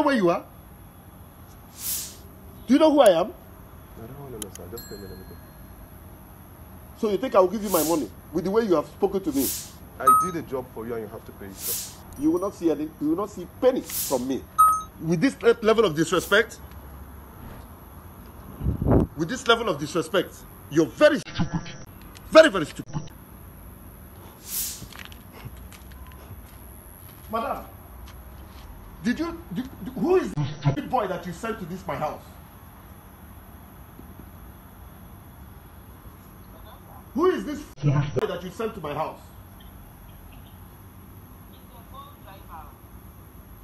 know where you are? Do you know who I am? I don't want to know, sir. Just tell me So you think I will give you my money with the way you have spoken to me? I did a job for you and you have to pay it, sir. You will not see any, you will not see penny from me. With this level of disrespect, with this level of disrespect, you're very stupid. Very, very stupid. Madam, did you, did, who is the stupid boy that you sent to this my house? Who is this boy that you sent to my house?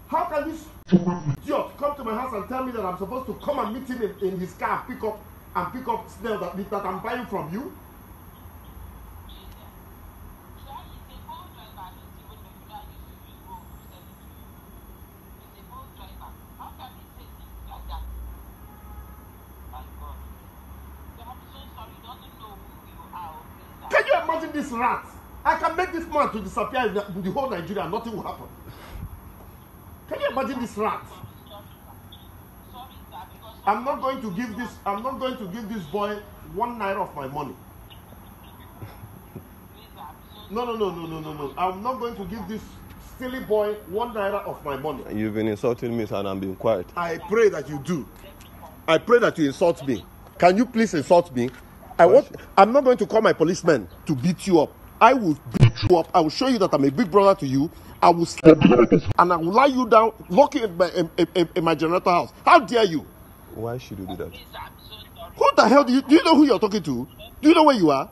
How can this idiot come to my house and tell me that I'm supposed to come and meet him in, in his car, pick up and pick up snail that, that I'm buying from you? rat. I can make this man to disappear in the, whole Nigeria, nothing will happen. Can you imagine this rat? I'm not going to give this. I'm not going to give this boy one naira of my money. No, no, no, no, no, no, no. I'm not going to give this silly boy one naira of my money. You've been insulting me, and I'm being quiet. I pray that you do. I pray that you insult me. Can you please insult me? I want. I'm not going to call my policeman to beat you up. I will beat you up. I will show you that I'm a big brother to you. I will slap you and I will lie you down, lock in my, in, in, in my generator house. How dare you? Why should you do that? Who the hell do you, do you know who you're talking to? Do you know where you are?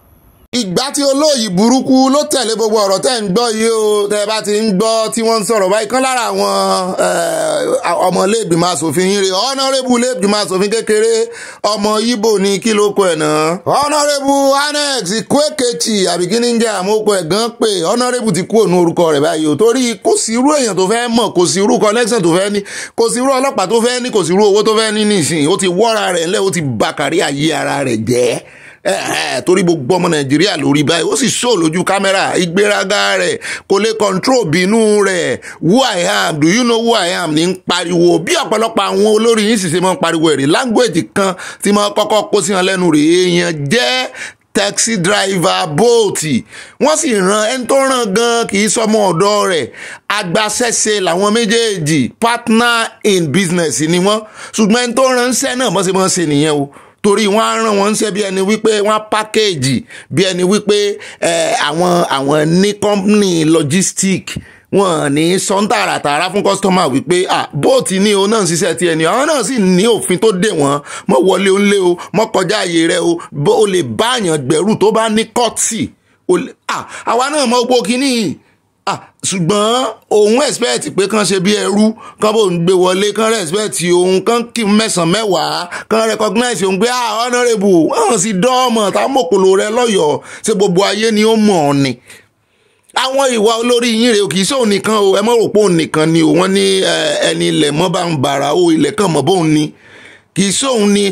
ìgbà tí olóyè burúkú ló tẹ̀lé gbogbo ọ̀rọ̀ tẹ́ ń gbọ́ yìí o tẹ́ bá ti ń gbọ́ tí wọ́n ń sọ̀rọ̀ báyìí kan lára àwọn eh, ọmọlẹ́gbìmọ̀ asòfin yìí rè ọ̀nàrẹ́bù lẹ́gbìmọ̀ asòfin kékeré ọmọ Ìgbò ní kí ló kọ ẹ̀ náà. ọ̀nàrẹ́bù Annex Kwékèchì àbí kí ni ń jẹ́ àmókò ẹ̀ gan pé ọ̀nàrẹ́bù ti kú òun orúkọ rẹ̀ báyìí o torí kò sí irú ní kò sí irú ọlọ́pàá tó fẹ́ ní kò sí irú owó tó fẹ́ ní nísìnyí ó ti wọ́ra rẹ̀ ńlẹ̀ ó ti bàkàrí ayé ara Eh, eh, torí gbogbo ọmọ nàìjíríà lórí báyìí ó sì ṣó lójú kámẹ́rà ìgbéraga rẹ̀ kò lè control bínú rẹ̀ who i am do you know who i am ní ń pariwo bí ọ̀pọ̀lọpọ̀ àwọn olórí yìí sì ṣe máa ń pariwo ẹ̀rí language kan tí máa kọ́kọ́ kó sí wọn lẹ́nu rẹ̀ èèyàn jẹ́ taxi driver bolt wọ́n sì ran ẹni tó ràn gan kì í sọmọ ọ̀dọ́ rẹ̀ agbaṣẹ́ṣe làwọn méjèèjì partner in business ni wọ́n ṣùgbọ́n ẹni tó ràn ń ṣẹ́ náà mọ́sẹ̀mọ́sẹ̀ nìyẹn o torí wọ́n á rán wọn ń ṣe bí ẹni wípé wọ́n á pákéèjì bí ẹni wípé àwọn àwọn ní kọ́mpìnì logistic wọn ní sọ́n tààràtààrà fún kọ́sítọ́mà wípé bóòtù ní o náà ṣiṣẹ́ ti ẹni àwọn náà sì ní òfin tó dè wọ́n mọ́ wọlé o ń lé o mọ́ kọjá àyè rẹ o bó o lè bá àyàn gbẹ̀rù tó bá ní kọ́ọ̀tì àwa náà mọ gbogbo kínní Ah, ṣùgbọ́n òun expect pé kán ṣe bí ẹrú kán bò ń gbé wọlé kán respect òun kán kí mẹ́sàn-án mẹ́wàá kán recognize òun pé ah honourable àwọn sì dọ́ọ̀mọ̀ tá mọ̀kòlò rẹ lọ́yọ̀ọ́ ṣe gbogbo ayé ni ó mọ̀ ọ́ ni. àwọn ìwà olórí yín rèé kì í ṣe òun nìkan o ẹ mọ̀ rò pé òun nìkan ni òun ní ẹni ilẹ̀ mọ́ bá ń bàrà o ilẹ̀ kàn mọ́ bóun ni kì í ṣe òun ni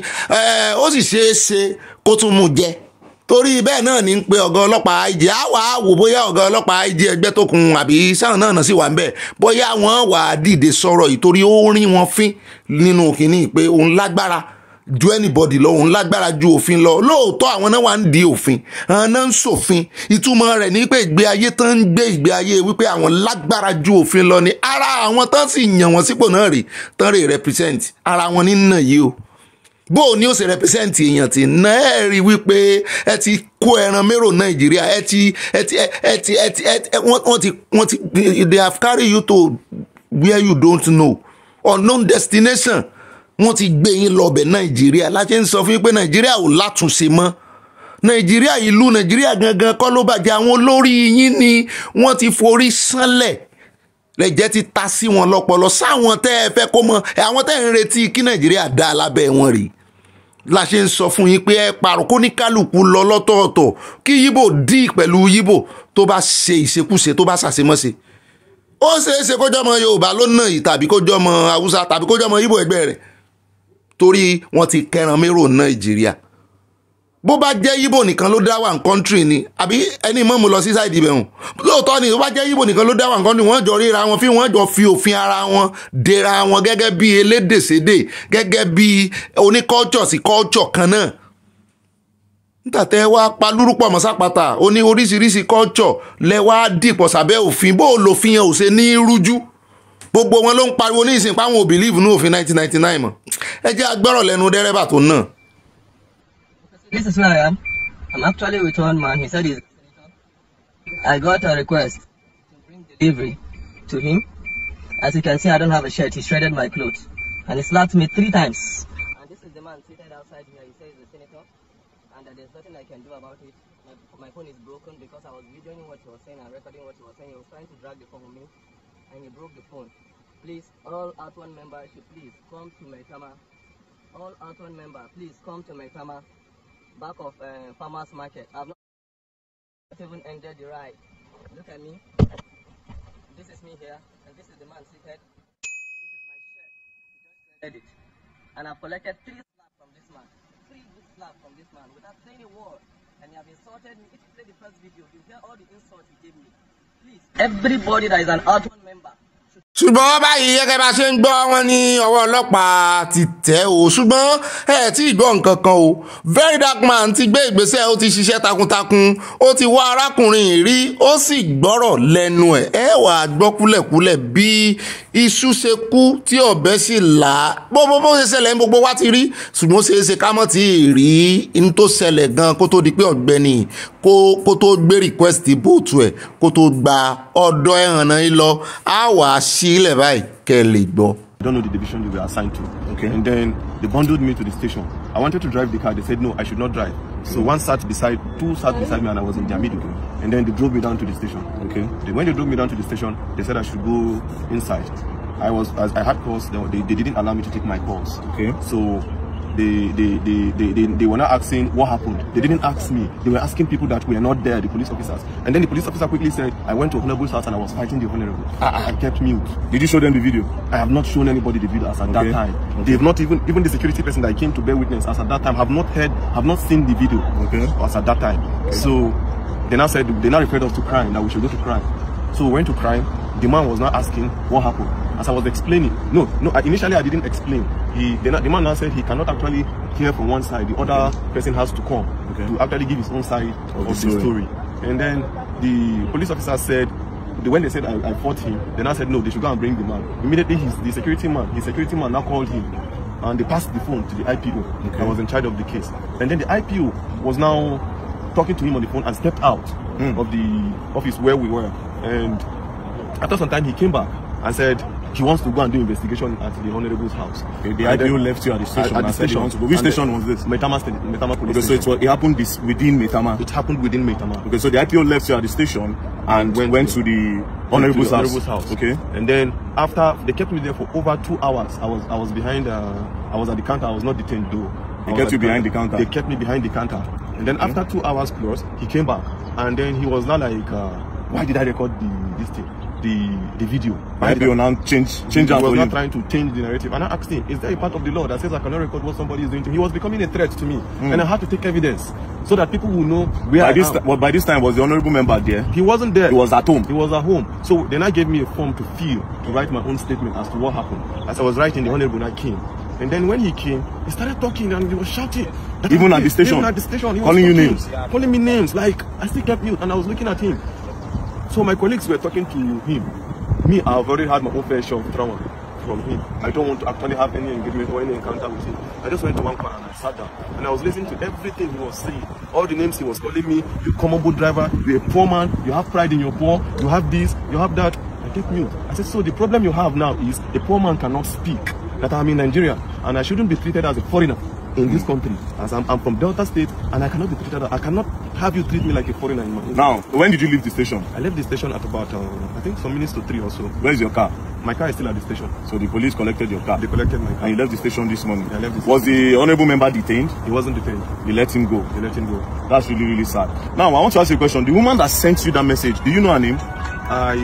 ó sì ṣeé ṣe kó tún mú jẹ́ torí bẹ́ẹ̀ náà ní ń pe ọ̀gá ọlọ́pàá IG á wà á wò bóyá ọ̀gá ọlọ́pàá IG ẹgbẹ́ tó kun àbí sáà náà náà sì wà ń bẹ̀ bóyá wọ́n wà á dìde sọ̀rọ̀ ìtorí ó rí wọn fín nínú kínní pé òun lágbára ju anybody lọ òun lágbára ju òfin lọ lóòótọ́ àwọn náà wà ń di òfin àwọn náà ń ṣòfin ìtumọ̀ rẹ̀ ní pé ìgbé ayé tán ń gbé ìgbé ayé wípé àwọn lágbára ju òfin lọ ni ara àwọn tán sì yàn wọ́n sípò náà rè tán rè represent ara wọn ní nà yìí o bó o ní ó ṣe represent èèyàn tí ná ẹ rí wípé ẹ ti kó ẹran mérò nàìjíríà ẹ ti ẹ ti ẹ ti ẹ ti wọ́n ti wọ́n ti they have carry you to where you don't know unknown destination wọ́n ti gbé yín lọ́bẹ̀ nàìjíríà láti ń sọ fún yín pé nàìjíríà ò látúnṣe mọ́ nàìjíríà ìlú nàìjíríà gangan kọ́ ló bàjẹ́ àwọn olórí yín ni wọ́n ti forí sánlẹ̀ lẹ́jẹ̀ ti ta sí wọn lọ́pọlọ sáwọn tẹ́ ẹ fẹ́ kó mọ àwọn tẹ́ ẹ ń retí kí nàìjíríà dá alábẹ́ wọn rèé la ṣe ń sọ fún yín pé ẹ parọ́ kó ní kálukú lọ lọ́tọ̀ọ̀tọ̀ kí yíbò dí pẹ̀lú yíbò tó bá ṣe ìṣekúṣe tó bá ṣàṣemọ́ṣe ó ṣeéṣe kó jọmọ Yorùbá ló nà yìí tàbí kó jọmọ Haúsá tàbí kó jọmọ yíbò ẹgbẹ́ rẹ̀ torí wọ́n ti kẹran mérò Nàìjíríà bó bá jẹ́ yíbò nìkan ló dá wà ní kọ́ńtírì ni àbí ẹni mọ́ mo lọ sí ṣáìdì ibẹ̀ hùn lóòótọ́ ni bó bá jẹ́ yíbò nìkan ló dá wà ní kọ́ńtírì wọ́n jọ ríra wọn fi wọ́n jọ fi òfin ara wọn dèra wọn gẹ́gẹ́ bí elédèsédè gẹ́gẹ́ bí oníkọ́ọ̀tsọ̀ sí kọ́ọ̀tsọ̀ kan náà nígbà tẹ́ wá pa lúrúpọ̀ mọ́ sápàtà ó ní oríṣiríṣi kọ́ọ̀tsọ̀ lẹ wá dìpọ̀ sábẹ́ òfin bó lòfin yẹn ò ṣe ní rújú gbogbo wọn ló ń pariwo ní ìsìn pé àwọn ò bìlíìfù ní òfin 1999 mọ́ ẹ jẹ́ agbọ́rọ̀ lẹ́nu dẹ́rẹ́bà tó náà This is where I am. I'm actually with one man. He said he's. I got a request to bring delivery to him. As you can see, I don't have a shirt. He shredded my clothes and he slapped me three times. And this is the man seated outside here. He says the senator, and that there's nothing I can do about it. My, my phone is broken because I was videoing what he was saying and recording what he was saying. He was trying to drag the phone on me, and he broke the phone. Please, all Art One members please come to my camera. All Art One members, please come to my camera back of uh, farmers market. I've not even ended the ride. Look at me. This is me here, and this is the man seated. This is my chef. just it. And I've collected three slabs from this man. Three good slabs from this man without saying a word. And you have insulted me. If you play the first video, you hear all the insults he gave me. Please, everybody that is an out ṣùgbọ́n báyìí gẹ́gẹ́ bá ṣe ń gbọ́ wọn ní ọwọ́ ọlọ́pàá ti tẹ̀ o ṣùgbọ́n ẹ tí ì gbọ́ nǹkan kan o very dark man ti gbé ìgbésẹ̀ ó ti ṣiṣẹ́ takuntakun ó ti wá arákùnrin rí ó sì gbọ́rọ̀ lẹ́nu ẹ̀ ẹ wà á gbọ́ kúlẹ̀kúlẹ̀ bí iṣu ṣe kú tí ọ̀bẹ sì là á bó bó bó ṣe ṣẹlẹ̀ ní gbogbo wa ti rí ṣùgbọ́n ó ṣeé ṣe ká mọ̀ tí ì rí ní tó ṣẹlẹ̀ gan kó tó di pé ọ̀gbẹ́ni kó kó tó gbé request bóòtù ẹ̀ kó tó gba ọ̀dọ̀ ẹ̀hànà yìí lọ á wà á sílẹ̀ báyìí kẹ́ ẹ lè gbọ́. I don't know the division you were assigned to. Okay. And then they bundled me to the station. I wanted to drive the car. They said, no, I should not drive. So one sat beside, two sat beside me and I was in their middle. And then they drove me down to the station. Okay. They, when they drove me down to the station, they said I should go inside. I was, as I had calls. they, they didn't allow me to take my calls. Okay. So they, they, they, they, they, they, were not asking what happened. They didn't ask me. They were asking people that were not there, the police officers. And then the police officer quickly said, I went to Honorable's house and I was fighting the Honorable. I, I kept mute. Did you show them the video? I have not shown anybody the video as at okay. that time. Okay. They've not even, even the security person that came to bear witness as at that time have not heard, have not seen the video okay. as at that time. Okay. So they now said, they now referred us to crime, that we should go to crime. So we went to crime. The man was not asking what happened. As I was explaining, no, no, I, initially I didn't explain he the, the man now said he cannot actually hear from one side. The other okay. person has to come okay. to actually give his own side of, the story. story. And then the police officer said when they said I, I fought him, then I said no, they should go and bring the man. Immediately, his the security man, his security man now called him, and they passed the phone to the IPO okay. that was in charge of the case. And then the IPO was now talking to him on the phone and stepped out mm. of the office where we were. And after some time, he came back and said he wants to go and do investigation at the honorable's house. Okay, the IPO left you at the station. At, the station. To go. Which station was this? Metama, Metama police okay, station. So it, was, it happened within Metama. It happened within Metama. Okay, so the IPO left you at the station and went, went to, to the honorable's, honorable's house. house. Okay. And then after they kept me there for over two hours, I was I was behind. Uh, I was at the counter. I was not detained though. They kept you behind the counter. They kept me behind the counter. And then after two hours plus, he came back. And then he was not like, uh, why did I record the, this thing? the the video. I right? now change change. He was not trying to change the narrative, and I asked him, "Is there a part of the law that says I cannot record what somebody is doing to me?" He was becoming a threat to me, mm. and I had to take evidence so that people will know where by I this am. Well, by this time, was the honourable member there? He wasn't there. He was at home. He was at home. So then I gave me a form to fill to write my own statement as to what happened. As I was writing, the honourable I came. And then when he came, he started talking and he was shouting. even at the station. Even at the station, he calling was you names. Calling me names. Like I still kept mute and I was looking at him. So my colleagues were talking to him. Me, I've already had my own fair share of trauma from him. I don't want to actually have any engagement or any encounter with him. I just went to one corner and I sat down and I was listening to everything he was saying. All the names he was calling me, you common boat driver, you're a poor man, you have pride in your poor, you have this, you have that. I kept mute. I said, so the problem you have now is a poor man cannot speak. That I'm in Nigeria and I shouldn't be treated as a foreigner in mm. this country as I'm, I'm, from Delta State and I cannot be treated I cannot have you treat me like a foreigner in my Now, when did you leave the station? I left the station at about uh, I think some minutes to three or so. Where's your car? My car is still at the station. So the police collected your car? They collected my car. And you left the station this morning? I left the station. Was the honorable member detained? He wasn't detained. They let him go? They let him go. That's really, really sad. Now, I want to ask you a question. The woman that sent you that message, do you know her name? I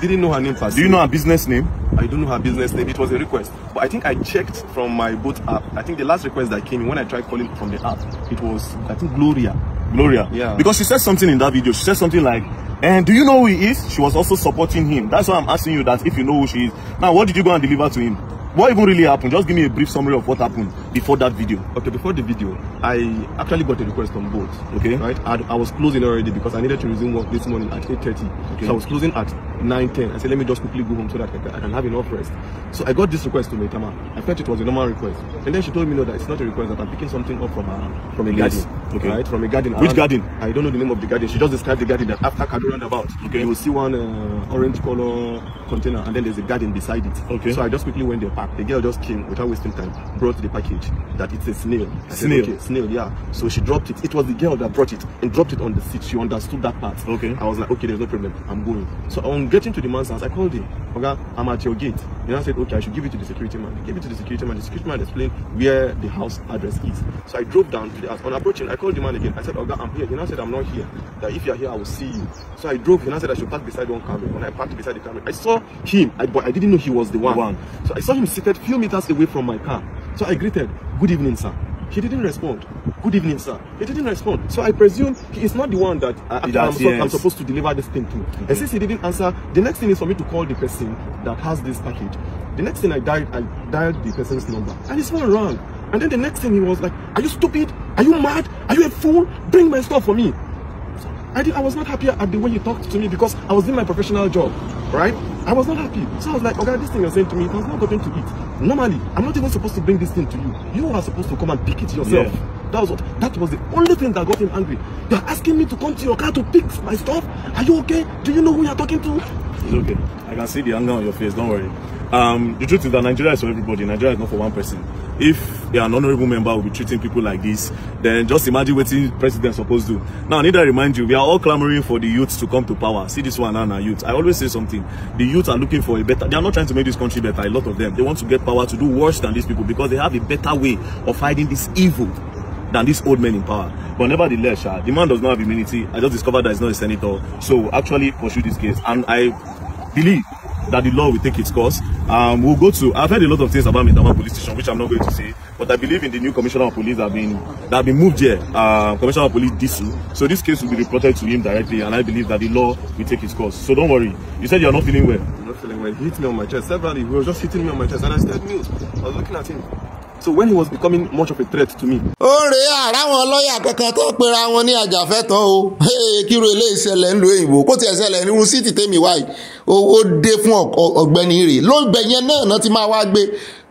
didn't know her name first. Do you know her business name? I don't know her business name. It was a request. But I think I checked from my boat app. I think the last request that came in when I tried calling from the app, it was, I think, Gloria. Gloria. Yeah. Because she said something in that video. She said something like, and do you know who he is? She was also supporting him. That's why I'm asking you that if you know who she is. Now, what did you go and deliver to him? What even really happened? Just give me a brief summary of what happened before that video? Okay, before the video, I actually got a request on both. Okay. Right? I, I was closing already because I needed to resume work this morning at 8.30. Okay. So I was closing at 9.10. I said, let me just quickly go home so that I can, I can have enough rest. So I got this request to tama. I felt it was a normal request. And then she told me, no, that it's not a request, that I'm picking something up from a, from a yes. garden. Okay. Right? From a garden. Which garden? I don't know the name of the garden. She just described the garden that after Kadu roundabout, okay. you will see one uh, orange color container and then there's a garden beside it. Okay. So I just quickly went there, packed. The girl just came without wasting time, brought the package that it's a snail. snail. Said, okay, snail, yeah. So she dropped it. It was the girl that brought it and dropped it on the seat. She understood that part. Okay. I was like, okay, there's no problem. I'm going. So on getting to the man's house, I called him. Okay, I'm at your gate. And I said, okay, I should give it to the security man. Give it to the security man. The security man explained where the house address is. So I drove down to the house. On approaching, I called the man again. I said, okay, I'm here. He now said, I'm not here. That if you're here, I will see you. So I drove. He now said, I should park beside one car. When I parked beside the car, I saw him, I, but I didn't know he was the one. one. So I saw him seated few meters away from my car. So I greeted, good evening, sir. He didn't respond. Good evening, sir. He didn't respond. So I presume he is not the one that uh, I'm, so, I'm, supposed to deliver this thing to. Mm -hmm. And since he didn't answer, the next thing is for me to call the person that has this package. The next thing I dialed, I dialed the person's number. And it's not wrong. And then the next thing he was like, are you stupid? Are you mad? Are you a fool? Bring my stuff for me. I, did, I was not happy at the way you talked to me because I was doing my professional job, right? I was not happy. So I was like, okay, this thing you're saying to me, it has not gotten to eat. Normally, I'm not even supposed to bring this thing to you. You are supposed to come and pick it yourself. Yeah. That was what, that was the only thing that got him angry. You're asking me to come to your car to pick my stuff? Are you okay? Do you know who you're talking to? It's okay. I can see the anger on your face, don't worry. Um, the truth is that Nigeria is for everybody. Nigeria is not for one person. If an honorable member will be treating people like this, then just imagine what the president supposed to do. Now, I need to remind you, we are all clamoring for the youth to come to power. See this one, our youth. I always say something. The youth are looking for a better... They are not trying to make this country better, a lot of them. They want to get power to do worse than these people because they have a better way of fighting this evil than these old men in power. But nevertheless, uh, the man does not have immunity. I just discovered that he's not a senator. So, actually, pursue this case. And I believe that the law will take its course. Um, we'll go to, I've heard a lot of things about Mindama police station, which I'm not going to say, but I believe in the new commissioner of police that have been, that have been moved here, uh, commissioner of police Disu. So this case will be reported to him directly, and I believe that the law will take its course. So don't worry. You said you're not feeling well. I'm not feeling well. He hit me on my chest. Severally, he was just hitting me on my chest, and I said, mute. I was looking at him. So when he was becoming much of a threat to me. ó rè é àráwọn lọ́ọ̀yà kankan tó pera wọn ní àjàfẹ́tọ̀ o kíro ilé ìṣẹ̀lẹ̀ ńlò èyìnbó kó tiẹ̀ ṣẹlẹ̀ nínú síìtì tèmi wáyé ó dé fún ọ̀gbẹ́ni rè lóògbé yẹn náà náà ti máa wá gbé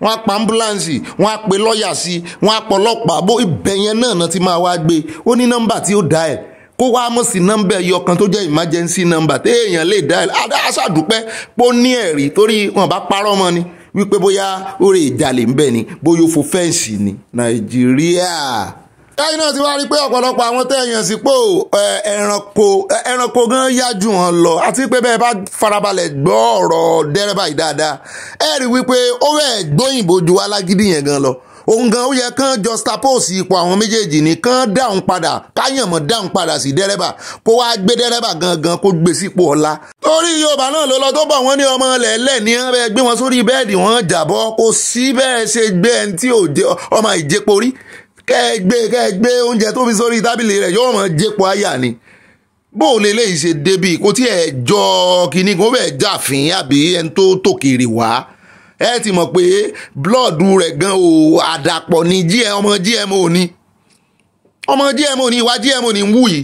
wọn á pa ambulance wọn á pe lọ́ọ̀yà sí wọn á pọ̀ ọlọ́pàá bó ibẹ̀ yẹn náà náà ti máa wá gbé ó ní nọ́mbà tí ó dá ẹ̀ kó wá mọ̀ sí nọ́mbà ẹyọ kan tó jẹ́ emergency number téèyàn lè dá ẹ̀ aṣáàdúpẹ́ pé ó ní ẹ̀rí torí wọn bá parọ́ mọ́ ni wípé bóyá ó rè ìdàlẹ̀ ńbẹ̀ ni bóyá ó fo fẹ́ǹsì ni nàìjíríà káyìn náà ti wá rí i pé ọ̀pọ̀lọpọ̀ àwọn tẹ́ èèyàn sípò ẹranko ẹranko gan yá jù wọn lọ àti pé bẹ́ẹ̀ bá farabalẹ̀ gbọ́ ọ̀rọ̀ dẹ́rẹ́bà yìí dáadáa ẹ̀rí wípé ó rẹ̀ gbóyìnbó ju alágídí yẹn gan lọ òun gan ó justa kán jọ stapose ipò àwọn méjèèjì ní kán dáhùn padà káyànmọ́ dáhùn padà sí dẹ́rẹ́bà kó wá gbé dẹ́rẹ́bà gangan kó gbé sípò ọ̀la. torí yorùbá náà ló lọ tó bọ̀ wọ́n ní ọmọ lẹ́lẹ́ ní ẹ gbé wọn sórí bẹ́ẹ̀dì wọn jàbọ́ kó sí bẹ́ẹ̀ ṣe gbé ẹni tí ọmọ ìjẹpo rí kẹ́ẹ̀gbé kẹ́ẹ̀gbé oúnjẹ tó fi sórí tábìlì rẹ̀ yóò mọ̀ jẹpo àyà ni bó o lè léyìí ṣe débi kò tí ẹ̀ jọ kínní kò bẹ́ẹ̀ jáfín àbí ẹni tó tòkèrè wá ẹ ti mọ̀ pé blood rẹ̀ gan o àdàpọ̀ ni ọmọ GMO ni ọmọ GMO ni ìwà GMO ni ń wù yìí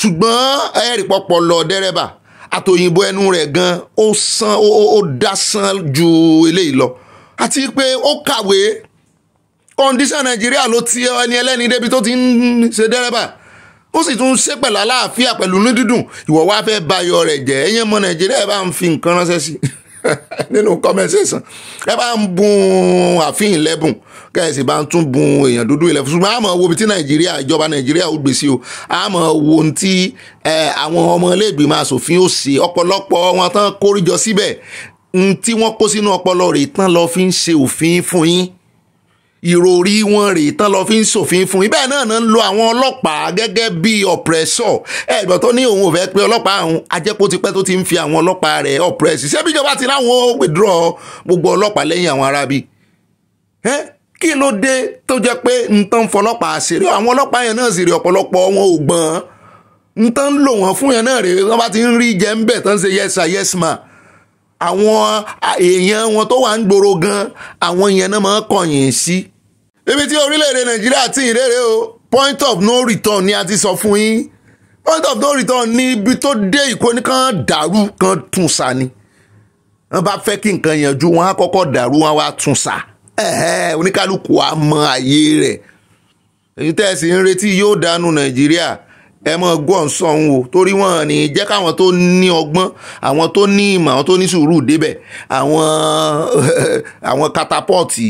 ṣùgbọ́n ẹ̀rì pọ̀pọ̀ lọ dẹ́rẹ́bà àtòyìnbó ẹnu rẹ̀ gan ó san ó dásán ju eléyìí lọ àti pé ó kàwé kọ́ndíṣàn nàìjíríà ló ti ẹni ẹlẹ́ni débi tó ti ń ṣe dẹ́rẹ́bà ó sì tún ṣe pẹ̀lú àlàáfíà pẹ̀lú ní dídùn ìwọ wá fẹ́ bayọ̀ rẹ̀ jẹ́ ẹ̀yẹ́n nàìjíríà bá ń fi nǹkan ránṣẹ́ sí i. nínú comment section ẹ bá ń bun àfihàn lẹ́bùn kẹ́sì bá ń tún bun èèyàn dúdú ilẹ̀ fún ṣùgbọ́n àmọ́ wo bí ti nàìjíríà ìjọba nàìjíríà ó gbèsè o àmọ́ wo ti àwọn ọmọ iléègbìmọ̀ asòfin ó ṣe ọ̀pọ̀lọpọ̀ wọn tán kórìjọ síbẹ̀ tí wọ́n kó sínú ọpọlọ rẹ̀ tán lọ fi ń ṣe òfin fún yín ìròrí wọn rèé tán lọ fi ń ṣòfin fún ibẹ̀ náà náà ń lo àwọn ọlọ́pàá gẹ́gẹ́ bí ọ̀pẹ́sọ̀ ẹ̀gbọ́n tó ní òun ò fẹ́ pé ọlọ́pàá àwọn ajẹ́pọ̀ ti pẹ́ tó ti ń fi àwọn ọlọ́pàá rẹ̀ ọ̀pẹ́sì ṣẹ́bíjọba ti láwọn ó gbogbo ọlọ́pàá lẹ́yìn àwọn arábí kí ló dé tó jẹ́ pé n tán fọlọ́pàá ṣeré àwọn ọlọ́pàá yẹn náà sì rí ọ̀pọ̀lọpọ̀ wọn ò gbọ́n n tán ń lò wọ́n fún yẹn náà rèé wọ́n bá ti ń rí jẹ́ ń bẹ̀ tán ṣe yes sir yes ma àwọn èèyàn wọn tó wà ń gbòòrò gan àwọn yẹn náà máa ń kọ̀yìn sí ibi tí orílẹ̀-èdè nàìjíríà ti ìrèrè o point of no return ni a ti sọ fún yín point of no return ni ibi tó dé ìkóni kan dàrú kan tún sa ni wọ́n bá fẹ́ kí nǹkan yanjú wọn á kọ́kọ́ dàrú wọn wá tún sa oníkálukú á mọ àyè rẹ̀ èyí tẹ́ ẹ sì ń retí yóò dànù nàìjíríà ẹ mọ gbọ́n sọ̀hún o torí wọn ni jẹ́ káwọn tó ní ọgbọ́n àwọn tó ní ìmọ̀ àwọn tó ní sùúrù débẹ̀ àwọn àwọn katapọ́ọ̀tì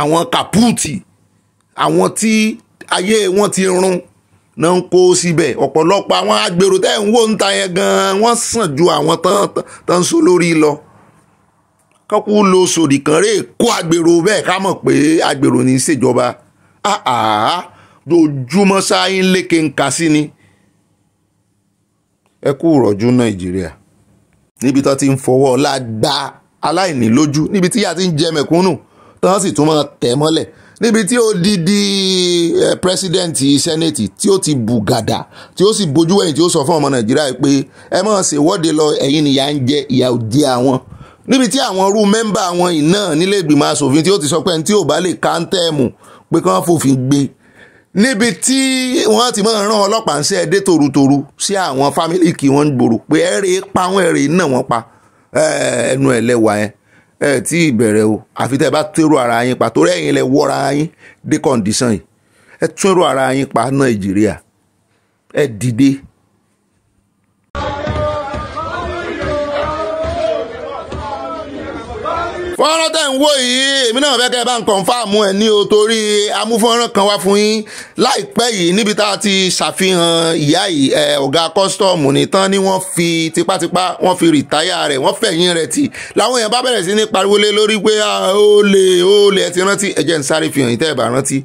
àwọn kàpúùtì àwọn tí ayé wọn ti run náà ń kó síbẹ̀ ọ̀pọ̀lọpọ̀ àwọn agbèrò tẹ́ ń wò ń ta yẹn gan-an wọ́n sàn ju àwọn tán ń so lórí lọ kọ́kú lo sòdì kan rè kó agbèrò bẹ́ẹ̀ ká mọ̀ pé agbèrò ní í ṣèjọba àá dojúmọ́ sáyé ń léke ń kà sí ni ẹ kú rọ̀jú nàìjíríà níbi tó ti ń fọwọ́ ọ̀la gba aláìní lójú níbi tí yá ti ń jẹ mẹ̀kúnnù wọ́n sì tún máa tẹ̀ mọ́lẹ̀ níbi tí odidi pírẹsidẹ́ǹtì sẹ́nẹ̀tì tí ó ti bù gàdà tí ó sì bojú wẹ̀yìn tí ó sọ fún ọmọ nàìjíríà pé ẹ máa ṣèwọ́de lọ ẹ̀yin nìyà ń jẹ ìyà òde àwọn níbi tí àwọn irú mẹ́mbà wọn yìí náà nílé ìgbìmọ̀ asòfin tí ó ti sọ pé ẹni tí ò bá lè káńtẹ́ẹ̀mù pé kí wọ́n fòfin gbé níbi tí wọ́n ti máa rán ọlọ́pàá ń ṣe ẹdẹ torutoru sí àwọn fámílì kí wọ́n gbòòrò pé ẹ̀rẹ̀ pa wọ́n ẹ̀rẹ̀ náà wọ́n pa ẹnu ẹ̀lẹ́wà yẹn ẹ tí ì bẹ̀rẹ̀ o àfi tẹ́ ẹ bá tẹ́rù ara yín pa torí ẹ̀yin lẹ wọ́ra yín dé kọ́ndíṣàn yìí ẹ tún èrò ara yín pa Nàìjíríà ẹ dìde fọ́nrán tẹ̀ ń wò yìí èmi náà fẹ́ kẹ́ ẹ bá ń kọ̀ǹfàmù ẹ̀ ní o torí amúfọ́nrán kan wá fún yín láìpẹ́ yìí níbi tá a ti ṣàfihàn ìyá yìí ẹ̀ ọ̀gá kọ́sítọ́ọ̀mù nìtán ni wọ́n fi tipátipá wọ́n fi rìtáyà rẹ̀ wọ́n fẹ̀yìn rẹ̀ tì láwọn èèyàn bá bẹ̀rẹ̀ sí ní pariwo lé lórí pé ah, ó lè ó lè ẹ ti rántí ẹ jẹ́ sáré fi hàn yín rántí.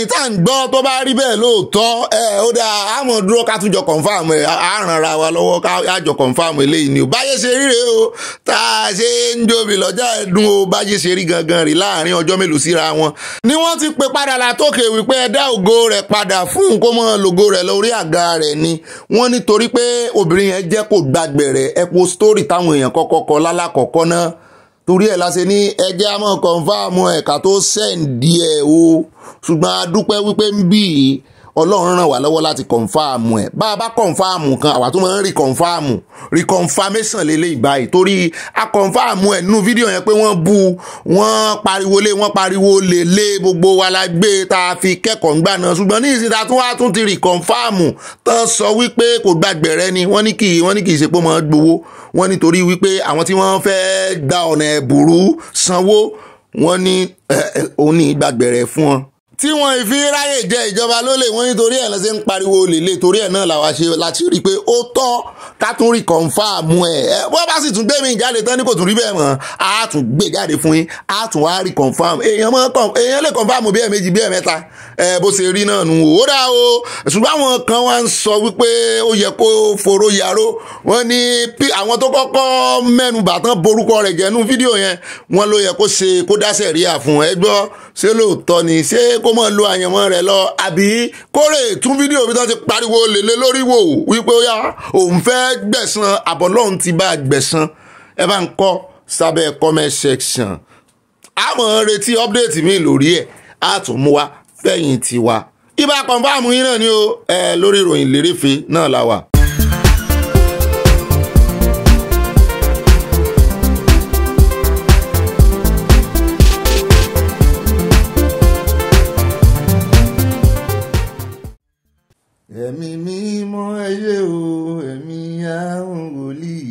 ni tá à ń gbọ́ tó bá rí bẹ́ẹ̀ lóòótọ́ ẹ ó dáa àmọ́ dúró ká tún jọ confam ẹ àrànra wa lọ́wọ́ ká jọ confam eléyìí ni o báyé ṣe rí rèé o tá a ṣe ń jóbi lọ́jà ẹ̀dùn o báyé ṣe rí gangan rí láàrin ọjọ́ mélòó síra wọn. ni wọ́n ti pe padà látòkè wípé ẹ dá ògo rẹ̀ padà fún kó mọ́ lògo rẹ̀ lórí àga rẹ̀ ni wọ́n nítorí pé obìnrin yẹn jẹ́ kó gbàgbẹ̀rẹ̀ ẹ po sítórì táwọn èèyàn kọ́kọ́ kọ lálàkọ̀ọ́kọ́ náà torí ẹ̀ la ṣe ní ẹjẹ́ àmọ́ kọ̀ǹfàmù ẹ̀ka tó sẹ́ǹdì ẹ̀ o ṣùgbọ́n a dúpẹ́ wípé ń bí ọlọ́run ràn wá lọ́wọ́ láti kọ̀nfàmù ẹ̀ bá a bá kọ̀nfàmù kan àwa tó máa ń rí kọ̀nfàmù rí kọ̀nfàmẹ́sàn lélẹ̀ ìgbà yìí torí a kọ̀nfàmù ẹ̀ nínú fídíò yẹn pé wọ́n bu wọ́n pariwo lé wọ́n pariwo lè lé gbogbo wa la gbé tá fi kẹ́kọ̀ọ́ ńgbà náà ṣùgbọ́n ní ìsìn tá tún wá tún ti rí kọ̀nfàmù tán sọ wípé kò gbàgbẹ̀rẹ́ ni wọ́n ní kì í wọ́n ní kì í ṣe pé wọ́n gbowó wọ́n nítorí wípé àwọn tí wọ́n fẹ́ gba ọ̀nà ẹ̀bùrú sanwó wọ́n ní òun ní gbàgbẹ̀rẹ̀ fún wọn tí wọ́n fi ráyè jẹ ìjọba lólè wọ́n nítorí ẹ̀ lọ́sẹ̀ ń pariwo olè lè torí ẹ̀ náà làwa ṣe láti rí i pé ó tọ́ ká tún rí kọ̀ǹfàmù ẹ̀ bó bá sì tún gbé mi ìjáde tán ní kò tún rí bẹ́ẹ̀ mọ́ á tún gbé jáde fún yín á tún wá rí kọ̀ǹfàmù èèyàn mọ́ èèyàn lè kọ̀ǹfàmù bí ẹ̀ méjì bí ẹ̀ mẹ́ta ẹ̀ bó ṣe rí náà nù ó dá o ṣùgbọ́n àwọn kan wá ń sọ wípé ó yẹ kó foro yàró wọ́n ní àwọn tó kọ́kọ́ mẹ́nu bàtán borúkọ rẹ̀ jẹ́nu fídíò yẹn wọ́n ló yẹ kó ṣe kó dá fún ẹ ṣé lóòótọ́ ni ṣé kó kó mọ̀ lo àyànmọ́ rẹ̀ lọ àbí kórè tún fídíò bí wọ́n ti pariwo lélẹ̀ lórí wò wípé ó yá òun fẹ́ gbẹ̀san àbọ̀ lọ́hùn ti bá gbẹ̀san ẹ bá ń kọ́ sábẹ́ comment section àmọ́ retí update mi lórí ẹ̀ á tún wa ibà kọ̀ǹfàmù yín náà ni ó lórí ìròyìn lérèfé náà la wà. ẹ̀mí mímọ́ ẹyẹ o ẹ̀mí àrùn wòlíì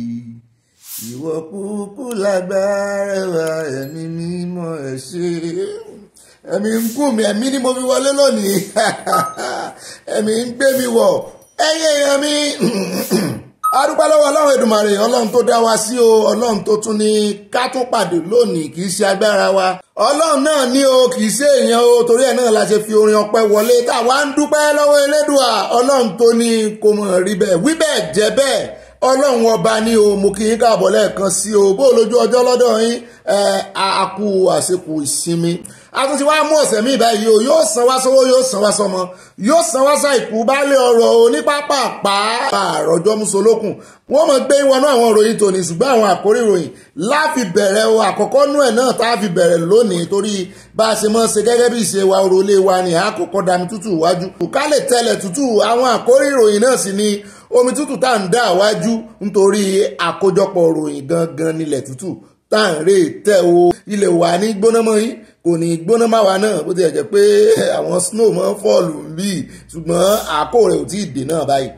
ìwọ kúkú lágbára ẹ̀mí mímọ́ ẹ ṣé ẹ̀mí ń kú mi ẹ̀mí ni mo fi wọlé lónìí ẹ̀mí ń gbé mi wọ̀ ẹyẹ ẹ̀mí. adúpẹ́ lọ́wọ́ ọlọ́run edumare ọlọ́run tó dá wa sí o ọlọ́run tó tún ní ká tún pàdé lónìí kì í ṣe agbára wa ọlọ́run náà ní o kì í ṣe èèyàn o torí ẹ̀ náà la ṣe fi orin ọpẹ́ wọlé tá a wá ń dúpẹ́ lọ́wọ́ Elédùà ọlọ́run tó ní kò mọ̀ rí bẹ́ẹ̀ wí bẹ́ẹ̀ jẹ́ bẹ́ẹ̀ ọlọ́run ọba ní o mú kí yín káàbọ̀ lẹ́ẹ̀kan sí o bó lójú ọjọ́ lọ́dọ̀ yín ẹ̀ àkú àṣekù ìsinmi a tún ti wá mú ọ̀sẹ̀ míì báyìí o yóò san wá sówó yóò san wá sọmọ yóò san wá sàìkú baálé ọ̀rọ̀ onípápàpá àròjọ musolókun wọ́n mọ̀ gbé wọnú àwọn ìròyìn tòní ṣùgbọ́n àwọn àkórí ìròyìn láfi bẹ̀rẹ̀ o àkọ́kọ́ nú ẹ̀ náà tá a fi bẹ̀rẹ̀ lónìí torí bá a ṣe mọ́ ṣe gẹ́gẹ́ bí ìṣe wa òròlé wa ni àkókò dami tútù wájú kò lè tẹ̀lẹ̀ tútù àwọn àkórí ìròyìn náà sì ni omi tútù tá à ń dà wájú nítorí àkójọpọ̀ ìròyìn gangan nílẹ̀ tútù tá à ń rè tẹ́ o ilẹ̀ wà ní gbóná mọ́ yín kò ní gbóná máwa náà bó ti jẹ́ pé àwọn snow máa ń fọ́ọ̀lù ń bì ṣùgbọ́n àkó rẹ̀ ò tí ì dé náà báyìí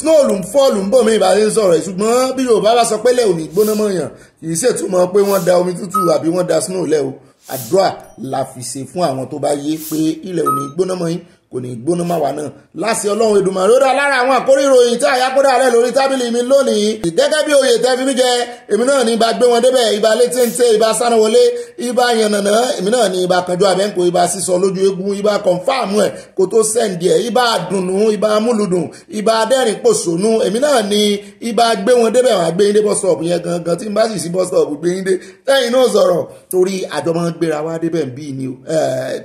snow ló ń fọ́ọ̀lù ń bọ̀ mí ìbára ń sọ̀rọ̀ ṣùgbọ́n bí Yorùbá bá sọ pé lẹ́ òní gbóná mọ́ yàn kì í ṣètúmọ̀ pé wọ́n da omi tútù àbí wọ́n da snow lẹ́ o àdúrà la fi ṣe fún àwọn tó bá yé pé ilẹ̀ òní gbóná mọ́ yín kò ní gbóná máa wà náà láti ọlọ́run Èdùmàrè ó dá lára àwọn àkórí ìròyìn tí àyà kódà rẹ̀ lórí tábìlì mi lónìí gẹ́gẹ́ bí oyè tẹ́ fi mí jẹ èmi náà ní ibà gbé wọn débẹ̀ ibà létí ń tẹ ibà sánáwọlé ibà yànnànà èmi náà ní ibà kanjú abẹ́ǹkó ibà sísọ lójú eegun ibà kọ̀ǹfàmù ẹ̀ kó tó sẹ́ǹdì ẹ̀ ibà dùnú ibà múlùdùn ibà adẹ́rìn pòṣónú èmi náà ní ibà gbé wọn débẹ̀ wọn gbé yín dé bus yẹn gangan tí n bá sì sí bus gbé yín dé tẹ́yìn náà sọ̀rọ̀ torí àjọmọ́ gbéra wá débẹ̀ ń ni o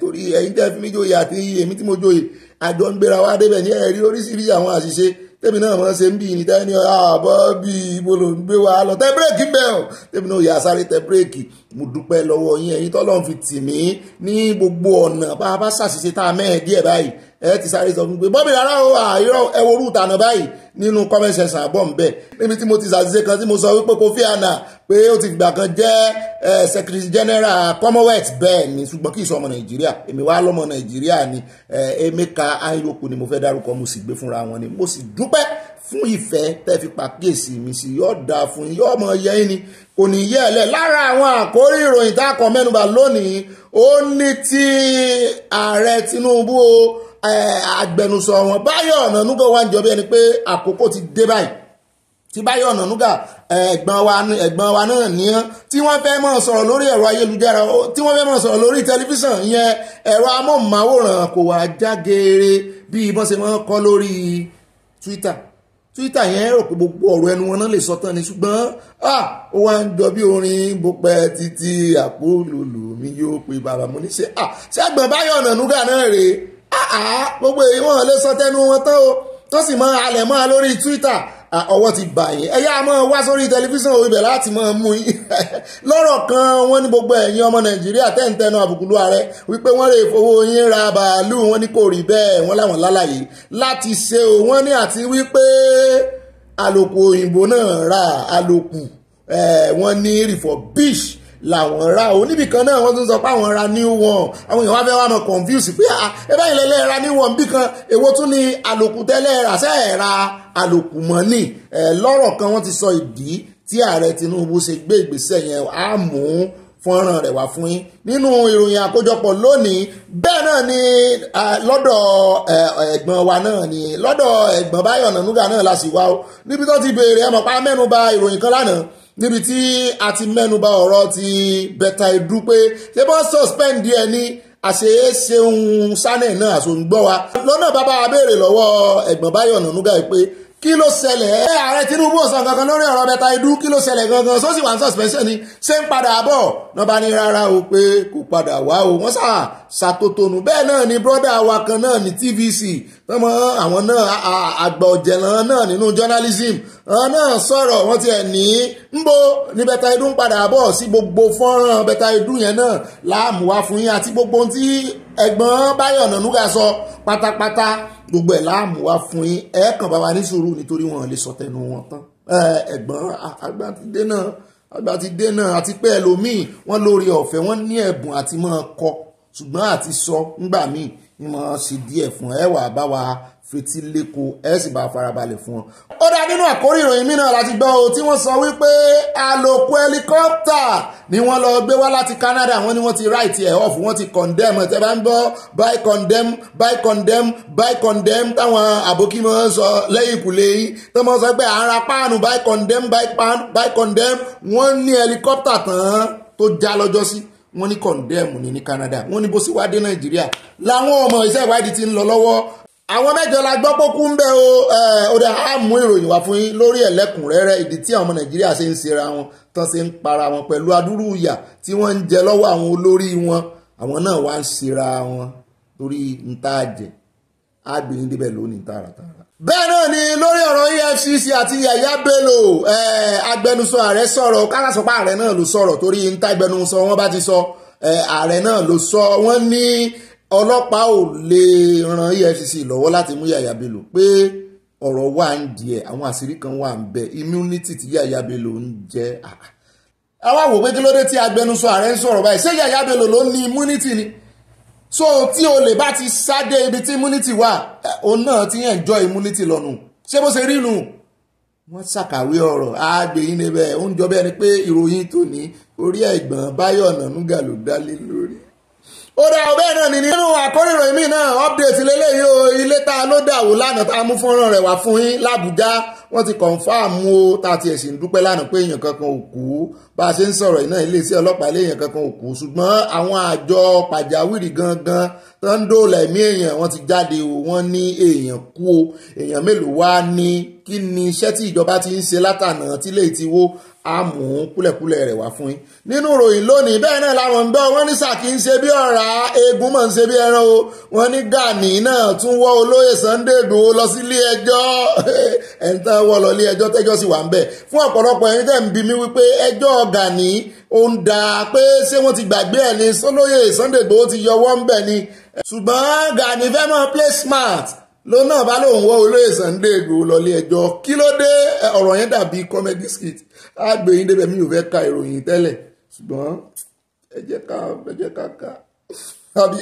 torí ẹ̀yin tẹ́ fi mí jòyè àti èmi tí mo jòyè àjọ ń gbéra wá débẹ̀ ní ẹ̀rí oríṣiríṣi àwọn àṣìṣe tẹ́mi náà máa ṣe ń bí ní táyé ní ààbọ̀ bí ibo ló ń gbé wa lọ tẹ́ bírèkì bẹ́ẹ̀ o tẹ́mi náà yà sáré tẹ́ bírèkì mo dúpẹ́ lọ́wọ́ yín ẹ̀yin tọ́lọ́run fi tì mí ní gbogbo ọ̀nà bá a bá ṣàṣìṣe tá a mẹ́ẹ̀ díẹ̀ báyìí ẹ ti sáré sọ fún mi pé bọ́mì rárá o àìrọ ẹwọ orú ìtànà báyìí nínú comment section àbọ̀ ń bẹ̀ níbi tí mo ti ṣàṣìṣe kan tí mo sọ wípé Kofi Annan pé ó ti gbà kan jẹ́ secretary general commonwealth bẹ́ẹ̀ ni ṣùgbọ́n kì í sọ ọmọ nàìjíríà èmi wá lọ́mọ nàìjíríà ni Emeka Anyilikwe ni mo fẹ́ dárúkọ mo sì gbé fúnra wọn ni mo sì dúpẹ́ fún ìfẹ́ tẹ́ fi pàkíyèsí mi sí yóò dáa fún yín yóò mọ yẹ yín ni kò ní yẹ ẹ lẹ lára àwọn àkórí ìròyìn tá a kàn mẹ́nubà lónìí ó ní ti ààrẹ Tinubu o agbẹnusọ wọn Báyọ̀ Ọ̀nànúgà wá ń jọ bí ẹni pé àkókò ti dé báyìí tí Báyọ̀ Ọ̀nànúgà ẹ̀gbọ́n wa ẹ̀gbọ́n wa náà níyàn tí wọ́n fẹ́ mọ̀ sọ̀rọ̀ lórí ẹ̀rọ ayélujára tí wọ́n fẹ́ mọ̀ sọ̀rọ̀ lórí tẹlifíṣàn ìyẹn ẹ̀rọ amóhùnmáwòrán kò wá já bí wọ́n ṣe máa ń kọ́ lórí Twitter twitter yẹn rò pé gbogbo ọ̀rọ̀ ẹnu wọn náà lè sọ tán ni ṣùgbọ́n ó wá ń jọ bí orin bópẹ́ títí àpò lòlò mi yóò pe bàbá mo ní ṣe ṣé àgbọ̀n báyọ̀ ọ̀nà nùgà náà rèé gbogbo èyí wọn lè sọ tẹnu wọn tán o tó sì mọ alẹ̀ mọ́ lórí twitter Ah, ọwọ́ ti bà yín ẹ̀yà àmọ́ wá sórí tẹlifíṣàn ibẹ̀ láti máa mú yín lọ́rọ̀ kan wọ́n ní gbogbo ẹ̀yin ọmọ nàìjíríà tẹ́ǹtẹ́nu àbùkù lu ààrẹ wípé wọ́n lè fowó yín ra bàálù wọ́n ní kò rí bẹ́ẹ̀ wọ́n láwọn lálàyé láti ṣe o wọ́n ní àti wípé àlòkù òyìnbó náà ra àlòkù eh, wọ́n ní rìfọ̀ bíṣì làwọn ra o níbi kan náà wọ́n tún sọ pé àwọn ra new one àwọn èèyàn wá fẹ́ wá mọ̀ confuse pé ah, ẹ báyìí lẹ́lẹ́ ra new one bí kan èwo tún ni àlòkù tẹ́lẹ̀ rà sẹ́ ẹ̀ ra àlòkù mọ́ ni lọ́rọ̀ kan wọ́n ti sọ ìdí tí ààrẹ Tinubu ṣe gbé ìgbésẹ̀ yẹn á mú fọ́nrán rẹ̀ wá fún yín nínú ìròyìn àkójọpọ̀ lónìí bẹ́ẹ̀ náà ni lọ́dọ̀ ẹ̀gbọ́n wa náà ni lọ́dọ̀ ẹ̀gbọ́n Báyọ̀ Nànúgà náà la sì wá o níbi tó ti béèrè ẹ̀mọ̀pá mẹ́nuba ìròyìn kan lánàá níbi tí a ti mẹ́nuba ọ̀rọ̀ ti bẹ̀tà ìdú pé ṣé bọ́n suspend ẹ ní àṣeyẹ ṣeun sánẹ̀ náà àṣòǹgbọ́ wa lọ́nà bàbá abéèrè lọ́wọ́ ẹ̀gbọ́n Báyọ̀ Nànúgà pé kí ló ṣẹlẹ̀ ẹ ààrẹ Tinubu ọ̀sán kankan lórí ọ̀rọ̀ bẹ̀tà ìdú kí ló ṣẹlẹ̀ gangan sọ sì wà ní suspension ni ṣé ń padà bọ̀ náà bá ní rárá o pé kò padà wá o wọ́n sà ṣàtòtònù bẹ́ẹ̀ náà ni brọ́dà wa kan náà ní TVC tọ́mọ àwọn náà àgbà ọ̀jẹ̀lán náà nínú journalism àwọn náà sọ̀rọ̀ wọ́n tiẹ̀ ní ńbó ní bẹ́tà idú ń padà bọ̀ sí gbogbo fọ́nrán bẹ́tà idú yẹn náà láàmú wá fún yín àti gbogbo ohun tí ẹ̀gbọ́n Báyọ̀ Ọ̀nànúgà sọ pátápátá gbogbo ẹ̀ láàmú wá fún yín ẹ kàn bá wa ní sùúrù nítorí wọn lè sọ tẹnu wọn tán ẹ̀gbọ́n àgbà ti dé náà àgbà ti dé náà àti pé ẹlòmíì wọ́n lórí ọ̀fẹ́ wọ́n ní ẹ̀bùn àti máa kọ ṣùgbọ́n àti sọ ńgbà míì ni wọ́n ṣe díẹ̀ fún ẹ wà bá wa Fetileko, lẹ́kọ̀ọ́ ẹ sì bá farabalẹ̀ fún ọ. ó dá nínú àkórí ìròyìn mi náà láti gbọ́ o tí wọ́n sọ wípé àlòkù ẹlikọ́pítà ni wọ́n lọ gbé wá láti Canada wọ́n ní wọ́n ti right ẹ̀ off wọ́n ti condemn ẹ̀ tẹ́ bá ń gbọ́ by condemn by condemn by condemn táwọn àbókí mọ́ sọ lẹ́yìn ìkùlé yìí tó mọ́ sọ pé à ń ra páànù by pan, by condemn wọ́n ní ẹlikọ́pítà tán tó já lọ́jọ́ sí wọ́n ní condemn ní ní Canada wọ́n ní bó sì wá dé Nàìjíríà làwọn ọmọ iṣẹ́ ìwádìí ti ń lọ lọ́wọ́ àwọn mẹ́jọ la gbọ́ pókú ń bẹ o ọdẹ á mú ìròyìn wá fún yín lórí ẹ̀lẹ́kùnrẹ́rẹ́ ìdí tí àwọn ọmọ nàìjíríà ṣe ń ṣera wọn tán ṣe ń para wọn pẹ̀lú adúrú ìyà tí wọ́n ń jẹ lọ́wọ́ àwọn olórí wọn àwọn náà wá ń ṣera wọn lórí ntaajẹ ágbìnrin débẹ̀ lónìí tààràtààrà. bẹ́ẹ̀ náà ni lórí ọ̀rọ̀ EFCC àti Yahaya Bello agbẹnusọ ààrẹ sọ̀rọ̀ kárasọ̀pá ààrẹ náà ló sọ̀rọ̀ torí ntagbẹnusọ wọn bá ti sọ ààrẹ náà ló sọ wọn ní ọlọ́pàá ò lè ran EFCC lọ́wọ́ láti mú Yahaya Bello pé ọ̀rọ̀ wà ń díẹ̀ àwọn àṣírí kan wà ń bẹ immunity tí Yahaya Bello ń jẹ́ àwa ah, ah. wò pé kí ló dé tí agbẹnusọ ààrẹ ń sọ̀rọ̀ báyìí ṣé Yahaya Bello ló ní immunity ni so tí o lè bá ti sáde ibi tí immunity wà eh, òun náà ti yàn jọ immunity lọ́nu ṣé bó ṣe rí nu wọ́n ṣàkàwé ọ̀rọ̀ àgbèyìn níbẹ̀ ó ń bẹ́ẹ̀ ni pé ìròyìn tòní orí ẹ̀gbọ́n Báyọ̀ Ọ̀nànúgà ló dálé lórí ó dá ọ bẹ́ẹ̀ náà ni nínú àkórí ìròyìn náà update lélẹ́yìí o ilé tá a ló dà wò lánàá tá a mú fọ́nrán rẹ̀ wá fún yín lábùjá wọ́n ti kọ̀ǹfàmù o tá a ti ẹ̀sìn dúpẹ́ lánàá pé èèyàn kankan ò kú bá a ṣe ń sọ̀rọ̀ iná iléeṣẹ́ ọlọ́pàá ilé èèyàn kankan ò kú ṣùgbọ́n àwọn àjọ pàjáwìrì gangan tó ń dóòlà ẹ̀mí èèyàn wọ́n ti jáde o wọ́n ní èèyàn kú o èèyàn mélòó wá ní kí ni iṣẹ́ tí ìjọba ti ń ṣe látànà tí lè ti wó àmú kúlẹ̀kúlẹ̀ rẹ̀ wá fún yín. nínú ìròyìn lónìí bẹ́ẹ̀ náà làwọn ń bẹ́ wọ́n ní sàkí ń ṣe bí ọ̀rá eegun mọ̀ ń ṣe bí ẹran o wọ́n ní Gani náà tún wọ́ olóyè Sunday Igboho lọ sílé ẹjọ́ ẹ̀ńtàn wọ́ lọ ilé ẹjọ́ tẹ́jọ́ sì wà ń bẹ̀ fún ọ̀pọ̀lọpọ̀ ẹni tẹ́ ń bi mí wípé ẹjọ́ Gani ó ń da pé ṣé wọ́n ti gbàgbé ẹ̀ ní sọlóyè Sunday Igboho ti yọwọ́ ń bẹ̀ ni ṣùgbọ́n Gani fẹ́ mọ́ play smart ló náà bá lóun wọ́ olóyè Sunday Igboho lọ ilé ẹjọ́ kí ló dé ọ̀rọ̀ yẹn dàbí comedy skit àgbèyìn débẹ̀ mi ò fẹ́ ka ìròyìn tẹ́lẹ̀ ṣùgbọ́n ẹ jẹ́ ká ẹ jẹ́ ká ká àbí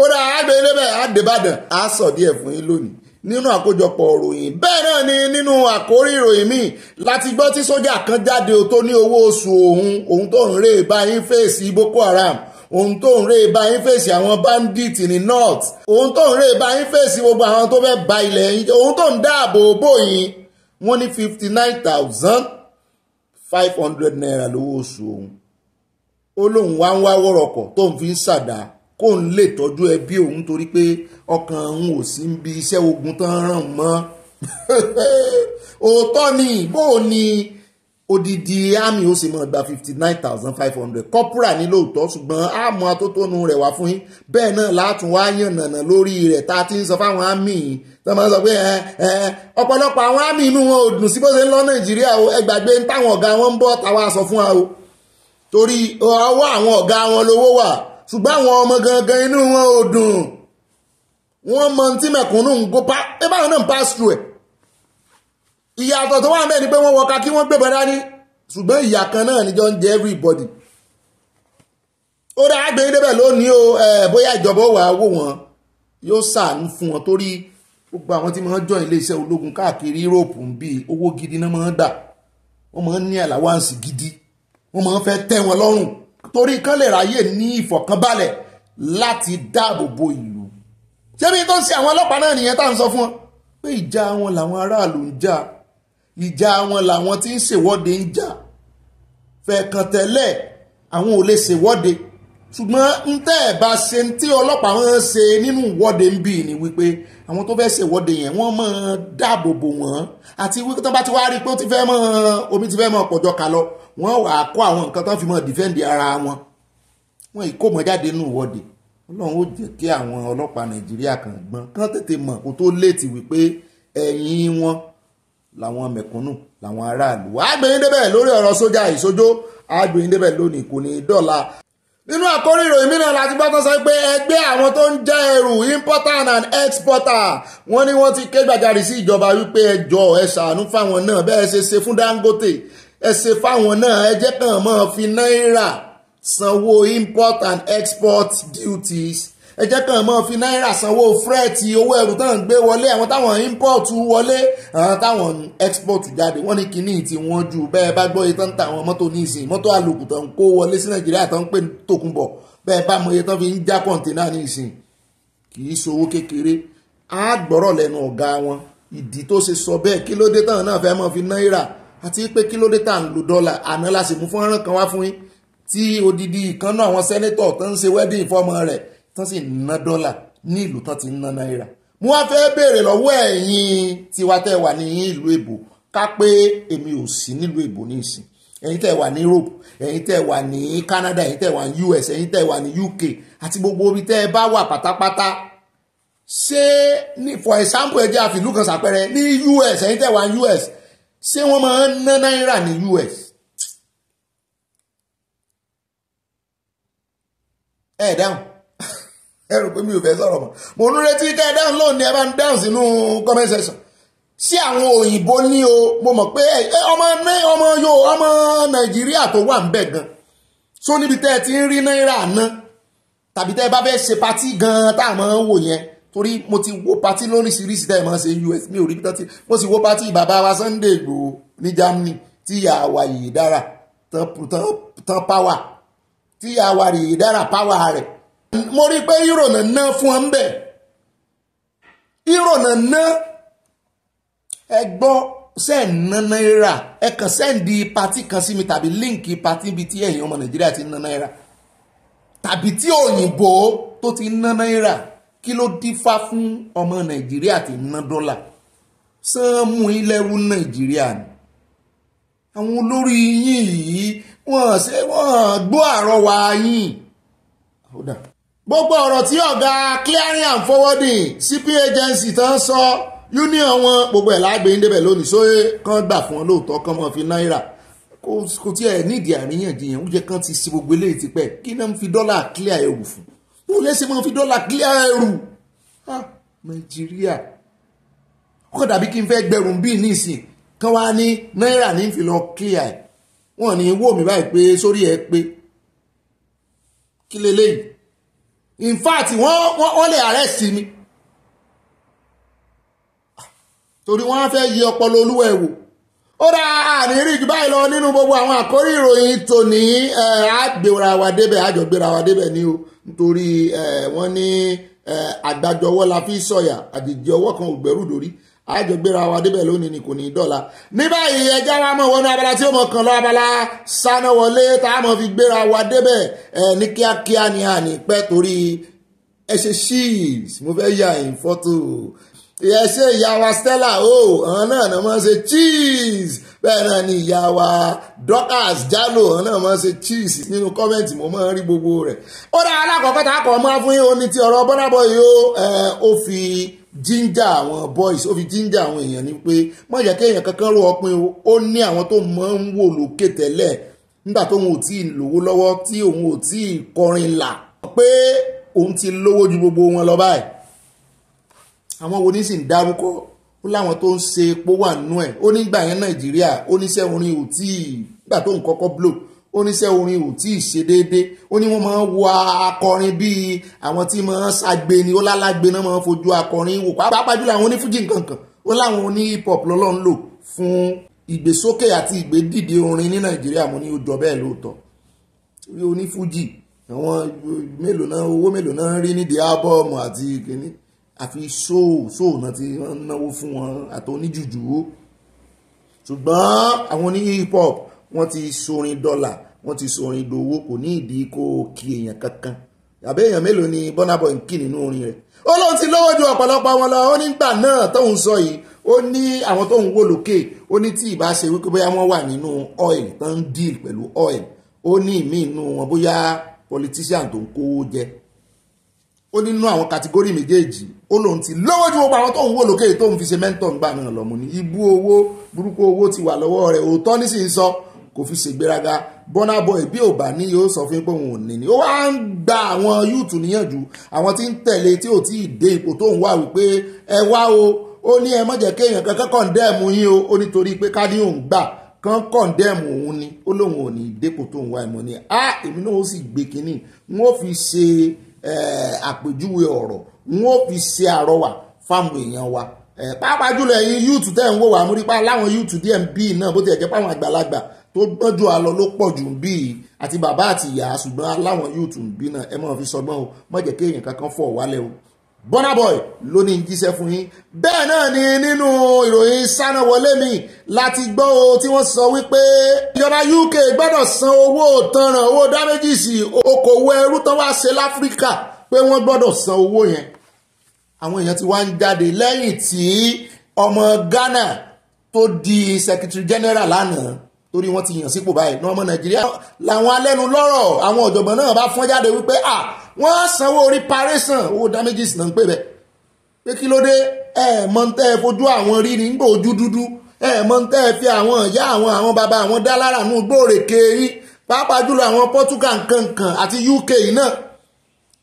ó dà á gbé débẹ̀ á á sọ díẹ̀ fún yín lónìí nínú àkójọpọ̀ ìròyìn bẹ́ẹ̀ náà ni nínú àkórí ìròyìn míì láti gbọ́ tí sójà kan jáde tó ní owó oṣù òun òun tó ń rè báyìí fèsì Boko Haram òun tó ń rè báyìí fèsì àwọn bandit ní north òun tó ń rè báyìí fèsì gbogbo àwọn tó fẹ́ ba ilẹ̀ yìí òun tó ń dáàbò bò yín wọ́n ní fifty nine thousand five hundred naira lówó oṣù òun ó lóun wá ń wá wọ́rọ̀kọ̀ tó ń fi ń ṣàdá kóun lè tọ́jú ẹbí òun torí pé ọkàn òun ò sí ń bi iṣẹ́ ogun tán ràn mọ́ òótọ́ ni bó ni odidi army ó sì mọ̀ gba fifty nine thousand five hundred kọ́pùrà ní lóòótọ́ ṣùgbọ́n àmọ́ atótónu rẹ̀ wá fún yín bẹ́ẹ̀ náà látún wá yànnànà lórí rẹ̀ tá a ti ń sọ fáwọn army tó máa ń sọ pé ọ̀pọ̀lọpọ̀ àwọn army inú wọn ò dùn sí bó ṣe ń lọ nàìjíríà o ẹ gbàgbé ń táwọn ọ̀gá wọn ń bọ̀ táwa sọ fún wa o torí ọwọ́ àwọn ọ̀gá wọn lówó wà ṣùgbọ́n àwọn ọmọ gangan inú wọn ò dùn wọ́n mọ tí mẹ̀kúnnù ń go pa ẹ báwọn náà ń pass through ẹ̀ ìyàtọ̀ tó wà ni pé wọ́n wọ kakí wọ́n gbébọn dání ṣùgbọ́n ìyà kan náà níjọ ń jẹ everybody ó dáa gbé débẹ̀ lónìí o bóyá ìjọba wà wò wọ́n yóò ṣàánú fún wọn torí gbogbo àwọn tí wọ́n jọ iléeṣẹ́ ológun káàkiri Europe ń bí owó gidi náà máa ń dà wọ́n máa ń ní àláwáǹsì gidi wọ́n máa ń fẹ́ tẹ́ wọn lọ́rùn torí kán lè ráyè ní ìfọ̀kànbalẹ̀ láti dáàbò bo ìlú ṣébi tó ń ṣe àwọn ọlọ́pàá náà nìyẹn tá à ń sọ fún wọn pé ìjà wọn làwọn aráàlú ń jà ìjà wọn làwọn tí ń ṣèwọ́de ń jà fẹ̀ẹ̀kàn tẹ́lẹ̀ àwọn ò lè ṣèwọ́de ṣùgbọ́n ń tẹ́ ẹ̀ bá ṣe ń tí ọlọ́pàá wọn ṣe nínú ìwọ́de ń bì ní wípé àwọn tó fẹ́ ṣe ìwọ́de yẹn wọ́n máa dáàbò bò wọ́n àti wípé tó bá ti wá rí pé ó ti fẹ́ mọ́ omi ti fẹ́ mọ́ pọ̀jọ́ kà lọ wọ́n wà á kó àwọn nǹkan tó fi mọ́ dìfẹ́ǹdì ara wọn wọ́n yìí kó mọ́ jáde nínú ìwọ́de ọlọ́run ó jẹ́ kí àwọn ọlọ́pàá nàìjíríà kan gbọ́n nínú àkórí ìròyìn mìíràn láti gbọ́ tán sọ pé ẹgbẹ́ àwọn tó ń já ẹrù importer and exporter wọ́n ní wọ́n ti ké gbàjarì sí ìjọba wípé ẹ jọ̀ọ́ ẹ ṣàánú fáwọn náà bẹ́ẹ̀ ṣe ṣe fún Dangote ẹ ṣe fáwọn náà ẹ jẹ́ kàn máa fi náírà sanwó import and export duties ẹ jẹ́ kàn mọ́ fi náírà sanwó fúrẹ́ẹ̀tì owó ẹrù táwọn ń gbé wọlé àwọn táwọn import wọlé àwọn táwọn export jáde wọ́n ní kinní tí wọ́n ju bẹ́ẹ̀ bá gbọ́ iye tán ta àwọn mọ́tò ní ìsìn mọ́tò àlòkù tán kó wọlé sí nàìjíríà tán ń pè tòkunbọ̀ bẹ́ẹ̀ bá mọ iye tán fi ń já kọ̀ǹtínà ní ìsìn kì í ṣowó kékeré á gbọ́rọ̀ lẹ́nu ọ̀gá wọn ìdí tó ṣe sọ bẹ́ẹ̀ kí ló dé táwọn náà fẹ́ la sì mú fọ́nrán kan wá fún yín tí odidi ìkan náà àwọn sẹ́nẹ́tọ̀ tán sì ń ná dọ́là ní ìlú tán ti ń ná náírà mo wá fẹ́ béèrè lọ́wọ́ ẹ̀yin tiwa tẹ́ wà ní ìlú èbò ká pé èmi ò sí nílùú èbò ní ẹ̀yin tẹ́ wà ní Europe ẹ̀yin tẹ́ wà ní Canada ẹ̀yin tẹ́ wà ní US ẹ̀yin tẹ́ wà ní UK àti gbogbo ibi tẹ́ ẹ bá wà pátápátá ṣé ní for example ẹ jẹ́ àfìlú kan ṣàpẹẹrẹ ní US ẹ̀yin tẹ́ wà ní US ṣé wọ́n máa ń ná náírà ní US ẹ̀ dáhùn ẹ rò pé mi ò fẹ́ sọ̀rọ̀ mọ́ mo ń retí kẹ́ ẹ dáhùn lónìí ẹ bá ń dáhùn sínú comment section sí àwọn òyìnbó ní o mo mọ̀ pé ọmọ ọmọ yóò ọmọ nàìjíríà tó wà ń bẹ̀ gan so níbi tẹ́ ẹ ti ń rí náírà ná tàbí tẹ́ ẹ bá fẹ́ ṣe patí gan tá a máa ń wò yẹn torí mo ti wo patí lóríṣiríṣi tẹ́ ẹ máa ṣe us mi ò rí bí mo sì wo patí bàbá wa Sunday Igboho ní Germany tí ìyá wa yìí dára tán power tí ìyá wa yìí dára power rẹ̀ mo rí i pé ìrònà ná fún ọ ń bẹ̀ ìrònà ná ẹ gbọ́ sẹ́ẹ̀nà náírà ẹ kàn sẹ́ǹdì pati kan sí mi tàbí líǹkì pati ibi tí ẹ̀yin ọmọ nàìjíríà ti ná náírà tàbí tí òyìnbó tó ti ná náírà kí ló dífá fún ọmọ nàìjíríà ti ná dọ́là sánmù ilẹ̀rú nàìjíríà ni àwọn olórí yín yìí wọ́n ṣe wọ́n gbọ́ àrọ́wà yín gbogbo ọ̀rọ̀ tí ọ̀gá clearing and forwarding cp agency tán sọ union wọn gbogbo ẹ̀ lágbè ń débẹ̀ lónìí sóyè kán gbà fún ọ lóòótọ́ kán mọ̀ fi náírà kò tí ẹ̀ nídìí àríyànjiyàn oúnjẹ kan ti ṣe gbogbo eléyìí ti pẹ́ kí náà ń fi dọ́là clear ẹrù fún kó lè ṣe máa fi dọ́là clear ẹrù nàìjíríà kó dàbí kí n fẹ́ gbẹrùn bíi nísìn kán wá ní náírà ní fi lọ clear ẹ̀ wọ́n ní wò báyìí pé sórí ẹ̀ pé kí leléyìí in fact wọ́n wọ́n lè arrest mi torí wọ́n á fẹ́ yí ọpọlọ olúwa ẹ̀wò ó ra rí jù báyìí lọ nínú gbogbo àwọn àkórí ìròyìn tòní ní wa débẹ̀ àjọgbèrà wa débẹ̀ ni o nítorí wọ́n ní àgbàjọ la fi sọ̀yà ọwọ́ kan ò gbẹ́rù dòrí. àjọgbéra wa débẹ̀ lónìí ni kò ní dọ̀la ní báyìí ẹja wa mọ̀ wọnú abala tí ó mọ̀ kàn lọ abala sanáwọlé tá a mọ̀ fi gbéra wa débẹ̀ ẹ ní kíákíá ni a ní pẹ́ torí ẹ ṣe chiefs mo fẹ́ yà yín fọ́tò ẹ ṣe ìyá wa Stella o àwọn náà náà máa ṣe cheese bẹ́ẹ̀ náà ni ìyá wa Dorcas Jalo àwọn náà máa ṣe cheese nínú kọ́mẹ̀ntì mo máa ń rí gbogbo rẹ̀ ó dára alákọ̀ọ́kọ́ tá a kọ̀ ọ́ máa fún yín o ti ọ̀rọ̀ bọ́dàbọ̀ yìí o ó fi jíńjà àwọn boys ó fi jíńjà àwọn èèyàn ni pé má jẹ́ kí èèyàn kankan rò ọpin o ó ní àwọn tó máa ń wò lókè tẹ́lẹ̀ nígbà tóun ò tí ì lówó lọ́wọ́ tí òun ò tí ì kọrin là pé òun ti lówó ju gbogbo wọn lọ báyìí àwọn wo ní sì ń dárúkọ ó láwọn tó ń ṣe epo wà nú ẹ̀ ó nígbà yẹn nàìjíríà ó ní sẹ́wọ̀n orin ò tí ì nígbà tóun kọ́kọ́ blow ó níṣẹ́ orin ò tí ì ṣe déédéé ó ní wọ́n máa ń wo akọrin bíi àwọn tí máa ń ṣàgbé ni ó lálágbé náà máa ń fojú akọrin wò pàápàá jùlọ àwọn onífújì nkankan ó láwọn oní hip hop lọ́lọ́run lò fún ìgbésókè àti ìgbédìde orin ní nàìjíríà mo ní ó jọ bẹ́ẹ̀ lóòótọ́ orí onífújì àwọn mélòó náà owó mélòó náà rí nídìí ábọ́ọ̀mù àti kìnní àfi ṣóò ṣóò náà ti náwó fún wọn àtọ́ oníjùjú ṣùgbọ́n àwọn oní hip hop wọ́n ti sorin dọ́là wọ́n ti sorin dowó kò ní ìdí kó kí èèyàn kankan àbẹ́ èèyàn mélòó ni Burna Boy ń kí nínú orin rẹ̀ ó lóun ti lówó ju ọ̀pọ̀lọpọ̀ wọn lọ ó nígbà náà tóun sọ yìí ó ní àwọn tóun wò lókè ó ní tí ìbá ṣe wípé bóyá wọ́n wà nínú oil tó ń deal pẹ̀lú oil ó ní ìmí inú wọn bóyá politician tó ń kówó jẹ ó nínú àwọn kàtígórì méjèèjì ó lóun ti lówó ju gbogbo àwọn tóun wò lókè tóun fi ṣe mẹ́ńtọ̀ ńgbà náà lọ́mú ni ibú owó burúkú owó ti wà lọ́wọ́ rẹ̀ òótọ́ nísìnyí sọ kò fi ṣègbéraga Burna Boy bí ò bá ní yóò sọ fún pé òun ò ní ni ó wá ń gba àwọn yúùtù níyànjú àwọn tí ń tẹ̀lé tí ò tí ì dé ipò tó ń wà wípé ẹ wá o ó ní ẹ má jẹ́ kéèyàn kankan kọ̀ǹdẹ́ẹ̀mù yín o ó nítorí pé ká ní òun gbà kan kọ̀ǹdẹ́ẹ̀mù òun ni ó lóun ò ní dépò tó ń wá ìmọ̀ ni a èmi náà ó sì gbé kínní n ó fi ṣe àpèjúwe ọ̀rọ̀ n ó fi ṣe àrọwà fáwọn èèyàn wa pàápàá jùlọ ẹ̀yin yúùtù tẹ̀ ń wò wá mú rí pa láwọn yúùtù díẹ̀ náà bó ti ẹ̀ pàwọn àgbàlagbà tó gbọ́n jù á lọ ló pọ̀ jù ń bí i àti bàbá àti ìyá ṣùgbọ́n aláwọn yóò tún bí náà ẹ máa fi sọgbọ́n o má jẹ́ kí èèyàn kankan fọ̀ wálẹ̀ o Burna ló ní jíṣẹ́ fún yín bẹ́ẹ̀ náà ni nínú ìròyìn sáná wọlé mi láti gbọ́ o tí wọ́n sọ wípé ìjọba UK gbọ́dọ̀ san owó tanràn owó dámẹ́jìsì okòwò ẹrú tán wá ṣe láfíríkà pé wọ́n gbọ́dọ̀ san owó yẹn àwọn èèyàn ti wá ń jáde lẹ́yìn tí ọmọ Ghana tó di secretary general lánàá torí wọ́n ti yàn sípò báyìí ní ọmọ nàìjíríà làwọn alẹ́nu lọ́rọ̀ àwọn ọ̀jọ̀gbọ́n náà bá fọ́n jáde wípé à wọ́n sanwó reparation owó damages náà ń pè bẹ́ẹ̀ pé kí ló dé ẹ mọ̀ ń tẹ́ ẹ fojú àwọn rí ní gbò ojú dúdú ẹ mọ̀ ń tẹ́ ẹ fi àwọn ìyá àwọn àwọn bàbá àwọn dá nù gbòòrè kéèrí pàápàá jùlọ àwọn Portugal kankan àti UK náà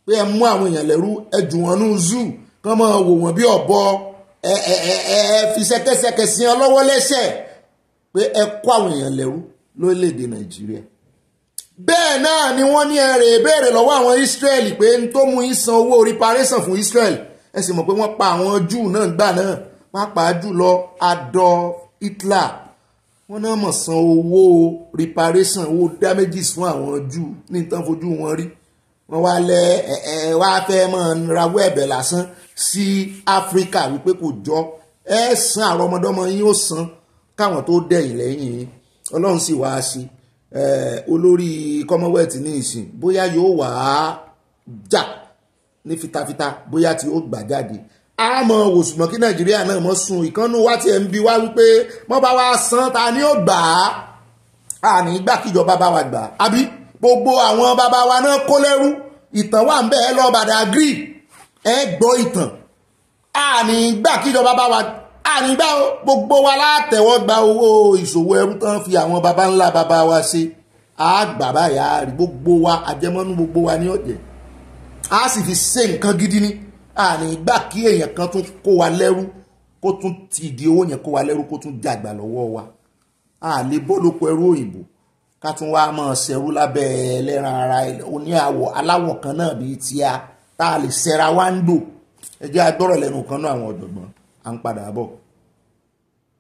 pé ẹ mú àwọn èèyàn lẹ́rú ẹ jù wọn nú zoo kán máa wò wọ́n bí ọ̀bọ ẹ ẹ ẹ ẹ fi ṣẹkẹṣẹkẹ sí ọ lọ́wọ́ lẹ́sẹ̀ pé ẹ kó àwọn èèyàn lẹ́rú lórílẹ̀‐èdè nàìjíríà bẹ́ẹ̀ náà ni wọ́n ní ẹ̀rẹ̀ ìbéèrè lọ́wọ́ àwọn israel pé n tó mú yín san owó reparation fún israel ẹ sì mọ̀ pé wọ́n pa àwọn júù náà gbà náà pàápàá jùlọ Adolf Hitler wọ́n náà mọ̀ san owó reparation owó damages fún àwọn júù ní tán fojú wọn rí wọ́n wá lẹ ẹ wá fẹ́ mọ̀ rawọ́ ẹ̀bẹ̀ lásán sí Áfíríkà wípé kò jọ ẹ san àrọ́mọdọ́mọ yín ó san káwọn tó dẹ̀yìn lẹ́yìn yín ọlọ́run sì wá sí olórí commonwealth ní ìsìn bóyá yóò wá jà ní fitafita bóyá tí ó gbà jáde a mọ̀ wò ṣùgbọ́n kí nàìjíríà náà mọ̀ sun ìkànnù wá tiẹ̀ ń bi wá wípé wọ́n bá wa san ta ni ó gbà á àní gbà kíjọba bá wa gbà àbí gbogbo àwọn bàbá wa náà kó lẹ́rú ìtàn wà ń bẹ́ẹ̀ lọ́ọ́ Badagry ẹ gbọ́ ìtàn àní gbà kíjọba bá wa àrígbá o gbogbo wa látẹ̀wọ́ gba owó ìṣòwò ẹrú tán fi àwọn baba ńlá baba wa ṣe àgbà báyà rí gbogbo wa àjẹmọ́nú gbogbo wa ní ọ̀jẹ̀ a sì fi ṣe nǹkan gidi ni àrígbà kí èèyàn kan tún kó wa lẹ́rú kó tún ti ìdí owó yẹn kó wa lẹ́rú kó tún jàgbà lọ́wọ́ wa a lè bọ́ lóko ẹrú òyìnbó ká tún wá máa ṣẹrú lábẹ́ ẹlẹ́ran ara oní àwọ̀ aláwọ̀ kan náà bíi tíya tá a lè ṣẹra wá ń dò ẹ jẹ́ agbọ́rọ̀ lẹ́nu kan náà àwọn ọ̀jọ̀gbọ́n à ń padà bọ̀.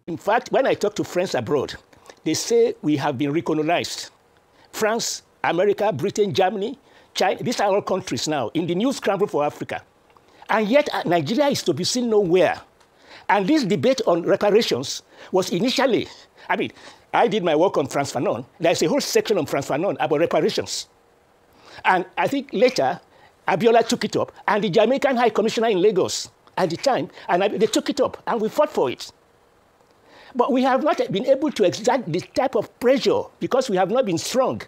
In fact, when I talk to friends abroad, they say we have been recognized. France, America, Britain, Germany, China, these are all countries now in the new scramble for Africa. And yet, uh, Nigeria is to be seen nowhere. And this debate on reparations was initially, I mean, I did my work on France Fanon. There's a whole section on France Fanon about reparations. And I think later, Abiola took it up, and the Jamaican High Commissioner in Lagos at the time, and they took it up, and we fought for it. But we have not been able to exert this type of pressure because we have not been strong.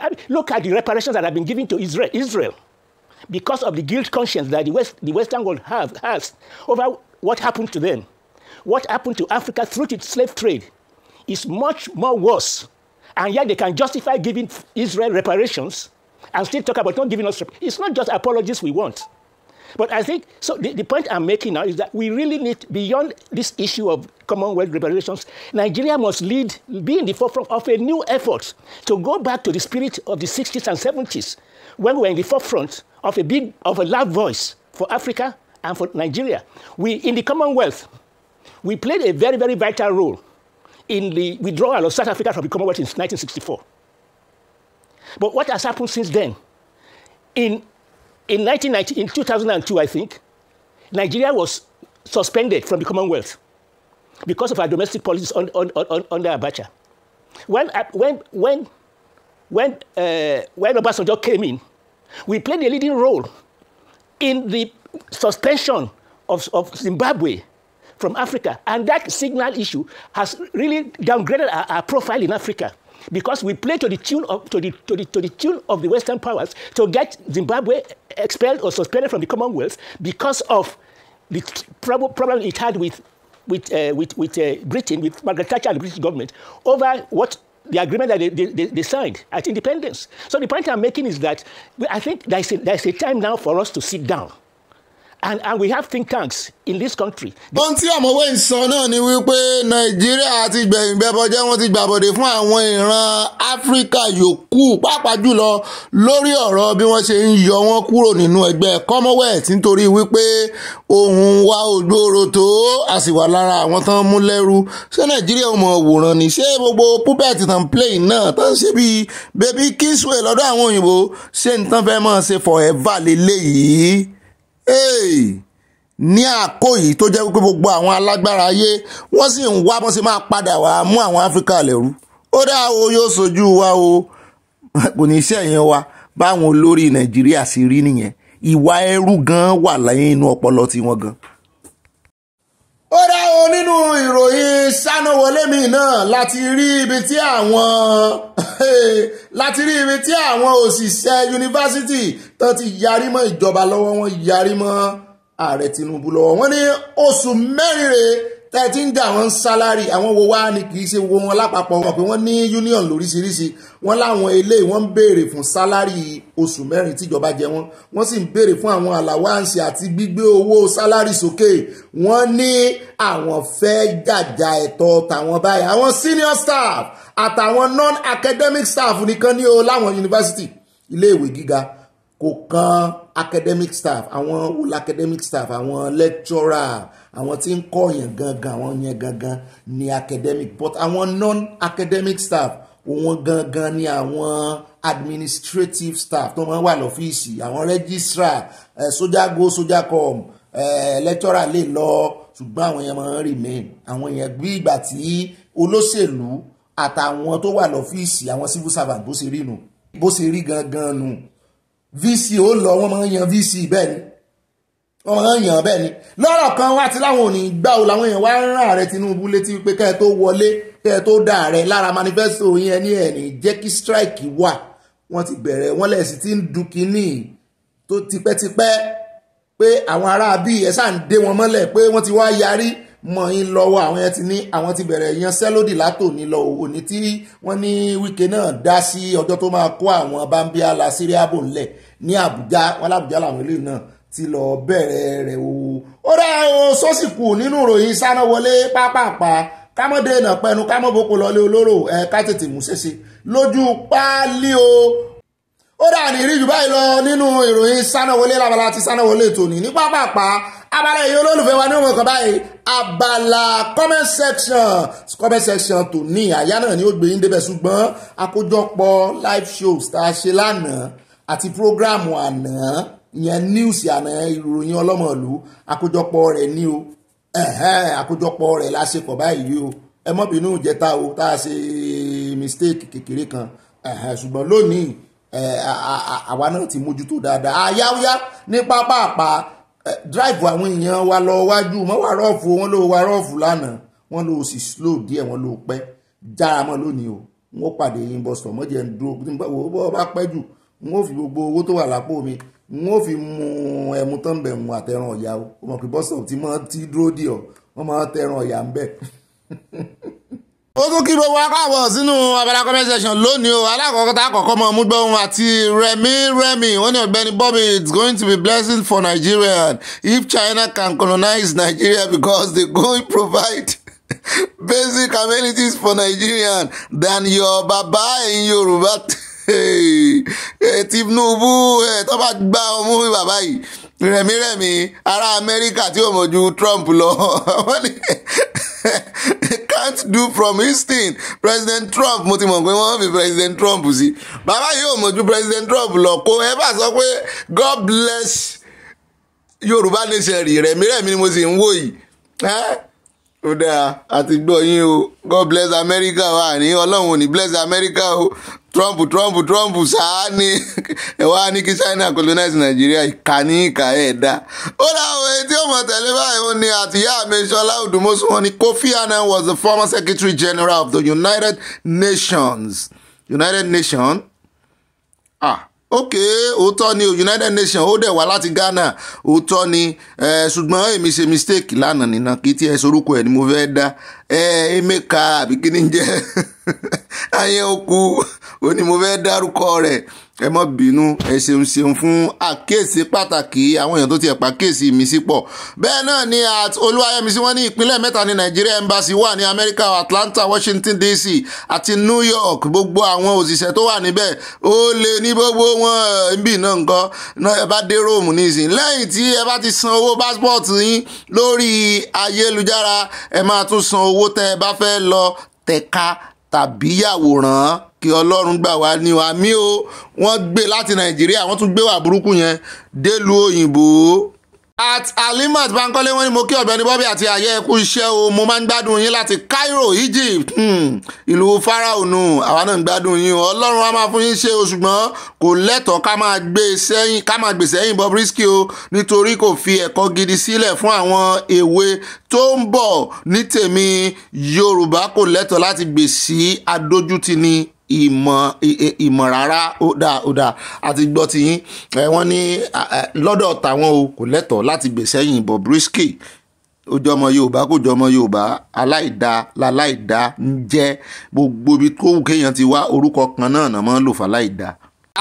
I mean, look at the reparations that have been given to Israel. Israel because of the guilt conscience that the, West, the Western world have, has over what happened to them, what happened to Africa through its slave trade, is much more worse. And yet they can justify giving Israel reparations and still talk about not giving us. It's not just apologies we want. But I think, so the, the point I'm making now is that we really need, beyond this issue of Commonwealth reparations, Nigeria must lead, be in the forefront of a new effort to go back to the spirit of the 60s and 70s, when we were in the forefront of a big, of a loud voice for Africa and for Nigeria. We, in the Commonwealth, we played a very, very vital role in the withdrawal of South Africa from the Commonwealth in 1964. But what has happened since then? In in 1990, in 2002, I think, Nigeria was suspended from the Commonwealth because of our domestic policies under on, on, on, Abacha. When, uh, when, when, when, uh, when Obasanjo came in, we played a leading role in the suspension of, of Zimbabwe from Africa. And that signal issue has really downgraded our, our profile in Africa because we play to the tune of, to the, to the, to the tune of the Western powers to get Zimbabwe expelled or suspended from the Commonwealth because of the problem it had with, with, uh, with, with uh, Britain, with Margaret Thatcher and the British government over what the agreement that they, they, they, signed at independence. So the point I'm making is that I think there's a, there's a time now for us to sit down and and we have think tanks in this country. ohun tí ọ̀mọ̀wé ń sọ náà ni wípé nàìjíríà ti gbẹ̀yìn bẹ́bọjẹ́ wọn ti gbàbọ̀dé fún àwọn ìran áfíríkà yòókù pàápàá jùlọ lórí ọ̀rọ̀ bí wọ́n ṣe ń yọ wọ́n kúrò nínú ẹgbẹ́ commonwealth nítorí wípé ohun wa ò tó a sì wà lára àwọn tán mú lẹ́rú ṣé nàìjíríà ò mọ̀ ni ṣé gbogbo púpẹ̀tì tán play náà tán ṣe bíi baby kingsway lọ́dọ̀ àwọn òyìnbó ṣé nǹkan fẹ́ mọ̀ ṣe forever lélẹ́yìí ní àkó yìí tó jẹ́ pé gbogbo àwọn alágbára ayé wọ́n sì ń wá bọ́n sì máa padà wá mú àwọn áfíríkà lẹ́rú ó dá o yóò sojú wa o kò ní iṣẹ́ yẹn wa báwọn olórí nàìjíríà sì rí nìyẹn ìwà ẹrú gan wà láyé inú ọpọlọ tiwọn gan ó dáhùn nínú ìròyìn sánáwọlé mi náà láti rí ibi tí àwọn láti rí ibi tí àwọn òṣìṣẹ́ yunifásitì tó ti yarí mọ́ ìjọba lọ́wọ́ wọn yarí mọ́ ààrẹ Tinubu lọ́wọ́ wọn ní oṣù mẹ́rin rèé tẹ́tí ń dá àwọn sálárì àwọn wo wá ni kì í ṣe wo wọn lápapọ̀ wọn pé wọ́n ní union lóríṣiríṣi wọ́n láwọn eléyìí wọ́n ń béèrè fún sálárì oṣù mẹ́rin tíjọba jẹ wọ́n wọ́n sì ń béèrè fún àwọn àlàwáǹsì àti gbígbé owó sálárì sókè wọ́n ní àwọn fẹ́ jàjà ẹ̀tọ́ tàwọn báyìí àwọn senior staff àtàwọn non-academic staff nìkan ní o láwọn yunifásitì iléèwé gíga kò kan academic staff àwọn whole academic staff àwọn lecturer àwọn tí ń kọ̀yàn gangan àwọn yẹn gangan ni academic but àwọn non-academic staff òun gangan ni àwọn administrative staff tó máa ń wà lọ́fíìsì àwọn registrar eh, soja go soja com eh, lecturer lè lọ ṣùgbọ́n àwọn yẹn máa ń remain àwọn yẹn bí ìgbà tí olóṣèlú àtàwọn tó wà lọ́fíìsì àwọn civil servant bó ṣe rí nu bó ṣe rí gangan nu vc ó lọ wọ́n máa ń yan vc bẹ́ẹ̀ ni wọ́n máa ń yan bẹ́ẹ̀ ni lọ́rọ̀ kan wá ti láwọn ò ní gbà ó làwọn èèyàn wá ń rán ààrẹ Tinubu létí wípé kẹ́ tó wọlé kẹ́ tó dá ààrẹ lára manifesto yín ẹni ẹ̀ ní jẹ́ kí strike wà wọ́n ti bẹ̀rẹ̀ wọ́n lẹ̀ sí ti ń du kínní tó tipẹ́tipẹ́ pé àwọn ará bíi sáà ń dé wọn mọ́lẹ̀ pé wọ́n ti wá yarí mọ́ yín lọ́wọ́ àwọn yẹn ti ní àwọn ti bẹ̀rẹ̀ ìyanṣẹ́lódì látòní lọ òní tí wọ́n ní Wike náà dá sí ọjọ́ tó máa kó àwọn bambiala síríàbò ńlẹ̀ ní Àbújá wọn lábújá làwọn eléyìí náà ti lọ bẹ̀rẹ̀ rẹ̀ o. ó dá o sọ́sìkù nínú ìròyìn sánáwọlé pápápá kámọ́dé náà pẹnu kámọ́boko lọ́lé olóró ẹ̀ ká tètè mú ṣẹ́ṣe lójú páálí o ó dà ní rí jù báyìí lọ nínú ìròyìn sánáwọlé lábala ti sánáwọlé tòní ní pápápá abala èyí olólùfẹ́ wa ní ọmọ kan báyìí abala comment section comment section tòní àyá náà ni ó gbé yín débẹ̀ ṣùgbọ́n àkójọpọ̀ live shows tá a ṣe lánàá àti prógráàmù àná ìyẹn news àná ìròyìn ọlọ́mọlú àkójọpọ̀ rẹ̀ ní o àkójọpọ̀ rẹ̀ lásìkò báyìí o ẹ mọ́ bínú ìjẹta o tá a ṣe mistake kékeré kan ṣùgbọ́n lónìí Eh, àwa náà ti mójútó dáadáa àyáwá ní pápápá eh, drive àwọn èèyàn wa lọ wájú mọ́ wà rọ́ọ̀fù wọn ló wà rọ́ọ̀fù lánàá wọn ló sì slow díẹ̀ wọn ló pẹ́ jára mọ́ lónìí o wọn pàdé yín bọ́sọ̀ mọ́jẹ́ ń dúró bó bá pẹ́ jù wọn ò fi gbogbo owó tó wà lápò mi wọn ò fi mu ẹmu tán bẹ̀ mu àtẹran ọ̀yà o mọ̀ pé bọ́sọ̀ tí wọ́n ti dúró dì ọ́ wọ́n máa tẹran ọ̀yà ń bẹ̀. ó tún kí gbogbo akáàbọ̀ sínú abala conversation. section lónìí o alákọ̀ọ́kọ́ tá a kọ́kọ́ mọ múgbọ́ àti remi remi wọ́n ní ọ̀gbẹ́ni Bobby it's going to be blessing for Nigerian if China can colonize Nigeria because they go provide basic amenities for Nigerian than your baba in Yoruba Tinubu tó bá gba ọmú bàbá yìí rẹ̀mírẹ̀mí ará Amẹ́ríkà tí ò mọ̀ ju Trump lọ wọ́n ní. can't do from his thing president trump mo ti mọ̀ pé wọ́n fi president trump sí bàbá yìí ò mọ̀ ju president trump lọ kó ẹ bá sọ pé god bless yorùbá nation rì rẹ̀mí rẹ̀mí ni mo sì ń wò yìí ó dáa àti gbọ́ yín o god bless america wà ní ọlọ́run ò ní bless america o Trump Trump Trump sáà ni ẹ wá ní kí China colonize Nigeria ìka ní ìka ẹ̀ dá. ó dáhùn etí ọmọ tẹ̀lé báyìí ó ní àtìyá àmẹ́sọ́lá odùmọ́sù ni Kofi Annan was the former Secretary General of the United Nations. United Nations ah ok òótọ́ ni United Nations ó dẹ̀ wá láti Ghana òótọ́ ni eh, ṣùgbọ́n èmi ṣe mistake lánàá nínà kí tí ẹ sorúkọ ẹ̀ ni mo fẹ́ dá emeka àbí kí ni jẹ́ ayé okú ó ní mo fẹ́ dárúkọ rẹ̀ ẹ mọ́ bínú ẹ ṣeun ṣeun fún àkíyèsí pàtàkì àwọn èèyàn tó ti ẹ̀pà kíyèsí mi sí pọ̀ bẹ́ẹ̀ náà ni at olúwayẹmísí wọ́n ní ìpínlẹ̀ mẹ́ta ní Nigeria embassy wà ní Amẹ́ríkà Atlanta Washington DC àti New York gbogbo àwọn òṣìṣẹ́ tó wà níbẹ̀ ó lè ní gbogbo wọn níbí náà nǹkan náà ẹ bá dé Rome nísìnyí lẹ́yìn tí ẹ bá ti san owó passport yín lórí ayélujára ẹ máa tún san owó owó tẹ́ ẹ bá fẹ́ lọ tẹ̀ka tàbí yàwòrán kí ọlọ́run gbà wá ní wa mí o wọ́n gbé láti nàìjíríà wọ́n tún gbé wà burúkú yẹn délùú òyìnbó at alimat bankole wọn ni mo kí ọ̀gbẹ́ni Bobby àti àyẹ ẹkú iṣẹ́ o mo máa ń gbádùn yín láti Cairo Egypt hmm, ìlú Pharaoh nù àwa náà ń gbádùn yín o Ọlọ́run a máa fún yín ṣe o ṣùgbọ́n kò lẹ́tọ̀ọ́ ká máa gbé sẹ́yìn ká máa gbèsè ẹ̀yìn Bobrisky o nítorí kò fi ẹ̀kọ́ gidi sílẹ̀ fún àwọn èwe tó ń bọ̀ ní tèmi Yorùbá kò lẹ́tọ̀ọ́ láti gbèsè adójútì ni ìmọ̀ ìmọ̀ rárá ó dáa ó dáa àti gbọ́ ti yín wọ́n ní lọ́dọ̀ tàwọn o kò lẹ́tọ̀ọ́ láti gbèsè yìn Bobrisky ó jọ ọmọ Yorùbá kò jọ ọmọ Yorùbá aláìda láláìda ń jẹ́ gbogbo ibi tó wù kéèyàn ti wá orúkọ kan náà nàmọ́ lò fàláìda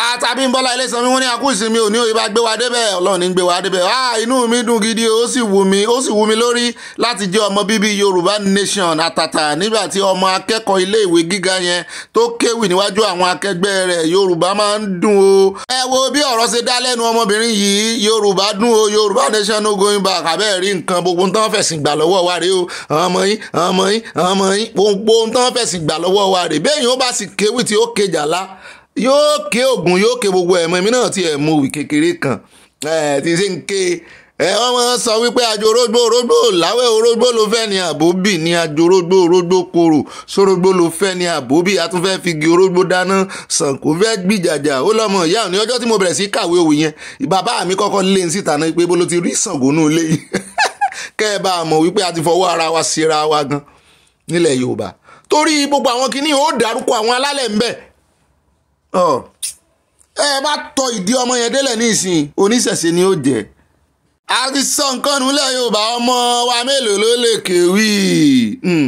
àtàbímbọ́lá ilésanmi wọn ní akú ìsinmi òní òye bá gbé wa débẹ̀ ọlọ́run ní gbé wa débẹ̀ ah inú mi dùn gidi ó sì wù mí ó sì wù mí lórí láti jẹ́ ọmọ bíbí yorùbá nation àtàtà nígbà tí ọmọ akẹ́kọ̀ọ́ iléèwé gíga yẹn tó kéwì níwájú àwọn akẹgbẹ́ rẹ̀ yorùbá máa ń dùn o. ẹ wo bí ọ̀rọ̀ ṣe dá lẹ́nu ọmọbìnrin yìí yorùbá dùn o yorùbá nation no going back abẹ́ rí nǹkan gbogbo tán fẹ̀sìn gbà lọ́wọ́ wa rèé o ọmọ yín ọmọ yín ọmọ yín gbogbo tán fẹ̀sìn gbà lọ́wọ́ wa rèé bẹ́ẹ̀ yóò bá sì kéwì tí ó kejì àlá yóò ké ògùn yóò ké gbogbo ẹ̀mọ èmi náà ti ẹ̀ mú wì kékeré kan tí n ṣe ń ké ẹ wọ́n sọ wípé àjò orógbó orógbó láwẹ̀ orógbó ló fẹ́ ni àbóbì ni àjò orógbó orógbó korò sórógbó ló fẹ́ ni àbóbì àtúnfẹ́ figi orógbó dáná sànkó fẹ́ gbìjàjà ó lọ́mọ ìyá òní ọjọ́ tí mo bẹ̀rẹ̀ sí kàwé òwe yẹn bàbá mi kọ́kọ́ lé ní síta náà pé bó ló ti rí Ṣàngó nù lé yìí kẹ́ ẹ bá a mọ̀ wípé a ti fọwọ́ ara wa síra wa gan nílẹ̀ Yorùbá torí gbogbo àwọn kinní ó dárúkọ àwọn alálẹ̀ ńbẹ̀ ẹ bá tọ ìdí ọmọ yẹn délẹ̀ ní ìsìn oníṣẹ̀ṣe ni ó jẹ́ a ti sọ nǹkan nulẹ̀ yorùbá ọmọ wa mélòó ló lè kéwì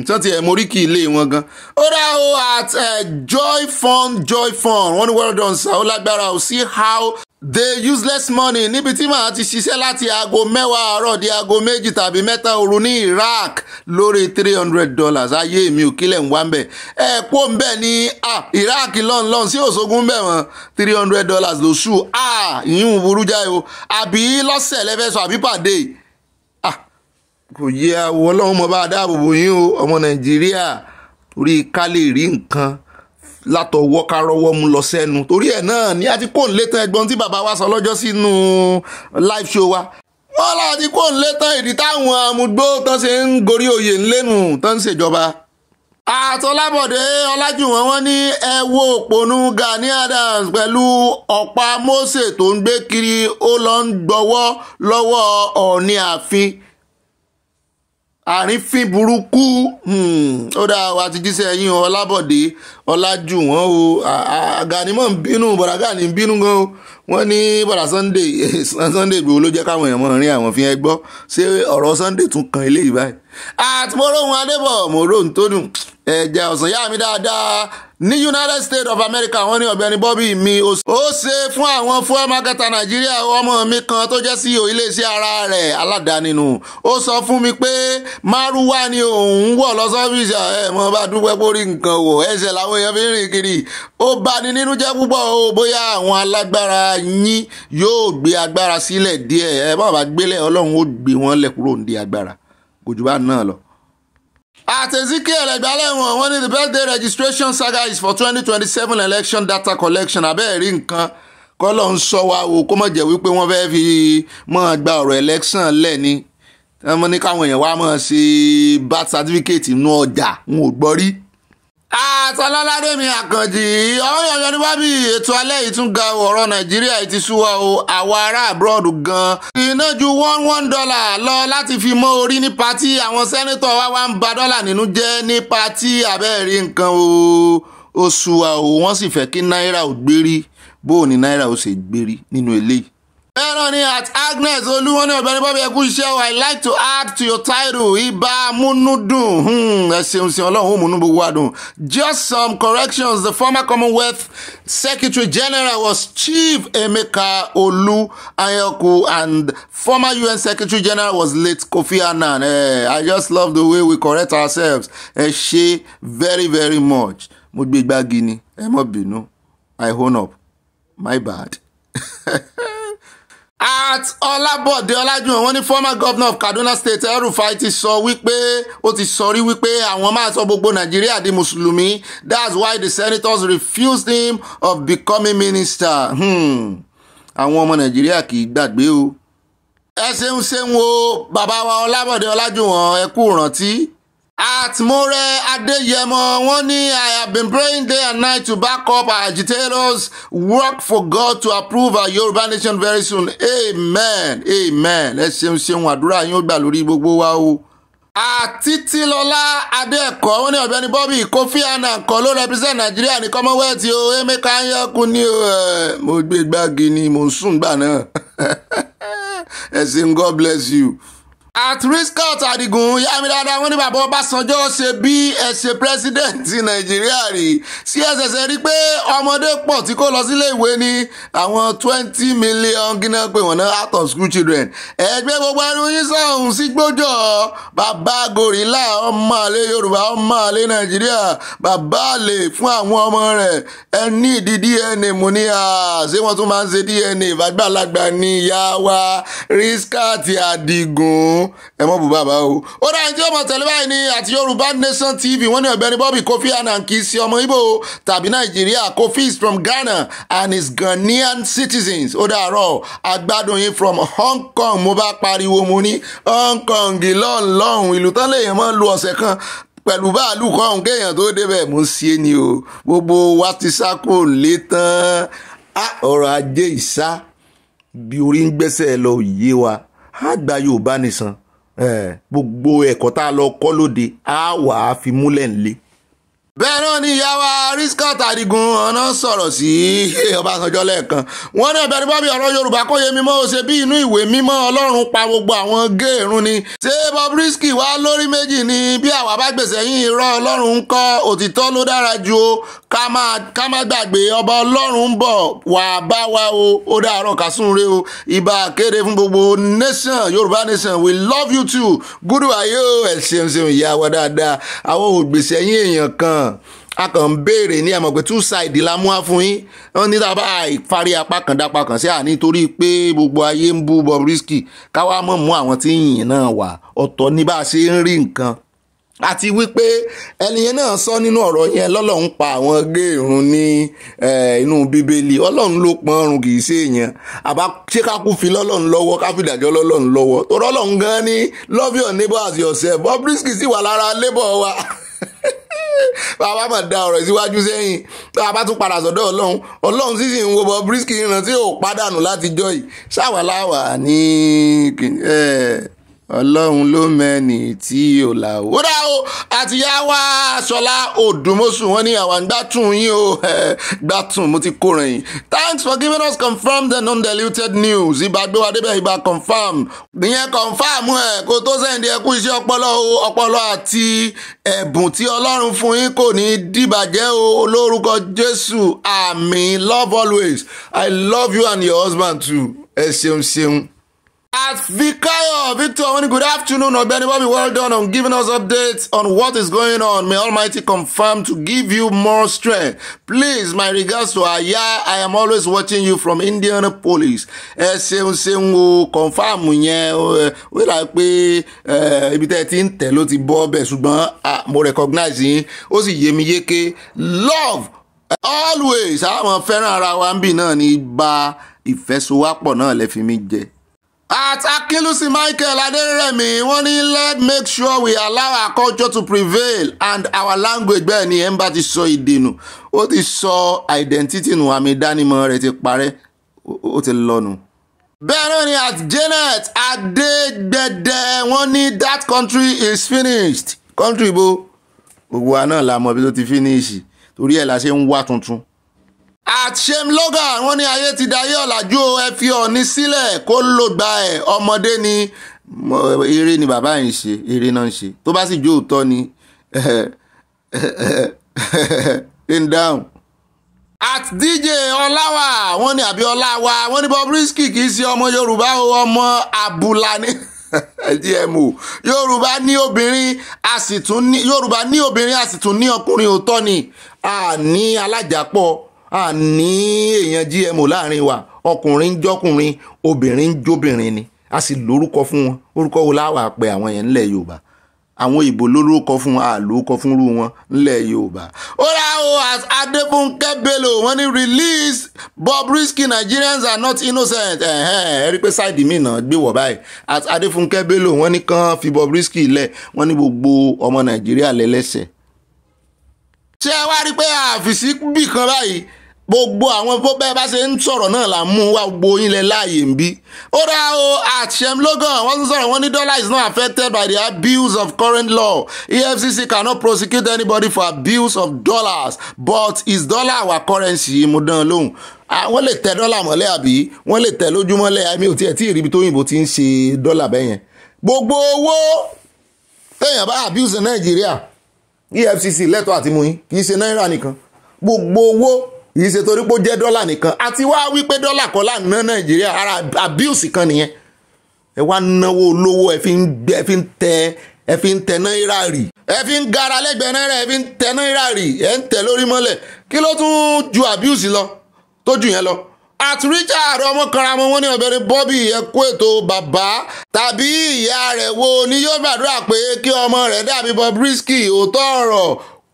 sọ́tì hmm, ẹ̀ moríkì ilé wọn gan ó rà ó at uh, joy fun joy fun wọ́n ní well done sir ó lágbára ó see how the useless money níbi tí màá ti ṣiṣẹ́ láti aago mẹ́wàá àárọ̀ di aago méjì tàbí mẹ́ta òru ní Iraq lórí three hundred dollars ayé mi ò kílẹ̀ ń wá ń bẹ̀ ẹ̀ pò ń bẹ̀ ní Iraq lọ́nlọ́n sí òṣogún bẹ̀ wọ́n three hundred dollars lóṣù ìyún burú jáì o àbí lọ́sẹ̀ lẹ́fẹ̀sọ àbí pàdé kò yẹ àwọn ọlọ́run mọ́ bá dáàbò bò yín o ọmọ Nàìjíríà torí ká lè rí nǹkan látọwọ́ kárọ́wọ́ mú lọ sẹ́nu torí ẹ̀ náà ní àti kò ń lé tán ẹgbọ́n tí bàbá wa sọ lọ́jọ́ sínú live show wa wọ́n láti kò ń lé tán ìdí táwọn amúgbó tán ṣe ń gorí oyè ńlẹ́nu tán ń ṣèjọba àtọ́lábọ̀dé ọlájúwọ̀n wọn ní ẹ wo òpònú Gani Adams pẹ̀lú ọ̀pá Mósè tó ń gbé kiri ó lọ ń gbọ́wọ́ lọ́wọ́ Ọọ̀ni àfin àrífín burúkú hmm, ó dáa wa ti jíṣẹ́ ẹ̀yìn ọlábọ̀dé ọlájú wọn o àgànímọ̀ ń bínú bọ̀dà gàní ń bínú gan o wọ́n ní bọ̀dà Sunday Sunday Igboho ló jẹ́ káwọn èèyàn mọ̀ rin àwọn fi ẹ gbọ́ ṣé ọ̀rọ̀ Sunday tún kan eléyìí báyìí àtìmọ́ròhun adébọ̀ mọ́ròhun tó dùn ẹ̀jẹ̀ ọ̀sán yá mi dáadáa ní United States of America wọ́n ní ọ̀gbẹ́ni Bobby mi ó ṣe fún àwọn fuel marketer Nàìjíríà ọmọ mi kan tó jẹ́ CEO iléeṣẹ́ ara rẹ̀ aládàáni nù ó sọ fún mi pé márùwá ni òun wọ̀ lọ sọ́fíìsì ẹ̀ mọ́ bá dúpẹ́ pórí nǹkan wò ẹsẹ̀ làwọn èèyàn fi rìn kiri ó bà ní nínú jẹ́ púpọ̀ o bóyá àwọn alágbára yín yóò gbé agbára sílẹ̀ díẹ̀ ẹ̀ bá wà gbélé Ọlọ́run ó gbé wọn lẹ̀ kúrò ní agbára kò jù bá náà lọ. At Ezekiel Egbalẹ̀wọ̀n wọ́n ní the birthday registration saga is for twenty twenty seven election data collection abẹ́ẹ̀rí nǹkan kọ́lọ̀ ń sọ wa o kó mọ̀ jẹ́ wípé wọ́n fẹ́ fi mọ́ gba ọ̀rọ̀ election lẹ̀ ni wọ́n ní káwọn èèyàn wá mọ̀ ṣe birth certificate inú ọjà wọn ò gbọ́ àtàlọ́ládé mi àkànjì ọ̀yọ̀yọ̀ ní bábí ètò alẹ́ yìí tún ga ọ̀rọ̀ nàìjíríà ti súwa o àwa ará àbúrọ̀dù gan. iná ju one one dollar lọ láti fi mọ orí ní patí àwọn sẹ́nitọ̀ wa wá ń ba dọ́là nínú jẹ́ ní patí abẹ́ẹ̀rí nǹkan o ó súwa o wọ́n sì fẹ́ kí náírà ò gbérí bóò ní náírà ó ṣe gbérí nínú eléyìí ẹran ni at agnes olúwọ́n ní bọ́bí ẹkú iṣẹ́ o i like to add to your title ibà múnúdùn hmm, ẹ ṣeun ṣeun ọlọ́run ó múnú gbogbo àdùn just some corrections the former commonwealth secretary general was chief emeka olu anyaoku and former un secretary general was late kofi annan eh, i just love the way we correct ourselves ẹ ṣe very very much mo gbé gbági ni ẹ mọ̀ bínú i hone up my bad. at ọlábọ̀dé ọlájúwọ̀n wọ́n ní former governor of kaduna state El-Rufai ti sọ wípé ó ti sọrí wípé àwọn máa sọ gbogbo nàìjíríà di mùsùlùmí that's why the senators refused him of becoming minister. Hmm. àwọn ọmọ nàìjíríà kì í gbàgbé o. ẹ ṣeun ṣeun o bàbá wa ọlábọ̀dé ọlájúwọ̀n ẹ kú rántí. Atmore Adeyemo Wani, I have been praying day and night to back up our agitators. Work for God to approve our Yoruba nation very soon. Amen. Amen. Let's ṣeun ṣeun àdúrà yín ó gbà lórí gbogbo wa o. Àtìtìlọ́lá Adéẹ̀kọ́ wọ́n ní Bobby Kofi Annan Kolo ló represent Nàìjíríà The Commonwealth o. Emeka Anyankun ní o. Mo gbé mo ń sùn gbà náà. Ẹ ṣeun God bless you at riscot adigun yami dada wọn ní bàbá Ọbásanjọ́ ṣe bí ẹ ṣe pírẹsidẹ́ǹtì nàìjíríà rí sí ẹsẹsẹ rí pé ọmọdé pọ̀ tí kò lọ sílé ìwé ní àwọn twenty million guinea pé wọ́n náà out of school children ẹgbẹ́ gbogbo ẹnu yín sọ̀hún sí gbójọ́ bàbá gorilla ọmọ àlè yorùbá ọmọ àlè nàìjíríà bàbá àlè fún àwọn ọmọ rẹ̀ ẹ ní ìdí dna mo ní à ṣé wọ́n tún máa ń ṣe dna ìbàgbàlagbà ní ìyá wa riscot adigun ẹ mọ́ bù bàbá o. ó dáa tí ó mọ̀ tẹ̀lé báyìí ni àti Yorùbá Nation TV wọ́n ní ọ̀gbẹ́ni Bobby Kofi Annan kì í ṣe ọmọ Igbo tàbí Nàìjíríà Kofi is from Ghana and is Ghanaian citizens. ó dàárọ̀ agbádùn yín from Hong Kong mo bá pariwo mo ní Hong Kong lọ́ọ̀lọ́hùn ìlú tán lè yẹn mọ́ lu ọ̀sẹ̀ kan pẹ̀lú báàlù kọ́hún kéèyàn tó débẹ̀ mo ṣe ni o gbogbo wa ti sá kò lé tán ọrọ̀ ajé ìsá bí orí ń gbẹ́sẹ̀ lọ òye wa àgbà Yorùbá nìsan eh, gbogbo ẹ̀kọ́ tá a lọ kọ́ lóde á wà á fi múlẹ̀ ńlẹ̀ bẹ́ẹ̀ náà ni ìyá wa Rizkat Adigun ọ̀nà sọ̀rọ̀ sí Ọbásanjọ́ lẹ́ẹ̀kan wọ́n náà bẹ̀rù bá bí ọ̀rọ̀ Yorùbá kó yé mímọ́ ó ṣe bí inú ìwé mímọ́ Ọlọ́run pa gbogbo àwọn géèrún ni ṣé Bobrisky wá lórí méjì ni bí àwa bá gbèsè yín irọ́ Ọlọ́run ń kọ́ òtítọ́ ló dára ju o ká má gbàgbé ọba Ọlọ́run ń bọ̀ wá bá wa o ó dàárọ̀ kásùnre o ìbà kéde fún gbogbo nation Yorùbá nation we love you too gúdùwà yóò ẹ̀ ṣeun ṣeun ìyá wa dáadáa àwọn ògbèsè yín èèyàn kan a kàn ń béèrè ní ẹ̀mọ̀ pé two side la mú wá fún yín wọ́n ní tábà àìfarí apá kan dápá kan sí àní torí pé gbogbo ayé ń bú Bobrisky káwá mọ̀ mú àwọn tí yìnyín náà wà ọ̀tọ̀ ní bá a ṣe ń rí nǹkan àti wípé ẹni yẹn náà sọ nínú ọ̀rọ̀ yẹn lọ́lọ́run pa àwọn géèrún ní inú bíbélì ọlọ́run ló pọn ọrùn kì í ṣe èèyàn àbá ṣé ká kú fi lọ́lọ́run lọ́wọ́ ká fi dàjọ́ lọ́lọ́run lọ́wọ́ tó rọ́lọ́run gan ni love your neighbor as yourself Bobrisky sì wà lára labour wa bàbá mà da ọ̀rọ̀ síwájú sẹ́yìn tá a bá tún padà sọ̀dọ̀ ọlọ́run ọlọ́run sì sì ń wo Bobrisky ìran tí ò pàdánù látijọ́ yìí ṣáwa láwà ní ẹ̀ ọlọ́run ló mẹ́ni tí ò là ó rà ó àtìyá wa sọlá òdùmọ́sù wọn ní àwọn gbàtún yín o gbàtún mo ti kó rìn thanks for giving us confirmed and undiluted news ibà gbé wa débẹ̀ ibà confirm. ìyẹn confam ẹ̀ kó tó sẹ́ǹdì ẹkú iṣẹ́ ọpọlọ ọpọlọ àti ẹ̀bùn tí ọlọ́run fún yín kò ní dìbàjẹ́ o olórúkọ jésù àmín love always i love you and your husband too ẹ ṣeun ṣeun. At Vikayo Victor Oni, good afternoon, Ogbeni Bobby. Well done on giving us updates on what is going on. May Almighty confirm to give you more strength. Please, my regards to Aya. I am always watching you from Indian Police. ṣeun ṣeun o, confirm yẹn o. Ó dà pé ibi tẹ́ ẹ ti ń mo recognize yín. Ó sì Love always àwọn fẹ́ràn ara wa ń bì náà ní ibà ìfẹ́sowápọ̀ náà lẹ́ fi mí jẹ. At Akilusi Michael Aderemi, wọ́n ní let make sure we allow our culture to prevail and our language bẹ́ẹ̀ ni ẹ̀ ń bá ti sọ èdè nù. Ó ti sọ identity nù àmì ìdánimọ̀ rẹ̀ ti parẹ́, ó ti lọ́nu. Bẹ́ẹ̀ náà ni at Janet Adégbẹ̀dẹ, wọ́n ní that country is finished. Country bo, gbogbo wa náà la mọ̀ bí tó ti finish, torí ẹ̀ la ṣe ń wá tuntun àtṣem logan wọ́n ní ayé ti dayé ọ̀làjú o ẹ fi Ọọ̀ni sílẹ̀ kó ló gba ẹ̀ ọmọdé ni eré ni bàbá yìí ń ṣe eré náà ń ṣe tó bá sì jó òótọ́ ni in down. at dj ọláwà wọ́n ní àbí ọláwà wọ́n ní Bobrisky kì í ṣe ọmọ yorùbá o ọmọ àbúlà ni gmo yorùbá ní obìnrin a sì tún ní yorùbá ní obìnrin a sì tún ní ọkùnrin òótọ́ ni a ní alájàpọ̀ àní èèyàn GMO láàrin wa ọkùnrin ń jọkùnrin obìnrin ń jóbìnrin ni a sì lórúkọ fún wọn orúkọ wo láwà pé àwọn yẹn ńlẹ̀ Yorùbá àwọn ìbò lórúkọ fún wọn àlòkọ fúnrú wọn ńlẹ̀ Yorùbá. ó ra o as Adéfúnkẹ́ Bello wọ́n ní release Bobrisky Nigerians are not innocent ẹ rí pé ṣáìdì mi náà gbé wọ̀ báyìí as Adéfúnkẹ́ Bello wọ́n ní kàn fi Bobrisky lẹ̀ wọ́n ní gbogbo ọmọ Nàìjíríà lẹ́lẹ́sẹ̀. ṣé ẹ wá rí pé àfìsí bì kan báyìí gbogbo àwọn bó bẹ́ẹ̀ bá ṣe ń sọ̀rọ̀ náà là ń mú wá gbogbo yín lẹ láàyè ń bí. ó dá o àṣẹm lógàn wọ́n tún sọ̀rọ̀ wọ́n ní dollar is not affected by the abuse of current law EFCC cannot prosecute anybody for abuse of dollars but is dollar our currency mo dán lóhùn wọ́n lè tẹ dọ́là mọ́lẹ̀ àbí wọ́n lè tẹ lójúmọ́lẹ̀ àmì òtí ẹ̀ tí ìrìbí tó yìnbó ti ń ṣe dọ́là bẹ́yẹn gbogbo owó téèyàn bá abuse Nàìjíríà EFCC lẹ́tọ̀ọ́ àti mú yín kì í ṣe náírà nìkan gbogbo owó yìí ṣe torí pé ó jẹ́ dọ́là nìkan àti wá wípé dọ́là kọ́ là ń ná nàìjíríà ara abuse kan nìyẹn ẹ wá náwó olówó ẹ fi ń gbẹ ẹ fi ń tẹ ẹ fi ń tẹ náírà rì ẹ fi ń gara lẹ́gbẹ̀ẹ́ náírà ẹ fi ń tẹ náírà rì ẹ ń tẹ lórí mọ́lẹ̀ kí ló tún ju abuse lọ tó jù yẹn lọ Richard, àrò ọmọ kanra mọ wọn ní ọbẹrin Bobby ẹkú ètò bàbá tàbí ìyá rẹ̀ wo ni yóò gbàdúrà pé kí ọmọ rẹ̀ dàbí Bobrisky òótọ́ ọ̀rọ̀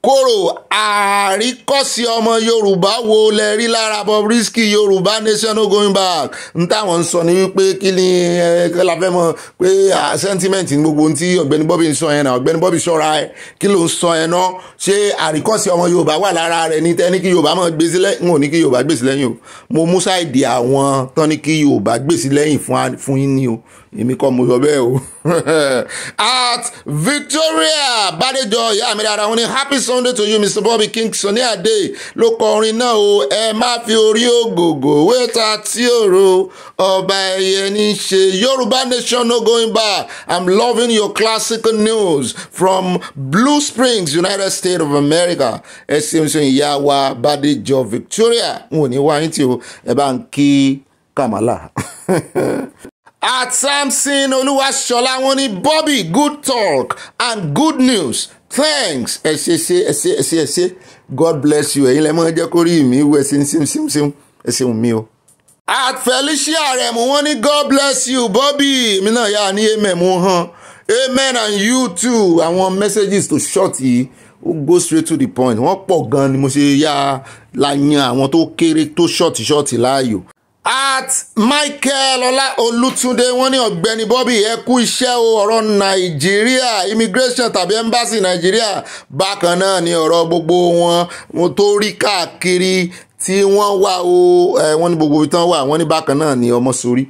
kóró àríkọ́sí ọmọ yorùbá wo lẹ rí lára Bobrisky yorùbá nation no going back n táwọn ń sọ ni wípé kí ni la fẹ́ mọ̀ pé sentiment ní gbogbo ohun tí ọ̀gbẹ́ni Bobby ń sọ yẹn náà ọ̀gbẹ́ni Bobby ṣọ́ra ẹ kí ló ń sọ yẹn náà ṣé àríkọ́sí ọmọ yorùbá wà lára rẹ ní tẹ́ ní kí yorùbá mọ̀ gbèsè lẹ́yìn n ò ní kí yorùbá gbèsè lẹ́yìn o mo mú sáìdì àwọn tán ní kí yorùbá gbèsè lẹ́yìn fún yín ni o èmi kọ́ mo sọ bẹ́ẹ̀ o at Victoria Bádéjọ ìyá mi dára wọn ni happy Sunday to you Mr Bobby Kingson ní àdé ló kọ orin náà o ẹ má fi orí ògògò wẹ́ta tí òro ọba ẹ̀yẹ ní ṣe Yorùbá nation no going back I'm loving your classical news from Blue Springs United States of America ẹ ṣeun ṣeun ìyá wa Bádéjọ Victoria n ò ní wáyé tí o ẹ bá ń kí Kamala. at samson olúwaṣọlá wọn ní bobby good talk and good news thanks ẹ ṣe ṣe ẹ ṣe ẹ ṣe ẹ god bless you ẹ̀yin lẹ mọ jẹ́ kó rí mi wú ẹ ṣe ń ṣe ń ṣe ń ṣe mi o. at felicia rẹ̀ mú wọn ní god bless you bobby mi náà yára ní amen mo hàn amen and you too àwọn messages to short yìí ó go straight to the point wọ́n pọ̀ gan ni mo ṣe yá la yan àwọn tó kéré tó ṣọ́ọ̀tì ṣọ́ọ̀tì láàyò at Michael Ọlá Olútúndé wọ́n ní ọ̀gbẹ́ni Bobby ẹ kú iṣẹ́ o ọ̀rọ̀ Nàìjíríà immigration tàbí embassy Nàìjíríà bákan náà ni ọ̀rọ̀ gbogbo wọn tó rí káàkiri tí wọ́n wà o wọ́n ní gbogbo ibi tí wọ́n wà wọ́n ní bákan náà ni ọmọ sórí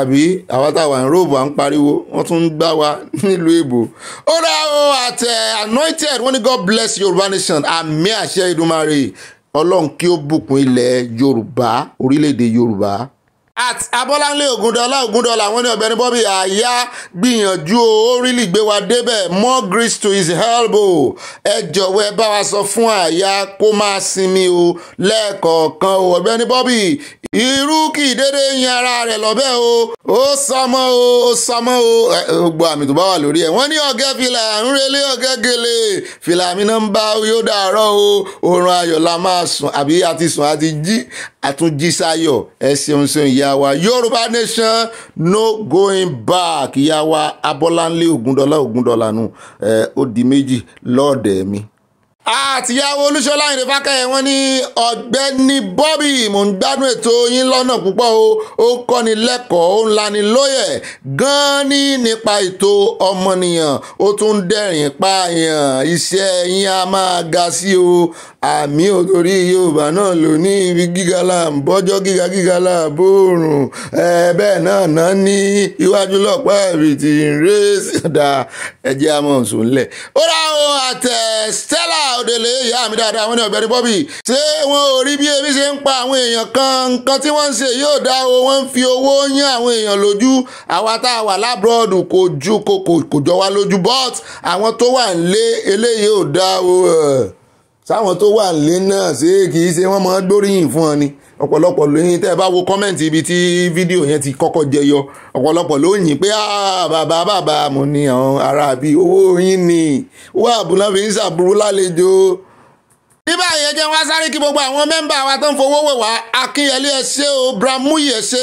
àbí àwa táwa ń róòbù à ń pariwo wọ́n tún ń gbá wa nílùú èbò. ó dá o àtẹ eh, anointed wọ́n ní God bless Yorùbá nation àmì àṣẹ Èdùmàrè ọlọ́run kí ó bùkún ilẹ̀ yorùbá orílẹ̀-èdè yorùbá at abọ́láńlé ògúndọ́lá ògúndọ́lá àwọn ní ọ̀gbẹ́ni bọ́bí àyà gbìyànjú o rílì gbé wa débẹ̀ more grease to his elbow ẹ jọ̀wọ́ ẹ bá wa sọ fún àyà kó máa sinmi o lẹ́ẹ̀kọ̀ọ̀kan o ọ̀gbẹ́ni bọ́bí irú kì í dédé yin ara rẹ̀ lọ́bẹ̀ o ó sọmọ o ó sọmọ o gbọ́ àmì tó bá wà lórí ẹ̀ wọ́n ní ọ̀gẹ́ fìlà ń relé ọ̀gẹ́ gèlè fìlà mi náà ń bá yóò dàárọ̀ o òòrùn ayọ̀ la máa sùn àbí a ti sùn a ti jí àtúnjísáyọ̀ ẹ ṣeun ṣeun ìyá wa yorùbá nation no going back ìyá wa abọ́láńlé ògúndọ́lá ògúndọ́lá nù ẹ ó di méjì lọ́ọ̀dẹ̀ mi àtìyàwó olúṣọlá ìrìn fákẹ́yẹ wọn ní ọ̀gbẹ́ni Bobby mò ń gbádùn ètò yín lọ́nà púpọ̀ o ó ń kọ́ni lẹ́kọ̀ọ́ ó ń lani lóyè gan-an ní nípa ètò ọmọnìyàn ó tún ń dẹ̀rìn pààyàn iṣẹ́ yín a máa ga sí o àmì òtòrí Yorùbá náà ló ní ibi gíga là ń bọ́jọ́ gíga gíga là bóòrùn ẹ bẹ́ẹ̀ náà náà ní iwájú lọ́pàá ẹ̀rìtì ń ré sí ọ̀dà ẹ̀jẹ̀ amọ̀ ó ra o àtẹ̀ Stella òdèlè ìyá mi dáadáa wọ́n ní ọ̀gbẹ́ni Bobby ṣé wọn ò rí bí ebi ṣe ń pa àwọn èèyàn kan nǹkan tí wọ́n ń ṣe yóò dá o wọ́n ń fi owó yán àwọn èèyàn lójú àwa tá a wà lábúròdù kò ju kò jọ wá lójú but àwọn tó wà ń lé eléyìí ò dá o sáwọn tó wà ń lé náà ṣé kì í ṣe wọ́n mọ́ gbóríyìn fún ọ ni ọ̀pọ̀lọpọ̀ lóyìn tẹ́ ẹ bá wo kọ́mẹ̀ntì ibi tí fídíò yẹn ti kọ́kọ́ jẹyọ ọ̀pọ̀lọpọ̀ ló yìn pé ah, bàbá bàbá mo ní àwọn ará bí owó yín ni owó àbùnà fi ń ṣàbúrú lálejò. ní báyìí ẹ jẹ́ wá sáré kí gbogbo àwọn mẹ́mbà wa tó ń fowó wẹ̀ wá akínyẹlé ẹ ṣé o bramuyi ẹ ṣé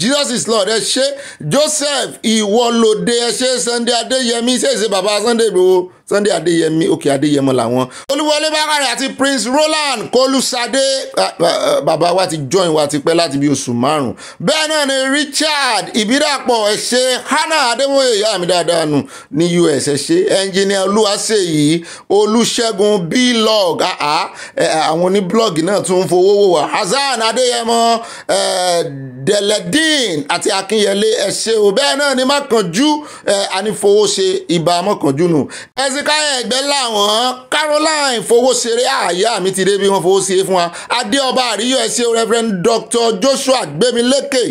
jesus is lord ẹ ṣé joseph ìwọlòdè ẹ ṣé sunday adéyẹmí ṣèṣe bàbá sunday ìgbòho Sunday Adéyẹmí òkè Adéyẹmọ làwọn. Olúwọlé Bákàrẹ̀ àti Prince Roland Kọlùsàdé ah, ah, ah, bàbá wa ti join wa ti pẹ́ láti bí oṣù márùn-ún. bẹ́ẹ̀ náà ni Richard Ìbídàpọ̀ ẹ ṣé Hannah Adéwòye ìyá mi dáadáa nù ní US ẹ ṣé ẹnjìnìà Olúwaṣèyí Olúṣẹ́gun blog àwọn oníblọ́ọ̀gì náà tún ń fowó wò wá Hasan Adéyẹmọ Deledin àti Akínyẹlé ẹ ṣé o bẹ́ẹ̀ náà ni má kánjú ànífowóṣe ibà mọ́kànjú nù. ẹ̀sìn yínká ẹ̀gbẹ́ làwọn caroline fowóṣeré àyà ah, mi ti dé bí wọ́n fowó ṣe fún wa adéọba àríyọ̀ ẹ̀ṣẹ́ reverend Doctor joshua gbémilékè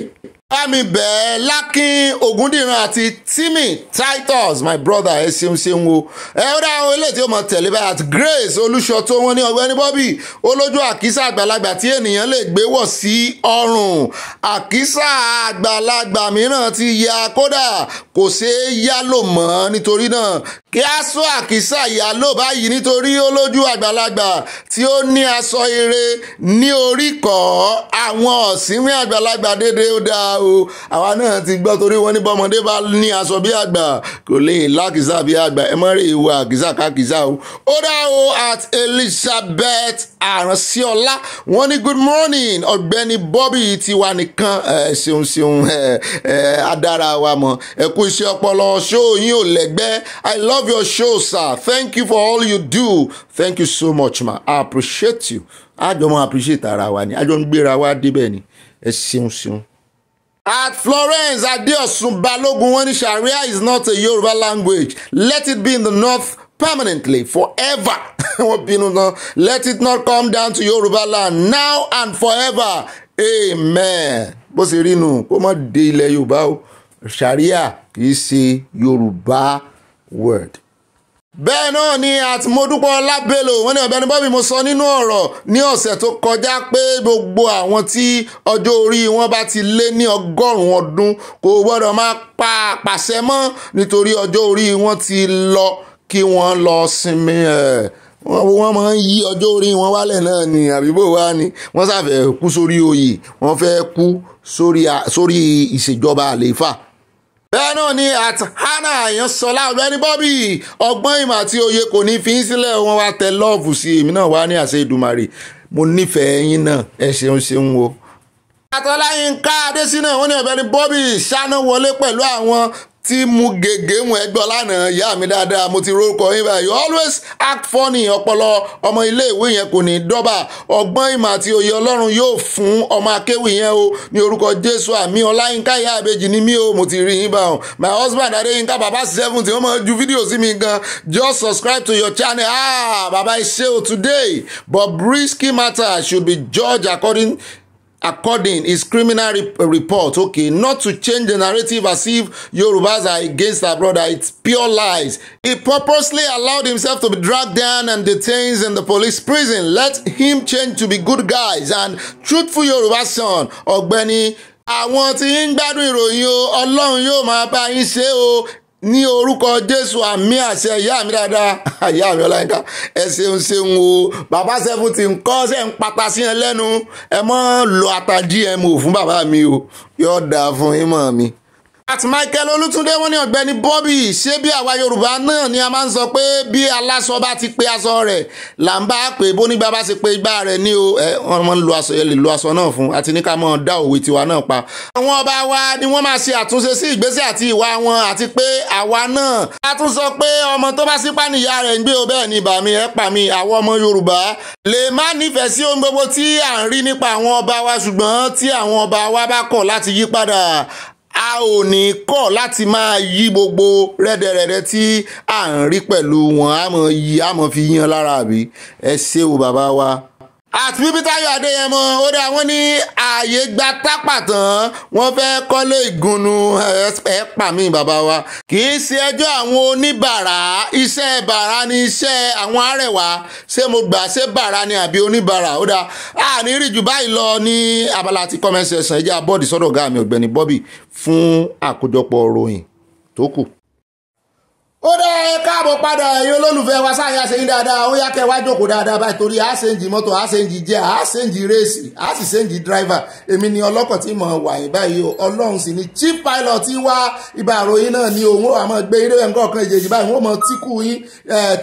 bámi bẹ́ẹ̀ lákín ogundìran àti Timmy Titus my brother ẹ ṣeun ṣeun o ẹ ó dá àwọn eléyìí tí ó mọ tẹ̀lé báyìí àti Grace olùṣọ́ tó wọ́n ní ọ̀gbẹ́ni Bobby olójú àkísà àgbàlagbà tí ènìyàn lè gbé wọ̀ sí ọrùn àkísà àgbàlagbà mìíràn ti ya kódà kò ṣeé yálò mọ́ nítorí náà kí a sọ àkísà ìyálò báyìí nítorí olójú àgbàlagbà tí ó ní aṣọ ire ní orí kọ́ àwọn ọ̀sìn àgbàlagbà déédéé ó dáa o àwa náà ti gbọ́ torí wọ́n ní bọ́mọdé bá ní aṣọ bí àgbà kò lè lákìsà bí àgbà ẹ mọ́rẹ́ ìwà àkìsà kákìsà o. ó dá o at Elizabeth Àránṣíọlá wọ́n ní good morning ọ̀gbẹ́ni Bobby tiwa nìkan ṣeun ṣeun adára wa mọ̀ ẹ kú iṣẹ́ ọpọlọ ṣó yín ò lẹ́gbẹ́ I love your show sir thank you for all you do thank you so much ma I appreciate you àjọ mọ appreciate ara wa ni àjọ ń gbéra wa débẹ̀ ni ẹ ṣeun ṣeun. At Florence Adeosun Balogun wọ́n ní Sharia is not a Yoruba language. Let it be in the north permanently forever. Wọ́n bínú náà. Let it not come down to Yoruba land now and forever. Amen. Bó ṣe rí nu kó má dé ilẹ̀ Yorùbá o. Sharia kì í ṣe Yorùbá word bẹ́ẹ̀ náà ni àti Modúpẹ́ọlá Bello wọ́n ní Ọ̀gbẹ́ni Bobby mo sọ nínú ọ̀rọ̀ ní ọ̀sẹ̀ tó kọjá pé gbogbo àwọn tí ọjọ́ orí wọn bá ti lé ní ọgọ́rùn-ún ọdún kò gbọ́dọ̀ máa pa àpàṣẹ mọ́ nítorí ọjọ́ orí wọn ti lọ kí wọ́n lọ sinmi ẹ̀ wọ́n máa ń yí ọjọ́ orí wọn wálẹ̀ náà ni àbíbò wa ni wọ́n ṣàfẹ́ kú sórí oyè wọ́n fẹ́ kú sórí ìṣèjọba àlééfà bẹ́ẹ̀ náà ni at hannah Àyànṣọlá Ọ̀gbẹ́ni Bobby ọgbọ́n ìmọ̀ àti òye kò ní fi í sílẹ̀ wọn wá tẹ lọ́ọ̀fù sí èmi náà wá ní àṣẹ ìdùmarè mo nífẹ̀ẹ́ yín náà ẹ ṣeun ṣeun o. àtọ́láyínká adésínà wọn ní Ọ̀gbẹ́ni Bobby ṣáná wọlé pẹ̀lú àwọn tí mu gègé mu ẹgbẹ́ ọlànà ìyá mi dáadáa mo ti rorúkọ yín báyìí you always act funny ọpọlọ ọmọ iléèwé yẹn kò ní dọ́bà ọgbọ́n ìmọ̀ àti òye ọlọ́run yóò fún ọmọ akéwì yẹn o ní orúkọ jésù àmì ọláyínká ìyá àbejì ni mí o mo ti rí yín bá my husband adéyínká bàbá seven tí wọ́n máa ju fídíò sí mi gan just subscribe to your channel ah bàbá iṣẹ́ o today Bobrisky matter should be judged according according his criminal report okay not to change the narrative as if yorubas are against our brother it's pure lies he purposely allowed himself to be dragged down and detained in the police prison let him change to be good guys and truthful yoruba son ọ̀gbẹ́ni àwọn tí ń gbádùn ìròyìn o ọlọ́run yóò máa bá yín ṣe o ní orúkọ jésù àmì àṣẹ ìyá mi dáadáa ìyá mi ọláyínká ẹ ṣeun ṣeun o bàbá sẹ́fún ti ń kọ́ ṣe ń pata sí ẹ lẹ́nu ẹ mọ́ lo ata gm fún bàbá mi o yóò dáa fún yín mi àti Michael Olútúndé wọ́n ní ọ̀gbẹ́ni Bobby ṣé bí àwa Yorùbá náà ni a máa ń sọ pé bí aláṣọ bá ti pe aṣọ rẹ̀ là ń bá a pè bó nígbà bá ṣe pe igbá rẹ̀ ní o ẹ wọ́n máa ń lo aṣọ yẹn lè lo aṣọ náà fún àti ní ká máa dá òwe tiwa náà pa. àwọn ọba wa ni wọ́n máa ṣe àtúnṣe sí ìgbésẹ̀ àti ìwà wọn àti pé àwa náà a tún sọ pé ọmọ tó bá sípà níyà rẹ̀ ń gbé o bẹ́ẹ̀ ni bà mí ẹ pa mí àwọn ọmọ Yorùbá lè má nífẹ̀ẹ́ sí ohun gbogbo tí à ń rí nípa wa ṣùgbọ́n tí àwọn ọba a ò ní kọ̀ láti máa yí gbogbo rẹ́dẹ̀rẹ́dẹ́ tí à ń rí pẹ̀lú wọn àmọ́ yí fi yan lára àbí ẹ ṣé o bàbá wa àti bíbí Táyọ̀ Adéyẹmọ ó dá wọn ní ààyè gba tápà tán wọ́n fẹ́ẹ́ ìgúnnu ẹ pa mí bàbá wa kì í ṣe ẹjọ́ àwọn oníbàárà iṣẹ́ bàárà ni iṣẹ́ àwọn arẹwà ṣé mo gbà ṣé bàárà ni àbí oníbàárà ó dá àní rí jù báyìí lọ ní abala ti comment section ẹjẹ abọ́ọ̀dì sọ́dọ̀ ọ̀gá mi ọ̀gbẹ́ni Bobby fún àkójọpọ̀ ròyìn tó kù káàbọ̀ padà ẹ̀yin olólùfẹ́ wa sáyẹn àṣeyín dáadáa ó yá kẹ́ wá jókòó dáadáa báyìí torí a ṣéǹjì mọ́tò a ṣéǹjì jẹ́ a ṣéǹjì réèsì a sì ṣéǹjì dráìvà èmi ni ọlọ́kọ̀ tí mo wà yín báyìí ọlọ́run sì ni chief pilot wá ibà àròyìn náà ni òun ó àmọ́ gbé eré ẹ̀ńkọ́ kan ìjèjì báyìí wọ́n mọ tíkù yín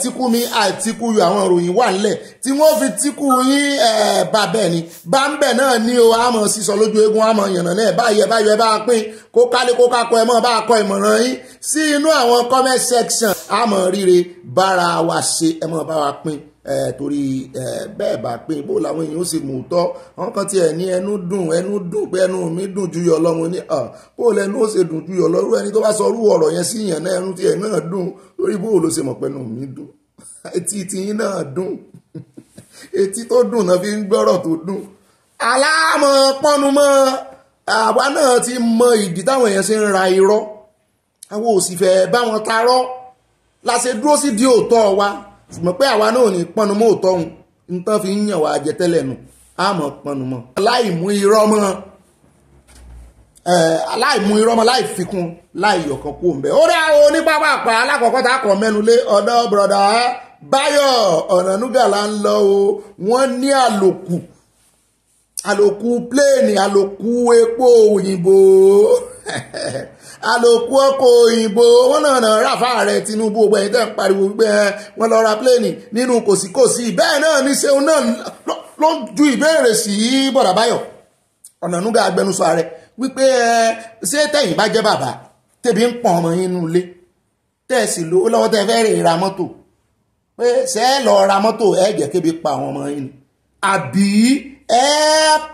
tíkù mi àtíkù yọ àwọn ìròyìn wà nílẹ̀ tí wọ́n fi tíkù yín bá bẹ́ẹ̀ ni bá ń bẹ̀ náà ni o àmọ́ sísọ lójú eégún àmọ́ yànnà náà báyìí ẹ̀ báyìí ẹ̀ bá pín kó kálé kó kákọ ẹ̀ mọ́ bá kọ ìmọ̀ràn yín sí inú àwọn comment section àmọ́ ríre bára wa ṣe ẹ mọ̀ bá wa pín torí bẹ́ẹ̀ bá pín bó làwọn èèyàn ó sì mú tọ́ wọn kàn tiẹ̀ ní ẹnu dùn ẹnu dùn pé ẹnu mi dùn ju yọ lọ́mọ ní bó lẹnu ó sì dùn ju yọ lọ́rú ẹni tó bá sọ orú ọ̀rọ̀ yẹn sí yẹn náà ẹnu tiẹ̀ náà dùn lórí bó ló ṣe mọ̀ pé ẹnu mi dùn etí tiyín náà dùn etí tó dùn náà fi ń gbọ́rọ̀ tó dùn aláàmọ̀ pọ́nu mọ́ àwa náà ti mọ ìdí táwọn èèyàn ṣe ń ra irọ́ àwọn òsì fẹ́ bá wọn tarọ́ la ṣe dúró sí di òótọ́ wa ṣùgbọ́n pé àwa náà ní pọnnu mọ́ òótọ́ òun nǹkan fi ń yàn wá jẹ tẹ́lẹ̀ nù àmọ́ pọnnu mọ́. aláìmú irọ́ mọ́ aláìmú irọ́ mọ́ láì fikún láì yọ̀kan kú òǹbẹ́. ó dá o ní alákọ̀ọ́kọ́ tá a kọ̀ mẹ́nu lé ọ̀dọ́ bùrọ̀dá báyọ̀ ọ̀nànúgà là ń lọ o wọ́n ní àlòkù àlòkù pléènì àlòkù epo òyìnbó àlòkù ọkọ̀ òyìnbó wọn náà náà ráfà rẹ Tinubu ogun ẹ̀yìn tẹ́ ń pariwo wípé wọn lọ ra pléènì nínú kòsíkòsí bẹ́ẹ̀ náà ní ṣeun náà ló ju ìbéèrè sí bọ̀dà báyọ̀ ọ̀nànúgà agbẹnusọ ààrẹ wípé ṣé tẹ̀yìn bá jẹ́ bàbá tẹ̀bí ń pọ̀n ọmọ yín nínú ilé tẹ̀sí lówó lọ́wọ́ tẹ̀ fẹ́ rè ra mọ́tò pé ṣé lọ ra mọ́tò ẹ̀ jẹ́ kébi pa àwọn ọmọ yín àbí ẹ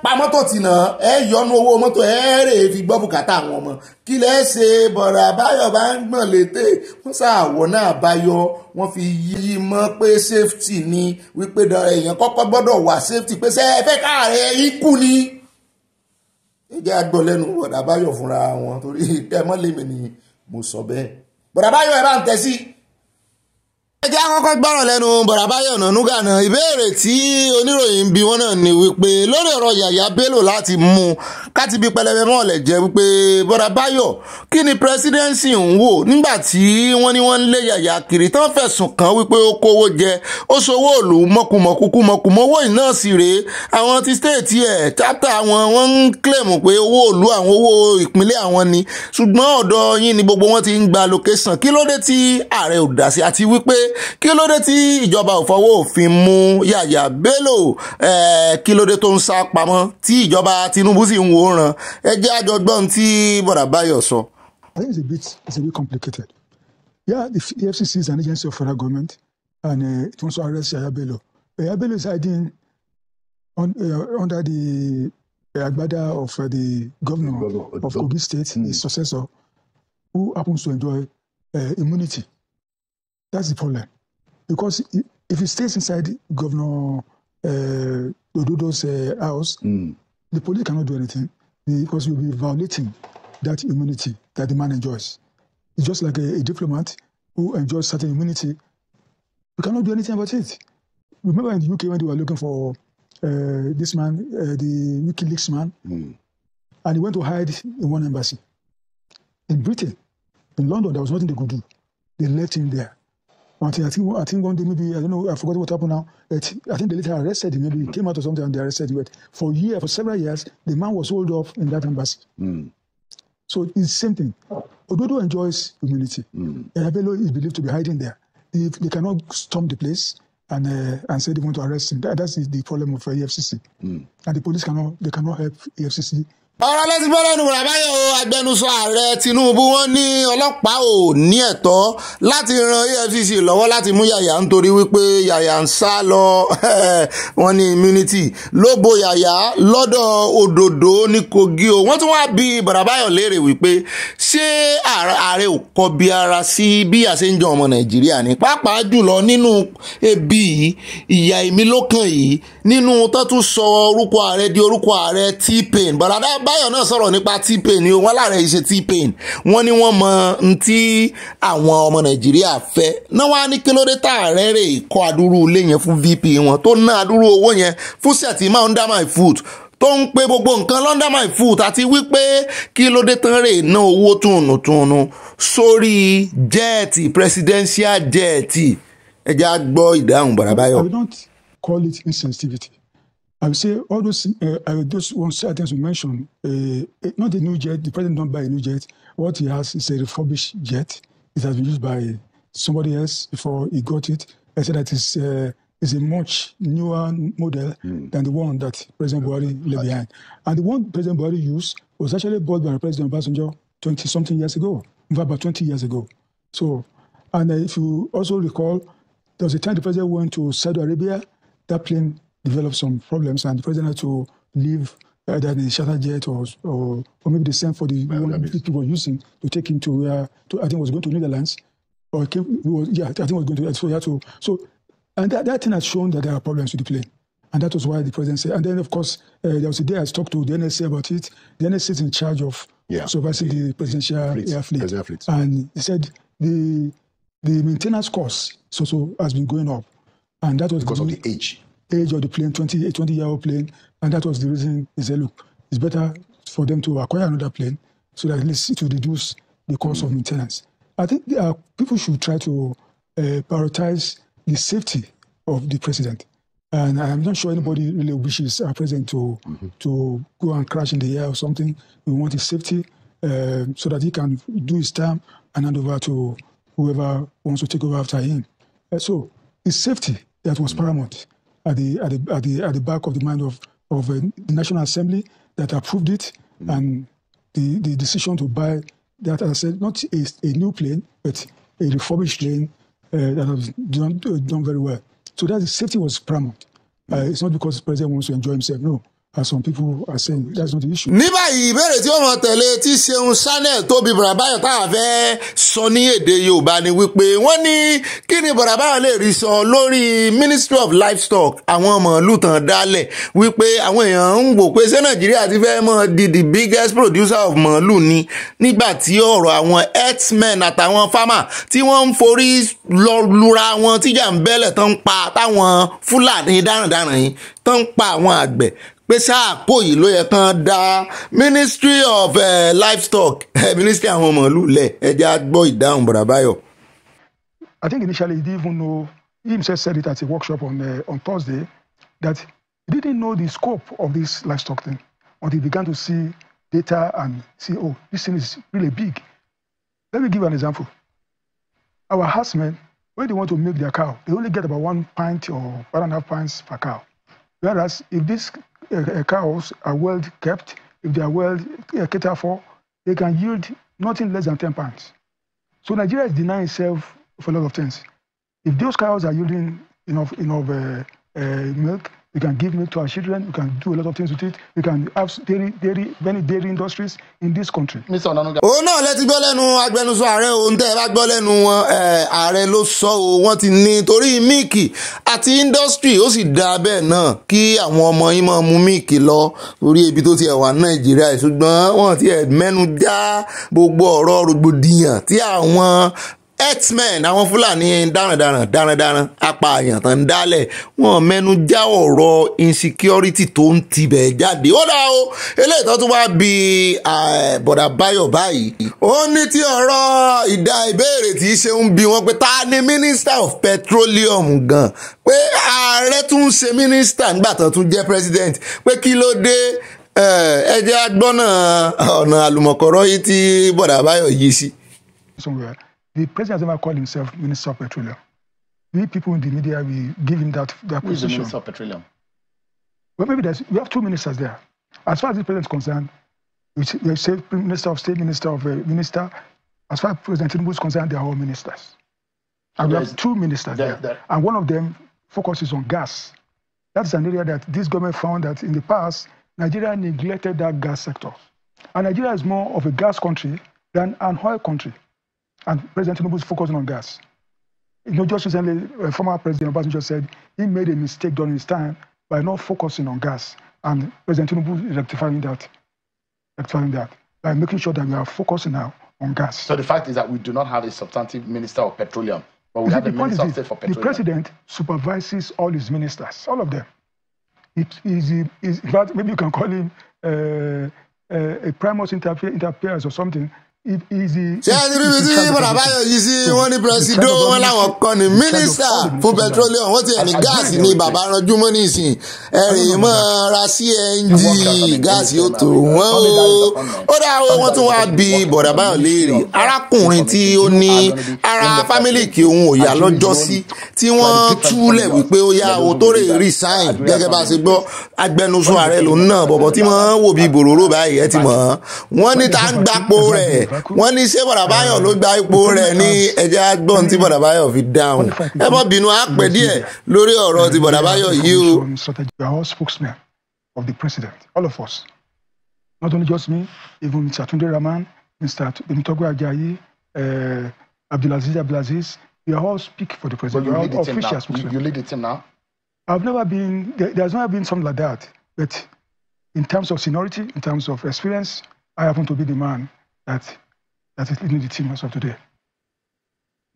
pa mọ́tò tìǹà ẹ yọnu owó mọ́tò ẹ rè fi gbọ́ bùkátà àwọn ọmọ kí lẹ́ ṣe bọ̀rọ̀ àbáyọ̀ bá ń gbọ̀n létè wọ́n ṣàwọ̀ náà báyọ̀ wọ́n fi yí mọ́ pé safety ni wípé èèyàn kọ́kọ́ gbọ́dọ̀ wà safety pé ṣe é fẹ́ káàárẹ̀ ikú ni. ẹ jẹ́ àgbọ̀ lẹ́nu bọ̀dà àbáyọ̀ fúnra wọn torí kẹ́ mọ́ ni mo sọ bẹ́ẹ̀ bọ̀dà àbáyọ̀ ẹ bá ń tẹ́ sí i ẹ jẹ́ àkọ́kọ́ gbọ́rọ̀ lẹ́nu bọ̀dà Báyọ̀ Ọ̀nànúgà náà ìbéèrè tí oníròyìn bí wọ́n náà ni wípé lórí ọ̀rọ̀ Yàyà Bello láti mú un káti bí pẹlẹbẹ mọ́ lẹ̀ jẹ́ wípé bọ́dà báyọ̀ kí ni pírẹsidẹ́ǹsì ń wò nígbà tí wọ́n ní wọ́n ń lé yàyà kiri tán fẹ̀sùn kàn wípé ó kówó jẹ ó ṣòwò òlù mọ̀kùmọ̀kùkù mọ̀kùmọ̀wó iná sì rèé àwọn ti stéètì ẹ̀ chapter àwọn wọ́n ń kílẹ̀mù pé owó òlù àwọn owó ìpínlẹ̀ àwọn ni ṣùgbọ́n ọ̀dọ̀ yín ni gbogbo wọn ti ń gba location kí ló dé tí ààrẹ ò dá sí àti wípé kí ló dé tí ìjọba ò fọwọ́ òfin mú yàyà Bello kí ló dé tó ń sá pamọ́ tí ìjọba Tinubu sì ń wo ó ràn ẹ jẹ́ àjọgbọ́n tí bọ̀dà báyọ̀ sọ. I think it's a bit it's a bit complicated. Yeah, the EFCC is an agency of federal government and uh, it wants to arrest Yahaya Bello. is hiding on, uh, under the uh, of uh, the governor of Kogi State, mm. his successor, who happens to enjoy uh, immunity. That's the problem. Because if he stays inside Governor uh, Ododo's uh, house, mm. the police cannot do anything because you'll be violating that immunity that the man enjoys. It's just like a, a diplomat who enjoys certain immunity. We cannot do anything about it. Remember in the UK when they were looking for uh, this man, uh, the WikiLeaks man, mm. and he went to hide in one embassy. In Britain, in London, there was nothing they could do. They left him there. I think I think one day maybe I don't know I forgot what happened now. It, I think they later arrested him. Maybe he came out or something and they arrested him. But for year for several years, the man was held up in that embassy. Mm. So it's the same thing. Ododo enjoys humility. Mm. Abelo is believed to be hiding there. They, they cannot storm the place and uh, and say they want to arrest him. That, that's the problem of uh, EFCC. Mm. And the police cannot they cannot help EFCC ọ̀rọ̀ lẹ́sìn bọ́lá nùbọ̀rọ̀ àbáyọ agbẹnusọ ààrẹ Tinubu wọ́n ní ọlọ́pàá ò ní ẹ̀tọ́ láti ran EFCC lọ́wọ́ láti mú yàyà nítorí wípé yàyà ń sá lọ wọ́n ní immunity ló yàyà lọ́dọ̀ òdòdó ní Kogi o wọ́n tún wá bí bọ̀dàbáyọ̀ léèrè wípé ṣé ààrẹ ò kọbi ara sí bí àṣẹ ọmọ Nàìjíríà ní pàápàá jùlọ nínú ebi ìyà ìmílókàn yìí nínú tó tún sọ orúkọ ààrẹ di orúkọ ààrẹ T-Pain bàdàdà báyọ̀ náà sọ̀rọ̀ nípa T-Pain ni wọ́n láàrẹ̀ yìí ṣe T-Pain wọ́n ní wọ́n mọ n tí àwọn ọmọ Nàìjíríà fẹ́ náà wá ní kílódé tààrẹ́ rè kọ́ adúrú ilé yẹn fún VP wọn tó ná adúrú owó yẹn fún Shettima under my foot tó ń pe gbogbo nǹkan lọ́ndà my foot àti wípé kí ló dé tán rè ná owó tùnùtùnù sórí jẹ́ẹ̀tì presidential jẹ́ẹ̀tì ẹja gbọ́ ìdáhùn bàràbáyọ̀. call it insensitivity. I would say all those uh, uh those ones items we mentioned, uh, uh not a new jet. The president don't buy a new jet. What he has is a refurbished jet. It has been used by somebody else before he got it. I said that is uh, is a much newer model mm. than the one that President Buhari left behind. And the one President Buhari used was actually bought by President Obasanjo 20 something years ago, about 20 years ago. So, and if you also recall, there was a time the president went to Saudi Arabia that plane developed some problems and the president had to leave either uh, in a charter jet or, or, or maybe the same for the one um, people were using to take him to where, uh, to, I think was going to Netherlands or came, was, yeah, I think was going to, so he had to, so, and that, that thing has shown that there are problems with the plane. And that was why the president said, and then of course, uh, there was a day I talked to the NSA about it. The NSA is in charge of yeah. supervising the, the presidential fleet, air fleet. President fleet. And he said the, the maintenance cost so, so has been going up. And that was because the, of the age. Age of the plane, 20, 20 year old plane. And that was the reason they said, look, it's better for them to acquire another plane so that at least to reduce the cost mm-hmm. of mm. maintenance. I think are, people should try to uh, prioritize the safety of the president. And I'm not sure anybody mm. really wishes our president to mm-hmm. to go and crash in the air or something. We want his safety uh, so that he can do his time and hand over to whoever wants to take over after him. Uh, so his safety that was paramount at the at the at the, at the back of the mind of of uh, the National Assembly that approved it mm. and the the decision to buy that said not a, a new plane, but a refurbished plane uh, that has done, uh, done very well. So that safety was paramount. Mm. Uh, it's not because the president wants to enjoy himself. No, as some people are saying that's not the issue. ní báyìí ìbéèrè tí wọ́n mọ̀ tẹ̀lé tí Ṣeun Channel Tóbi Bàràbáyọ̀ tá a sọ ní èdè Yorùbá ni wípé wọ́n ní kí ni Bàràbáyọ̀ lè rí sọ lórí Ministry of Livestock àwọn mọ̀ọ́lù tàn dálẹ̀ wípé àwọn èèyàn ń wò pé ṣé Nàìjíríà ti fẹ́ mọ̀ di the biggest producer of mọ̀ọ́lù ni nígbà tí ọ̀rọ̀ àwọn herdsmen àtàwọn farmer tí wọ́n ń forí lura wọn tíjà ń bẹ́lẹ̀ tán ń pa táwọn Fúlàní dáradára yìí tán ń pa àwọn àgbẹ̀ pé sáàpò yìí ló yẹ kán dá ministry of uh, livestock eh, ministry àwọn màálùú lẹ̀ ẹja gbọ́ ìdáhùn bọ̀dà báyọ̀. I think initially he didn't even know he himself said it at a workshop on uh, on Thursday that he didn't know the scope of this livestock thing until he began to see data and see oh this thing is really big. Let me give an example. Our herdsmen when they want to milk their cow they only get about one pint or one and a half pints per cow. Whereas if this a cows are well kept, if they are well uh, catered for, they can yield nothing less than 10 pounds. So Nigeria is denying itself for a lot of things. If those cows are yielding enough, enough uh, uh, milk, we can give milk to our children, we can do a lot of things with it, we can have dairy, dairy, many dairy industries in this country. Mr. Onanuga. òun náà lẹ́tí gbọ́ lẹ́nu agbẹnusọ ààrẹ òun tẹ́ ẹ bá gbọ́ lẹ́nu wọn ààrẹ ló sọ ọ́ wọ́n ti ní torí míìkì àti indọ́sítírì ó sì dáa bẹ́ẹ̀ náà kí àwọn ọmọ yín máa mu míìkì lọ orí ibi tó ti wà nàìjíríà ṣùgbọ́n wọ́n ti mẹ́nu já gbogbo ọ̀rọ̀ rògbòdìyàn tí àwọn herdsmen àwọn fúlàní darandaran darandaran apààyàn tán ń dálẹ̀ wọn mẹ́nu já ọ̀rọ̀ insecurity tó ń tibẹ̀ jáde ó dá o eléyìí tó tún wá bí eh, bọ̀dà báyọ̀ báyìí. ó ní tí ọ̀rọ̀ ìdá ìbéèrè tí í ṣe ń bi wọn pé ta ni minister of petroleum gan pé ààrẹ tún ń ṣe minister nígbà tán tún jẹ́ president pé kí ló dé eh, ẹ jẹ́ agbọ́nà ọ̀nà àlùmọ̀kọ́rọ́ yìí tí bọ̀dà báyọ̀ yìí sí. The president has never called himself Minister of Petroleum. We people in the media, we give him that, that Who position. Who is the Minister of Petroleum? Well, maybe there's, we have two ministers there. As far as the president is concerned, we say Minister of State, Minister of uh, Minister. As far as President Tinubu is concerned, they are all ministers. And so we have two ministers there, there. there, And one of them focuses on gas. That's an area that this government found that in the past, Nigeria neglected that gas sector. And Nigeria is more of a gas country than an oil country and President Tinubu is focusing on gas. You know, just recently, uh, former President Obasanjo said he made a mistake during his time by not focusing on gas, and President Tinubu is rectifying that, rectifying that by making sure that we are focusing now on gas. So the fact is that we do not have a substantive minister of petroleum, but we have a minister for petroleum. The president supervises all his ministers, all of them. maybe you can call him uh, uh, a primus minister, pares or something ṣé ẹ ti rí ibi tí bọ̀dà báyọ̀ yìí sí wọ́n ní pírẹsidó wọn láwọn kan ní mínísítà fún petroleum wọ́n ti ẹ̀ ní gáàsì ní bàbá ranjú mọ́ nísìn ẹ̀rìn mọ́ ra CNG gáàsì ó tó wọ́n o ó dá o wọ́n tún wá bí bọ̀dà báyọ̀ léèrè arákùnrin tí ó ní ara fámílì kí òun ò yá lọ́jọ́sí tí wọ́n túlẹ̀ wípé ó yá o tó rè resign gẹ́gẹ́ bá a ṣe gbọ́ agbẹnusọ ààrẹ lòun náà bọ̀bọ̀ tí wọ́n wò bí bòróró báyìí ẹ wọ́n ní ṣé bọ̀dà ló gba ipò rẹ̀ ní ẹ̀jẹ̀ agbọ́n tí bọ̀dà fi dáhùn ẹ má bínú á díẹ̀ lórí ọ̀rọ̀ tí bọ̀dà yìí o. are all spokesmen of the president, all of us. Not only just me, even Mr. Atunde Rahman, Mr. Bimitogo Ajayi, uh, Abdulaziz Abdulaziz, we are all speak for the president. But you lead the team now. Muslim. You lead the team now. I've never been. There, has never been something like that. But in terms of seniority, in terms of experience, I happen to be the man that that is leading the team as of today.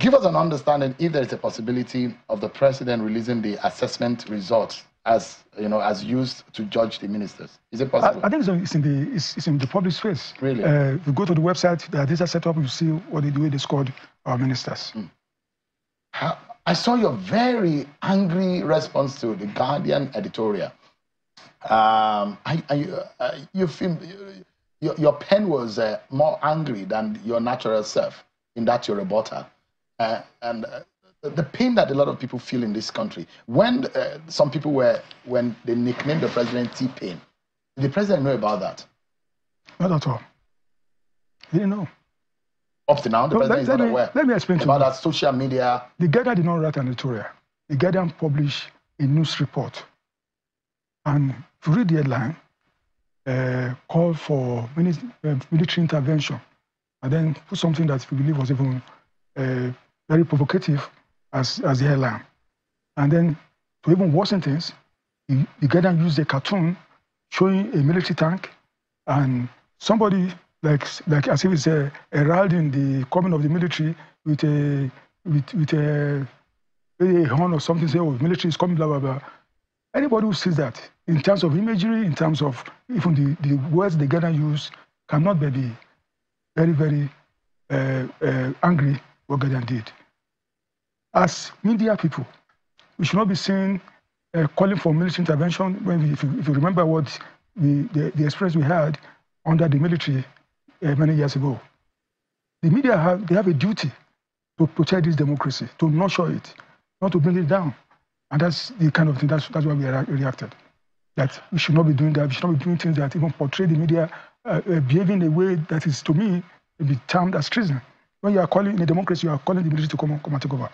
Give us an understanding if there is a possibility of the president releasing the assessment results as you know as used to judge the ministers. Is it possible? I, I think it's in the it's, it's, in the public space. Really? Uh, if you go to the website, the data set up, you see what they do. They scored our ministers. Mm. How, I saw your very angry response to the Guardian editorial. Um, I, I, I, you, feel, you, your, your pen was uh, more angry than your natural self in that you're a butter. Uh, and uh, the pain that a lot of people feel in this country, when uh, some people were, when they nicknamed the president T-Pain, the president know about that? Not at all. He didn't know. Up to now, the no, president let, is not me, aware. Let me explain to you. that social media. The Guardian did not write an editorial. The Guardian published a news report. And to read the headline, uh, call for um, military intervention and then put something that we believe was even uh, very provocative as, as the headline. And then to even worsen things, you, you get and use a cartoon showing a military tank and somebody like like as if it's a, a heralding the coming of the military with a with, with a, a horn or something say oh military is coming blah blah blah. Anybody who sees that in terms of imagery, in terms of even the, the words the Ghana use, cannot be very, very uh, uh, angry what Ghana did. As media people, we should not be seen uh, calling for military intervention. When we, if, you, if, you, remember what we, the, the experience we had under the military uh, many years ago, the media have they have a duty to protect this democracy, to nurture it, not to bring it down, and that's the kind of thing that's that's why we reacted that we should not be doing that. We should not be doing things that even portray the media uh, uh, behaving in a way that is, to me, be termed as treason. When you are calling in a democracy, you are calling the military to come, come and take over.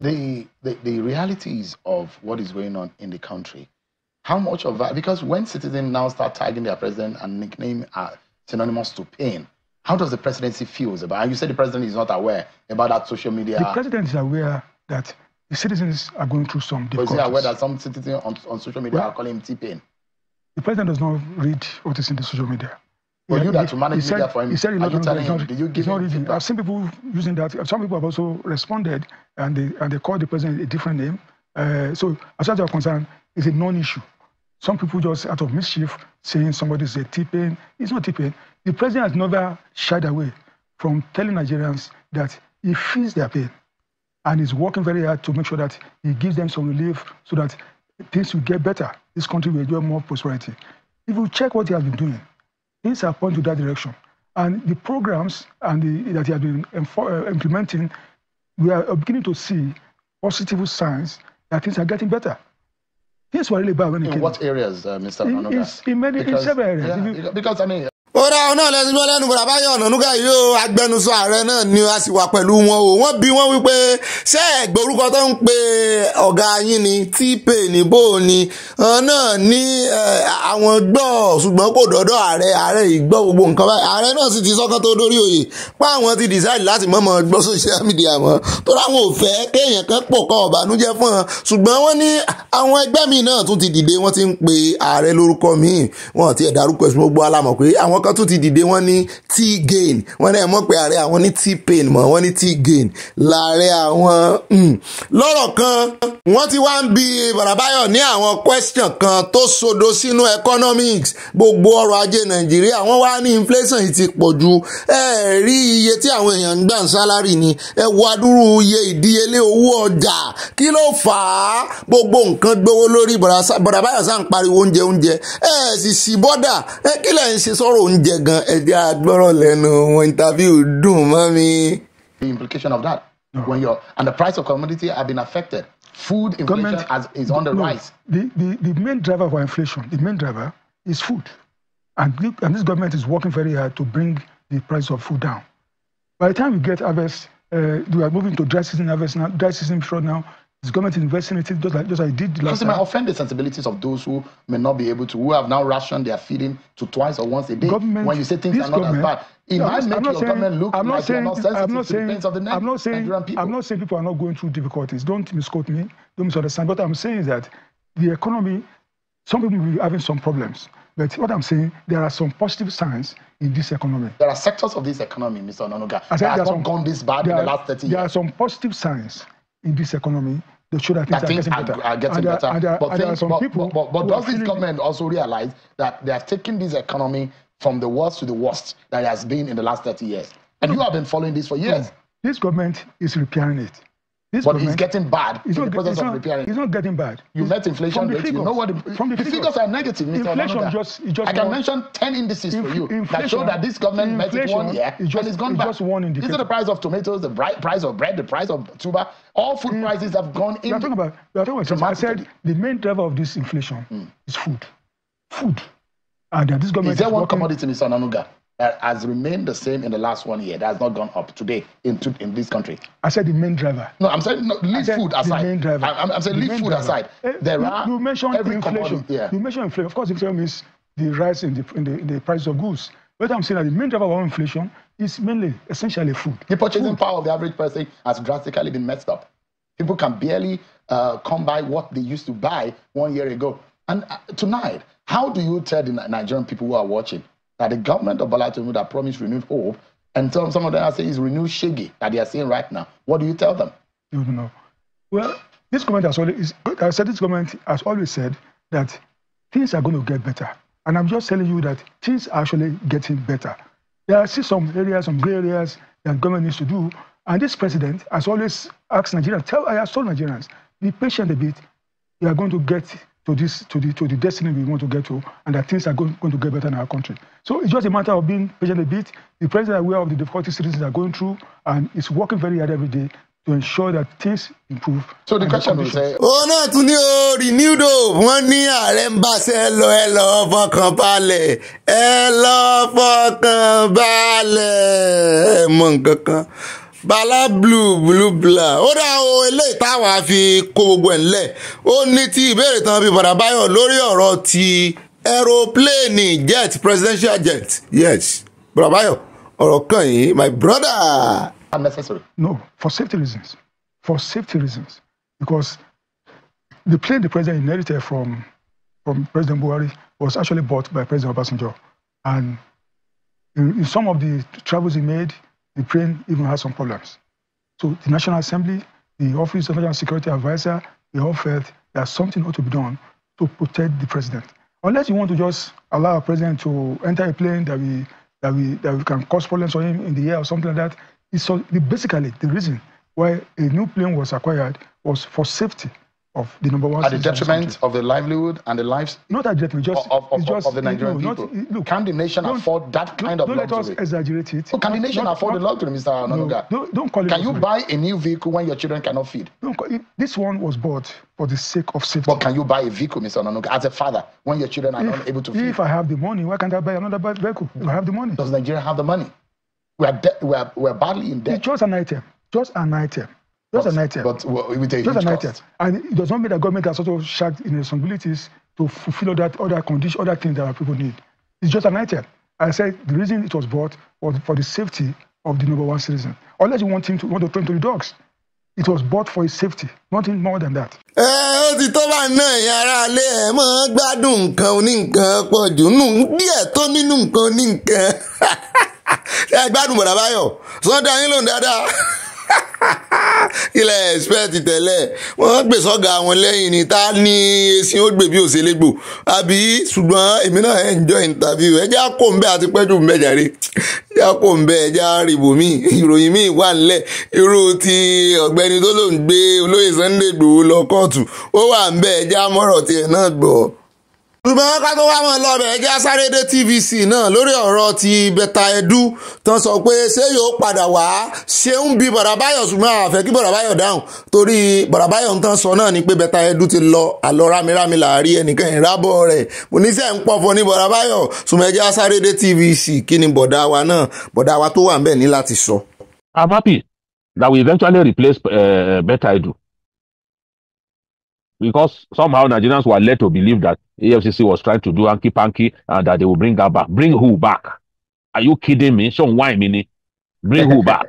The, the, the realities of what is going on in the country, how much of that, because when citizens now start tagging their president and nickname are uh, synonymous to pain, how does the presidency feel about? And you said the president is not aware about that social media. The president is aware that the citizens are going through some difficulties. Was he aware that some citizens on, on social media well, are calling him T-Pain? The president does not read what is in the social media. For you that to manage said, media for him, he said, are not, you telling him, did you give him reading. I've seen people using that. Some people have also responded and they, and they called the president a different name. Uh, so as far as I'm concerned, it's a non-issue. Some people just out of mischief saying somebody's a T-Pain. It's not T-Pain. The president has never shied away from telling Nigerians that he feels their pain and is working very hard to make sure that he gives them some relief so that things will get better. This country will enjoy more prosperity. If you check what he has been doing, things are pointing to that direction. And the programs and the, that he has been uh, implementing, we are beginning to see positive signs that things are getting better. Things were really bad when he in came. In what areas, uh, Mr. In, in, in, many, because, in several areas. Yeah, you, because, I mean, ó ra ọ náà lẹ́nu lẹ́nu Bùràbáyọ̀ Ọ̀nànúgà yìí ó agbẹnusọ ààrẹ náà ni a sì wà pẹ̀lú wọn o wọ́n bi wọ́n wípé ṣé ẹ̀gbẹ́ orúkọ tó ń pe ọ̀gá yín ni tíìpè níbò ni náà ní àwọn gbọ́ ṣùgbọ́n kò dọ́dọ̀ ààrẹ ààrẹ ìgbọ́ gbogbo nǹkan báyìí ààrẹ náà sì ti sọ́kàn tó dórí oyè pé àwọn ti decide láti mọ̀mọ́ gbọ́ social media mọ́ tó láwọn ò fẹ́ kéèyàn kan pọ̀ kọ́ ọ̀bànújẹ́ fún wọn ṣùgbọ́n wọ́n k kan tún ti dìde wọ́n ní T-Gain wọ́n náà mọ̀ pé ààrẹ àwọn ní T-Pain mọ̀ wọ́n ní T-Gain láàrẹ àwọn hmm. lọ́rọ̀ kan wọ́n ti wá ń bi bàràbáyọ̀ ní àwọn question kan tó sodo sínú economics gbogbo ọrọ̀ ajé Nàìjíríà wọ́n wá ní inflation ti pọ̀ ju ẹ rí iye tí àwọn èèyàn ń gbà ń sálárì ni ẹ wo adúrú iye ìdíyelé owó ọjà kí ló fà á gbogbo nǹkan gbówó lórí bàràbáyọ̀ sá ń pariwo oúnjẹ oúnjẹ ẹ sì sí bọ́dà ẹ kí lẹ̀ ṣe sọ̀rọ̀ oúnjẹ jẹ gan ẹjẹ́ agbọ́rọ̀ lẹ́nu wọn interview dùn mọ́ mi. the implication of that no. when your and the price of commodity have been affected food inflation Government, has, is on the no, rise. The, the, the main driver for inflation, the main driver is food. And, the, and this government is working very hard to bring the price of food down. By the time we get harvest, uh, we are moving to dry season harvest now, dry season short now, Is government investing in it just like just like I did last because it might offend the sensibilities of those who may not be able to, who have now rationed their feeding to twice or once a day. Government, when you say things are not as bad, it no, might I'm make your saying, government look I'm not like saying, you're not sensitive I'm not saying, to the of the I'm not saying, Nigerian people. I'm not saying people are not going through difficulties. Don't misquote me. Don't misunderstand. What I'm saying is that the economy, some people will be having some problems. But what I'm saying, there are some positive signs in this economy. There are sectors of this economy, Mr. Ononuga, that have not gone this bad in the last 30 years. There are some positive signs in this economy, the children that things are, getting are, are getting and better. and there, but, and things, some but, people but, but, but does this government also realize that they have taken this economy from the worst to the worst that it has been in the last 30 years? And no. you have been following this for years. No. This government is repairing it. This but government, it's getting bad it's in not, the process of repairing. It's not getting bad. You it's, met inflation rates. Figures, you know what the, from the, the figures, figures are negative, Mr. Inflation just, just I can one, mention 10 indices inf- for you that show that this government met it one year it's just, and it's gone it's back. Just one indicator. These are the price of tomatoes, the price of bread, the price of tuber. All food mm. prices have gone in. You're talking about, we talking about I said the main driver of this inflation mm. is food. Food. And that this government is there is one working, commodity, Mr. Nanuga, has remained the same in the last one year. That has not gone up today in to, in this country. I said the main driver. No, I'm saying no, leave food aside. The main driver. I, I'm, I'm saying leave food driver. aside. Eh, there you, are you mentioned inflation. Yeah. You mentioned inflation. Of course, inflation means the rise in the in the, in the price of goods. But I'm saying that the main driver of inflation is mainly essentially food. The purchasing food. power of the average person has drastically been messed up. People can barely uh, come by what they used to buy one year ago. And uh, tonight, how do you tell the Nigerian people who are watching that the government of Bola Tinubu that promised renewed hope, and some, some of them are saying it's renewed shaggy that they are saying right now. What do you tell them? You know. Well, this government has always, I said this government has always said that things are going to get better. And I'm just telling you that things are actually getting better. There are still some areas, some gray areas that government needs to do. And this president has always asked Nigerians, tell I have told Nigerians, be patient a bit. You are going to get to this to the to the destiny we want to get to, and that things are going, going to get better in our country. So it's just a matter of being patient a bit. The president is aware of the difficulties citizens are going through, and is working very hard every day to ensure that things improve. So the question eh, oh, the is. òun náà tún ní o renewed hope wọ́n ní ààrẹ ń bá ṣe ẹ lọ ẹ lọ fọkàn balẹ̀ ẹ lọ fọkàn kan bala blue blue bla ó dá o eléyìí táwa fi kó gbogbo ẹ̀ ńlẹ̀ ó ní ti ìbéèrè tán fi padà báyọ̀ lórí ọ̀rọ̀ ti aeroplane jet presidential jet yes bàbá báyọ̀ ọ̀rọ̀ kan yìí my brother. unnecessary. no for safety reasons for safety reasons because the plane the president inherited from from President Buhari was actually bought by President Obasanjo and in, in some of the travels he made Ukraine even has some problems. So the National Assembly, the Office of National Security Advisor, they all felt that something ought to be done to protect the president. Unless you want to just allow a president to enter a plane that we that we that we can cause problems for him in the air or something like that. It's so basically the reason why a new plane was acquired was for safety of the number one. At the detriment of the livelihood and the lives. Not that detriment, just of, of, just, of the Nigerian no, people. look, can the nation afford that kind of luxury? Don't let us exaggerate it. can not, the nation not, afford the luxury, Mr. Anonuga? No, don't, don't call it. Can you buy a new vehicle when your children cannot feed? It, this one was bought for the sake of safety. But can you buy a vehicle, Mr. Anonuga, as a father when your children are if, not able to feed? If I have the money, why can't I buy another vehicle? If I have the money. Does Nigeria have the money? We are, we are, we are badly in debt. It's just an item. Just an item. Just but, an ITF. But well, it will take Just an cost. ITF. And it does not mean that government has also shagged in responsibilities to fulfill that other condition, other things that our people need. It's just an ITF. I said the reason it was bought was for the safety of the number one citizen. Unless you want him to want to turn to the dogs. It was bought for his safety, nothing more than that. ẹ tó bá ná ẹ̀yin aráalé ẹ̀ mọ́ gbádùn nǹkan oníǹkan pọ̀ jù nù díẹ̀ tó nínú nǹkan oníǹkan ẹ gbádùn bọ̀dà báyọ̀ sọ́dọ̀ ayín dáadáa. ilẹ̀ ẹ̀sìpẹ́ẹ̀tì tẹ́lẹ̀ wọ́n gbè sọ́gà àwọn lẹ́yìn ni ta ni esin ó gbè bí òṣèlè gbò àbí ṣùgbọ́n èmi náà enjoy interview ẹ já kó nbẹ àti pẹ́jù nbẹ jàre já kó nbẹ ẹ já rìbò mí ìròyìn míì wà nílẹ̀ irú ti ọ̀gbẹ́ni tó lòún gbé olóyè Sunday Igboho lọ kóòtù ó wà nbẹ ẹ já mọ́rọ̀ tiẹ̀ náà gbọ́ ṣùgbọ́n ká tó wá mọ̀ lọ́bẹ̀ ẹjẹ́ asárédé tvc náà lórí ọ̀rọ̀ ti bẹ́ta ẹdú tán sọ pé ṣé yóò padà wá ṣeun bí bọ̀dàbáyọ̀ ṣùgbọ́n àfẹ́ kí bọ̀dàbáyọ̀ dáhùn torí bọ̀dàbáyọ̀ ń tán sọ náà ni pé bẹ́ta ẹdú ti lọ àlọ́ rámirámi láàrí ẹnìkan ìrábọ̀ rẹ̀ mo ní sẹ́ ń pọ̀fọ́ ní bọ̀dàbáyọ̀ ṣùgbọ́n ẹjẹ́ that we eventually replace eh, Betaidu because somehow Nigerians were led to believe that AFCC was trying to do anki panki, and that they will bring her back. Bring who back? Are you kidding me? Sean why mini? Bring who back?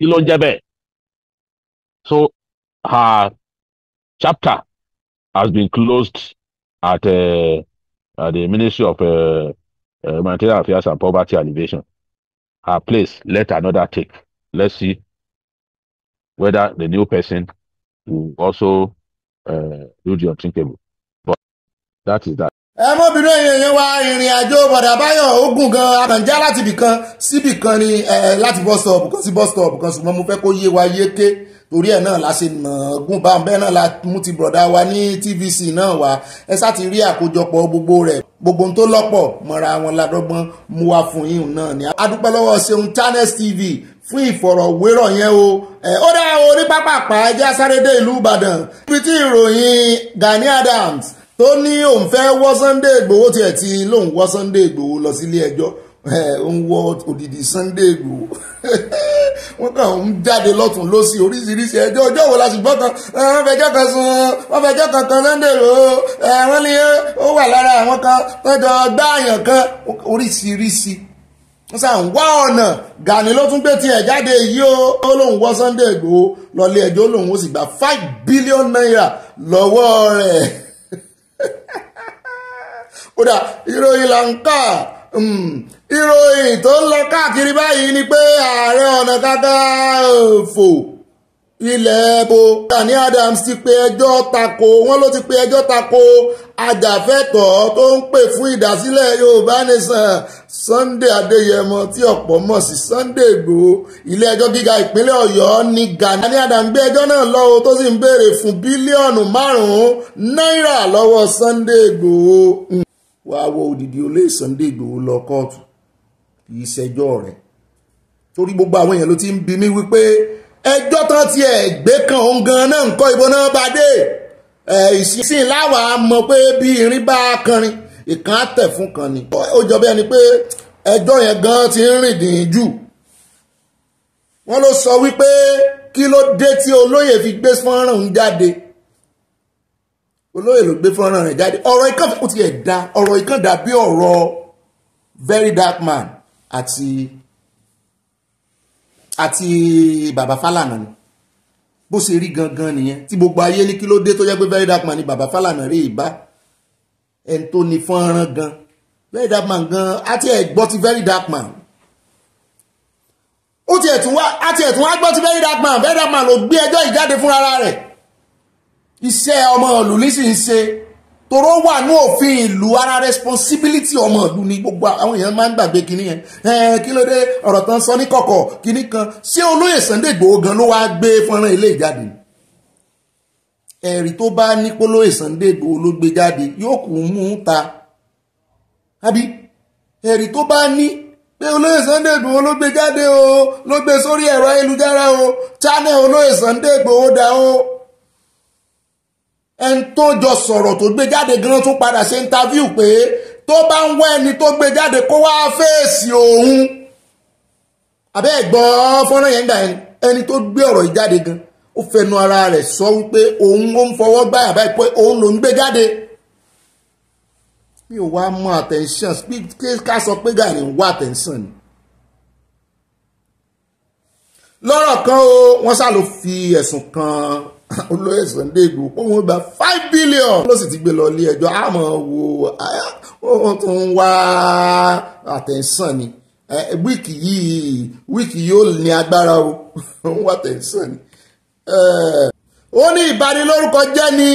Elon So her chapter has been closed at, uh, at the Ministry of uh, uh, Humanitarian Affairs and Poverty Alleviation. Her place, let another take. Let's see whether the new person you also uh, do the unthinkable. But that is that. ẹ èèyàn yẹn ìrìn àjò bọ̀dà báyọ̀ ogun gan akànjá láti ibìkan síbìkan ni láti bus stop kan sí bus stop kan ṣùgbọ́n mo fẹ́ kó yé wa yéké torí ẹ̀ náà la ṣe nàgún bá bẹ́ẹ̀ náà la mú ti bọ̀dà wa ní tvc náà wá ẹ sá ti rí àkójọpọ̀ gbogbo rẹ̀ gbogbo tó lọ́pọ̀ mọ́ra wọn ládọ́gbọ́n mú wa fún yín náà ni. a lọ́wọ́ Ṣeun Channels TV fún ìfọ̀rọ̀wérọ̀ yẹn o ó dá orí pápápá ẹjẹ́ sáré dé ìlú Ìbàdàn níbi tí ìròyìn Gani Adams tó ní òun fẹ́ wọ́ Sunday Ìgbòho tiẹ̀ tí lòun wọ́ Sunday Ìgbòho lọ sílé ẹjọ́ ń wọ́ òdìdí Sunday Ìgbòho wọ́n kàn ń jáde lọ́tún lọ́sí oríṣiríṣi ẹjọ́ ọjọ́ wo la sì gbọ́ kan wọ́n fẹjọ́ kan sùn wọ́n fẹjọ́ kan kan Sunday Ìgbòho wọ́n ní ó wà lára àwọn kan tọ́jọ́ gbáàyàn kan oríṣiríṣi sà ń wá ọ̀nà Gani ló tún gbé tiẹ̀ jáde yìí ó lóun wọ́ Sunday Igboho lọ́lé ẹjọ́ lòun ó sì gba five billion naira lọ́wọ́ rẹ̀ kódà ìròyìn là ń kà hmm, ìròyìn tó ń lọ káàkiri báyìí ni pé ààrẹ ọ̀nà kakanfò ilẹ̀ ẹ̀bọ Gani Adams ti pe ẹjọ́ tako wọ́n ló ti pe ẹjọ́ tako ajàfẹ́tọ̀ọ́ tó ń pè fún ìdásílẹ̀ Yorùbá Nation Sunday Adéyẹmọ tí ọ̀pọ̀ mọ̀ sí Sunday Ìgbòho ilé ẹjọ́ gíga ìpínlẹ̀ Ọ̀yọ́ ní Gani Adams gbé ẹjọ́ náà lọ́wọ́ tó sì ń béèrè fún bílíọ̀nù márùn-ún náírà lọ́wọ́ Sunday Ìgbòho hmm. wàá wo òdìdí olé Sunday Ìgbòho lọ kóòtù kì í ṣẹjọ́ rẹ̀ torí gbogbo àwọn èèyàn ló ti ń bi mí wípé ẹjọ́ tán tiẹ̀ gbé kan òun gan náà nǹkan ìbò náà bá dé ìsìn láwàá mọ̀ pé bí irin bá kanrin ìkan àtẹ̀ fún kan ni ó jọ bí ẹni pé ẹjọ́ yẹn gan ti ń rìn dìín jù wọ́n ló sọ wípé kí ló dé tí olóyè fi gbé fọ́nrán ń jáde olóyè ló gbé fọ́nrán rẹ̀ jáde ọ̀rọ̀ ikán kò tiẹ̀ da ọ̀rọ̀ ikán dàbí ọ̀rọ̀ very dark man àti àti Baba Falana, ni bó ṣe rí gangan nìyẹn tí gbogbo ayé ní kí ló dé tó jẹ́ pé very dark man ni bàbá Fálànà rí ìbá ẹni tó ní fọ́nrán gan very dark man gan àti ẹ̀ gbọ́ ti very dark man ó tiẹ̀ tún wá àti ẹ̀ tún wá gbọ́ ti very dark man very dark man ló gbé ẹjọ́ ìjáde fúnra rẹ̀ iṣẹ́ ọmọ ìlú sì ń ṣe. Toro wà ní òfin ìlú ara responsibility ọmọ ìlú ni gbogbo àwọn èèyàn máa ń gbàgbé kinní yẹn ẹ kí ló dé ọ̀rọ̀ tán sọ ní kọ̀kọ̀ kinní kan ṣé olóyè Sunday Igboho gan ló wáá gbé fọ́nrán ilé ìjáde ẹ̀rí tó bá ní polóyè Sunday Igboho ló gbé jáde yóò kù mú un ta àbí ẹ̀rí tó bá ní pé olóyè Sunday Igboho ló gbé jáde o ló gbé sórí ẹ̀rọ ayélujára o channel olóyè Sunday Igboho dá o ẹni tó jọ sọ̀rọ̀ tó gbé jáde gan tún padà ṣe interview pé tó bá ń wá ẹni tó gbé jáde kó wá fèsì òun àbẹ́ ẹ̀gbọ́n fọ́nrán yẹn gbà ẹni tó gbé ọ̀rọ̀ yìí jáde gan ó fẹnu ara rẹ̀ sọ wípé òun ó ń fọwọ́ gbá yàrá ìpẹ́ òun ló ń gbé jáde mi ò wá mọ attention ká sọ pé Gani ń wá attention ni lọ́rọ̀ kan o wọ́n sá ló fi ẹ̀sùn kan olóyè Sunday Igboho pé wọ́n gba five billion ló sì ti gbé lọ ilé ẹjọ́ àmọ́ wo wọ́n tún ń wá attention ni wíìkì yìí wíìkì yóò ní agbára o ń wá attention ni. ó ní ìbanilórúkọ jẹ́ ni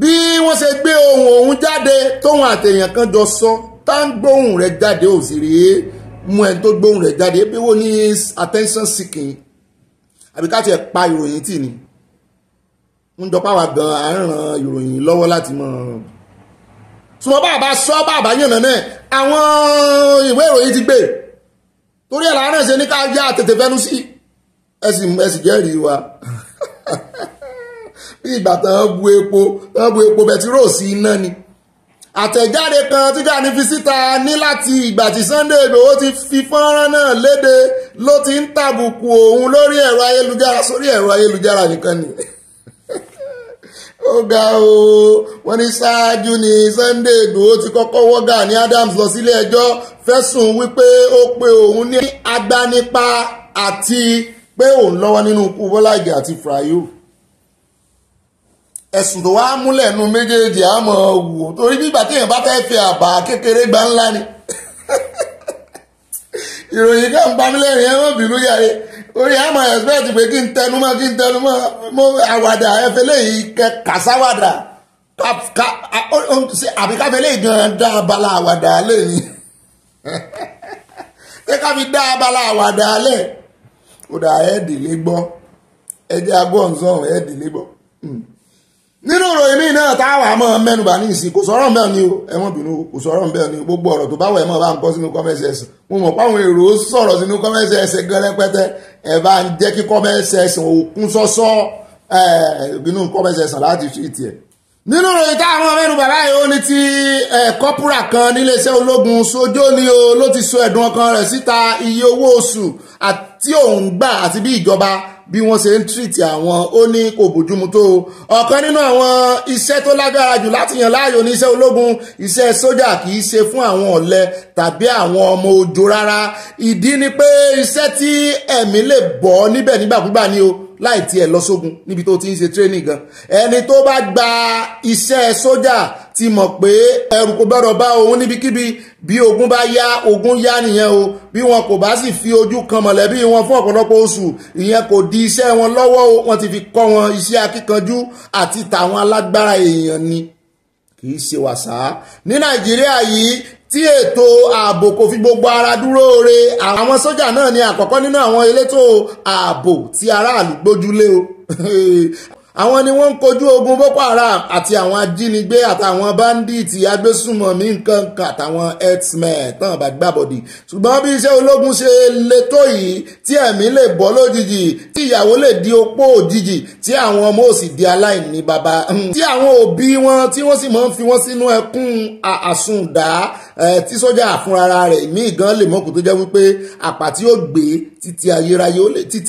bí wọ́n ṣe gbé ohùn òun jáde tóun àtẹ̀yàn kan jọ sọ tá ń gbóhùn rẹ̀ jáde ò sì rèé mú ẹni tó gbóhùn rẹ̀ jáde ebi wo ní attention seeking àbí ká tiẹ̀ pa ìròyìn tì ní ń jọpá wa gan à ń ran ìròyìn lọ́wọ́ láti mọ̀ ọ́n sùmọ́ bàbá sọ bàbá yànnà náà àwọn ìwé ìròyìn ti gbé torí ẹ̀ láàárín ṣe ní ká yá tètè fẹ́nu sí ẹ sì ẹ sì jẹ́rìí wa bí ìgbà tán bu epo tán bu epo bẹtiró sí iná ni àtẹ̀jáde kan tí Gani fi síta ní láti ìgbà tí Sunday Igboho ti fi fọ́nrán náà léde ló ti ń tàbùkù òun lórí ẹ̀rọ ayélujára sórí ẹ̀rọ ayélujára nìkan nìyẹn. ó ga o wọ́n ní ṣáájú ni Sunday Ìgbòho ti kọ́kọ́ wọ́ Gani Adams lọ sílé ẹjọ́ fẹ̀sùn wípé ó pe òun ní agbanipa àti pé òun lọ́wọ́ nínú ikú Bọ́lá Ìgè àti Fúráyò ẹ̀sùn tó wá múlẹ̀ nu méjèèjì àmọ́ wò torí bí ìgbà téèyàn bá fẹ́ fi àbá kékeré gbá ńlá ni. ìròyìn kan pa mí orí àmọ́ expect pé kí n ma kí n tẹnumọ́ mo àwàdà ẹ̀fẹ́ lẹ́yìn kàṣáwàdà o káfẹ́ lẹ́yìn gan dá abala àwàdà abala àwàdà lẹ̀ nínú ìròyìn míì náà táwa máa mẹ́nubà ní ìsìn kò sọ̀rọ̀ bẹ́ẹ̀ ni o ẹ̀wọ̀n bínú kò sọ̀rọ̀ bẹ́ẹ̀ ni gbogbo ọ̀rọ̀ tó bá wẹ̀ mọ́ bá ń kọ́ sínú kọ́mẹ́sì ẹ̀sìn mo mọ̀ páwọn èrò sọ̀rọ̀ sínú kọ́mẹ́sì ẹ̀sìn gan rẹpẹtẹ ẹ̀ bá ń jẹ́ kí kọ́mẹ́sì ẹ̀sìn òkun sọ́sọ́ bínú kọ́mẹ́sì ẹ̀sìn láti fi tiẹ̀. nínú ìròyìn táwọn o ló ti sọ ẹ̀dùn ọkàn rẹ̀ síta tí òun gbà àti bí ìjọba bí wọ́n ṣe ń tìrìtì àwọn ó ní kò bójúmu tó ọ̀kan nínú àwọn iṣẹ́ tó lágbára jù láti yàn láàyò ní iṣẹ́ ológun iṣẹ́ sójà kì í ṣe fún àwọn ọ̀lẹ tàbí àwọn ọmọ òjò rárá ìdí ni pé iṣẹ́ tí ẹ̀mí lè bọ́ níbẹ̀ nígbàkúgbà ni o láì tiẹ̀ lọ sógun níbi tó ti ń ṣe tírénì gan ẹni tó bá gba iṣẹ́ sójà ti mọ̀ pé ẹrù kò gbọ́dọ̀ bá òun níbikíbi bí ogun bá yá ogun yá nìyẹn o bí wọn kò bá sì fi ojú kan mọ̀lẹ́bí wọn fún ọ̀pọ̀lọpọ̀ oṣù ìyẹn kò di iṣẹ́ wọn lọ́wọ́ o wọn ti fi kọ́ wọn iṣẹ́ akíkanjú àti tàwọn alágbára èèyàn ni kì í ṣe wàsá ní nàìjíríà yìí tí ètò ààbò kò fi gbogbo ara dúró re àwọn sójà náà ni àkọ́kọ́ nínú àwọn elétò ààbò tí aráàlú gbójúlé o àwọn ni wọ́n ń kojú ogun boko haram àti àwọn ajínigbé àtàwọn báńdíìtì agbésùmọ̀mí nǹkan kan àtàwọn herdsmen tán bá gbàbọ̀dì ṣùgbọ́n bí iṣẹ́ ológun ṣe le tó yìí tí ẹ̀mí lè bọ́ lójijì tí ìyàwó lè di opó òjijì tí àwọn ọmọ ò sì di aláìní bàbá hmm. tí àwọn òbí wọn tí wọ́n sì máa ń fi wọ́n sínú ẹkún àsundà tí sójà fúnra rẹ̀ mí gan lè mọ́kù tó jẹ́ wípé àpàtì ó gbé títí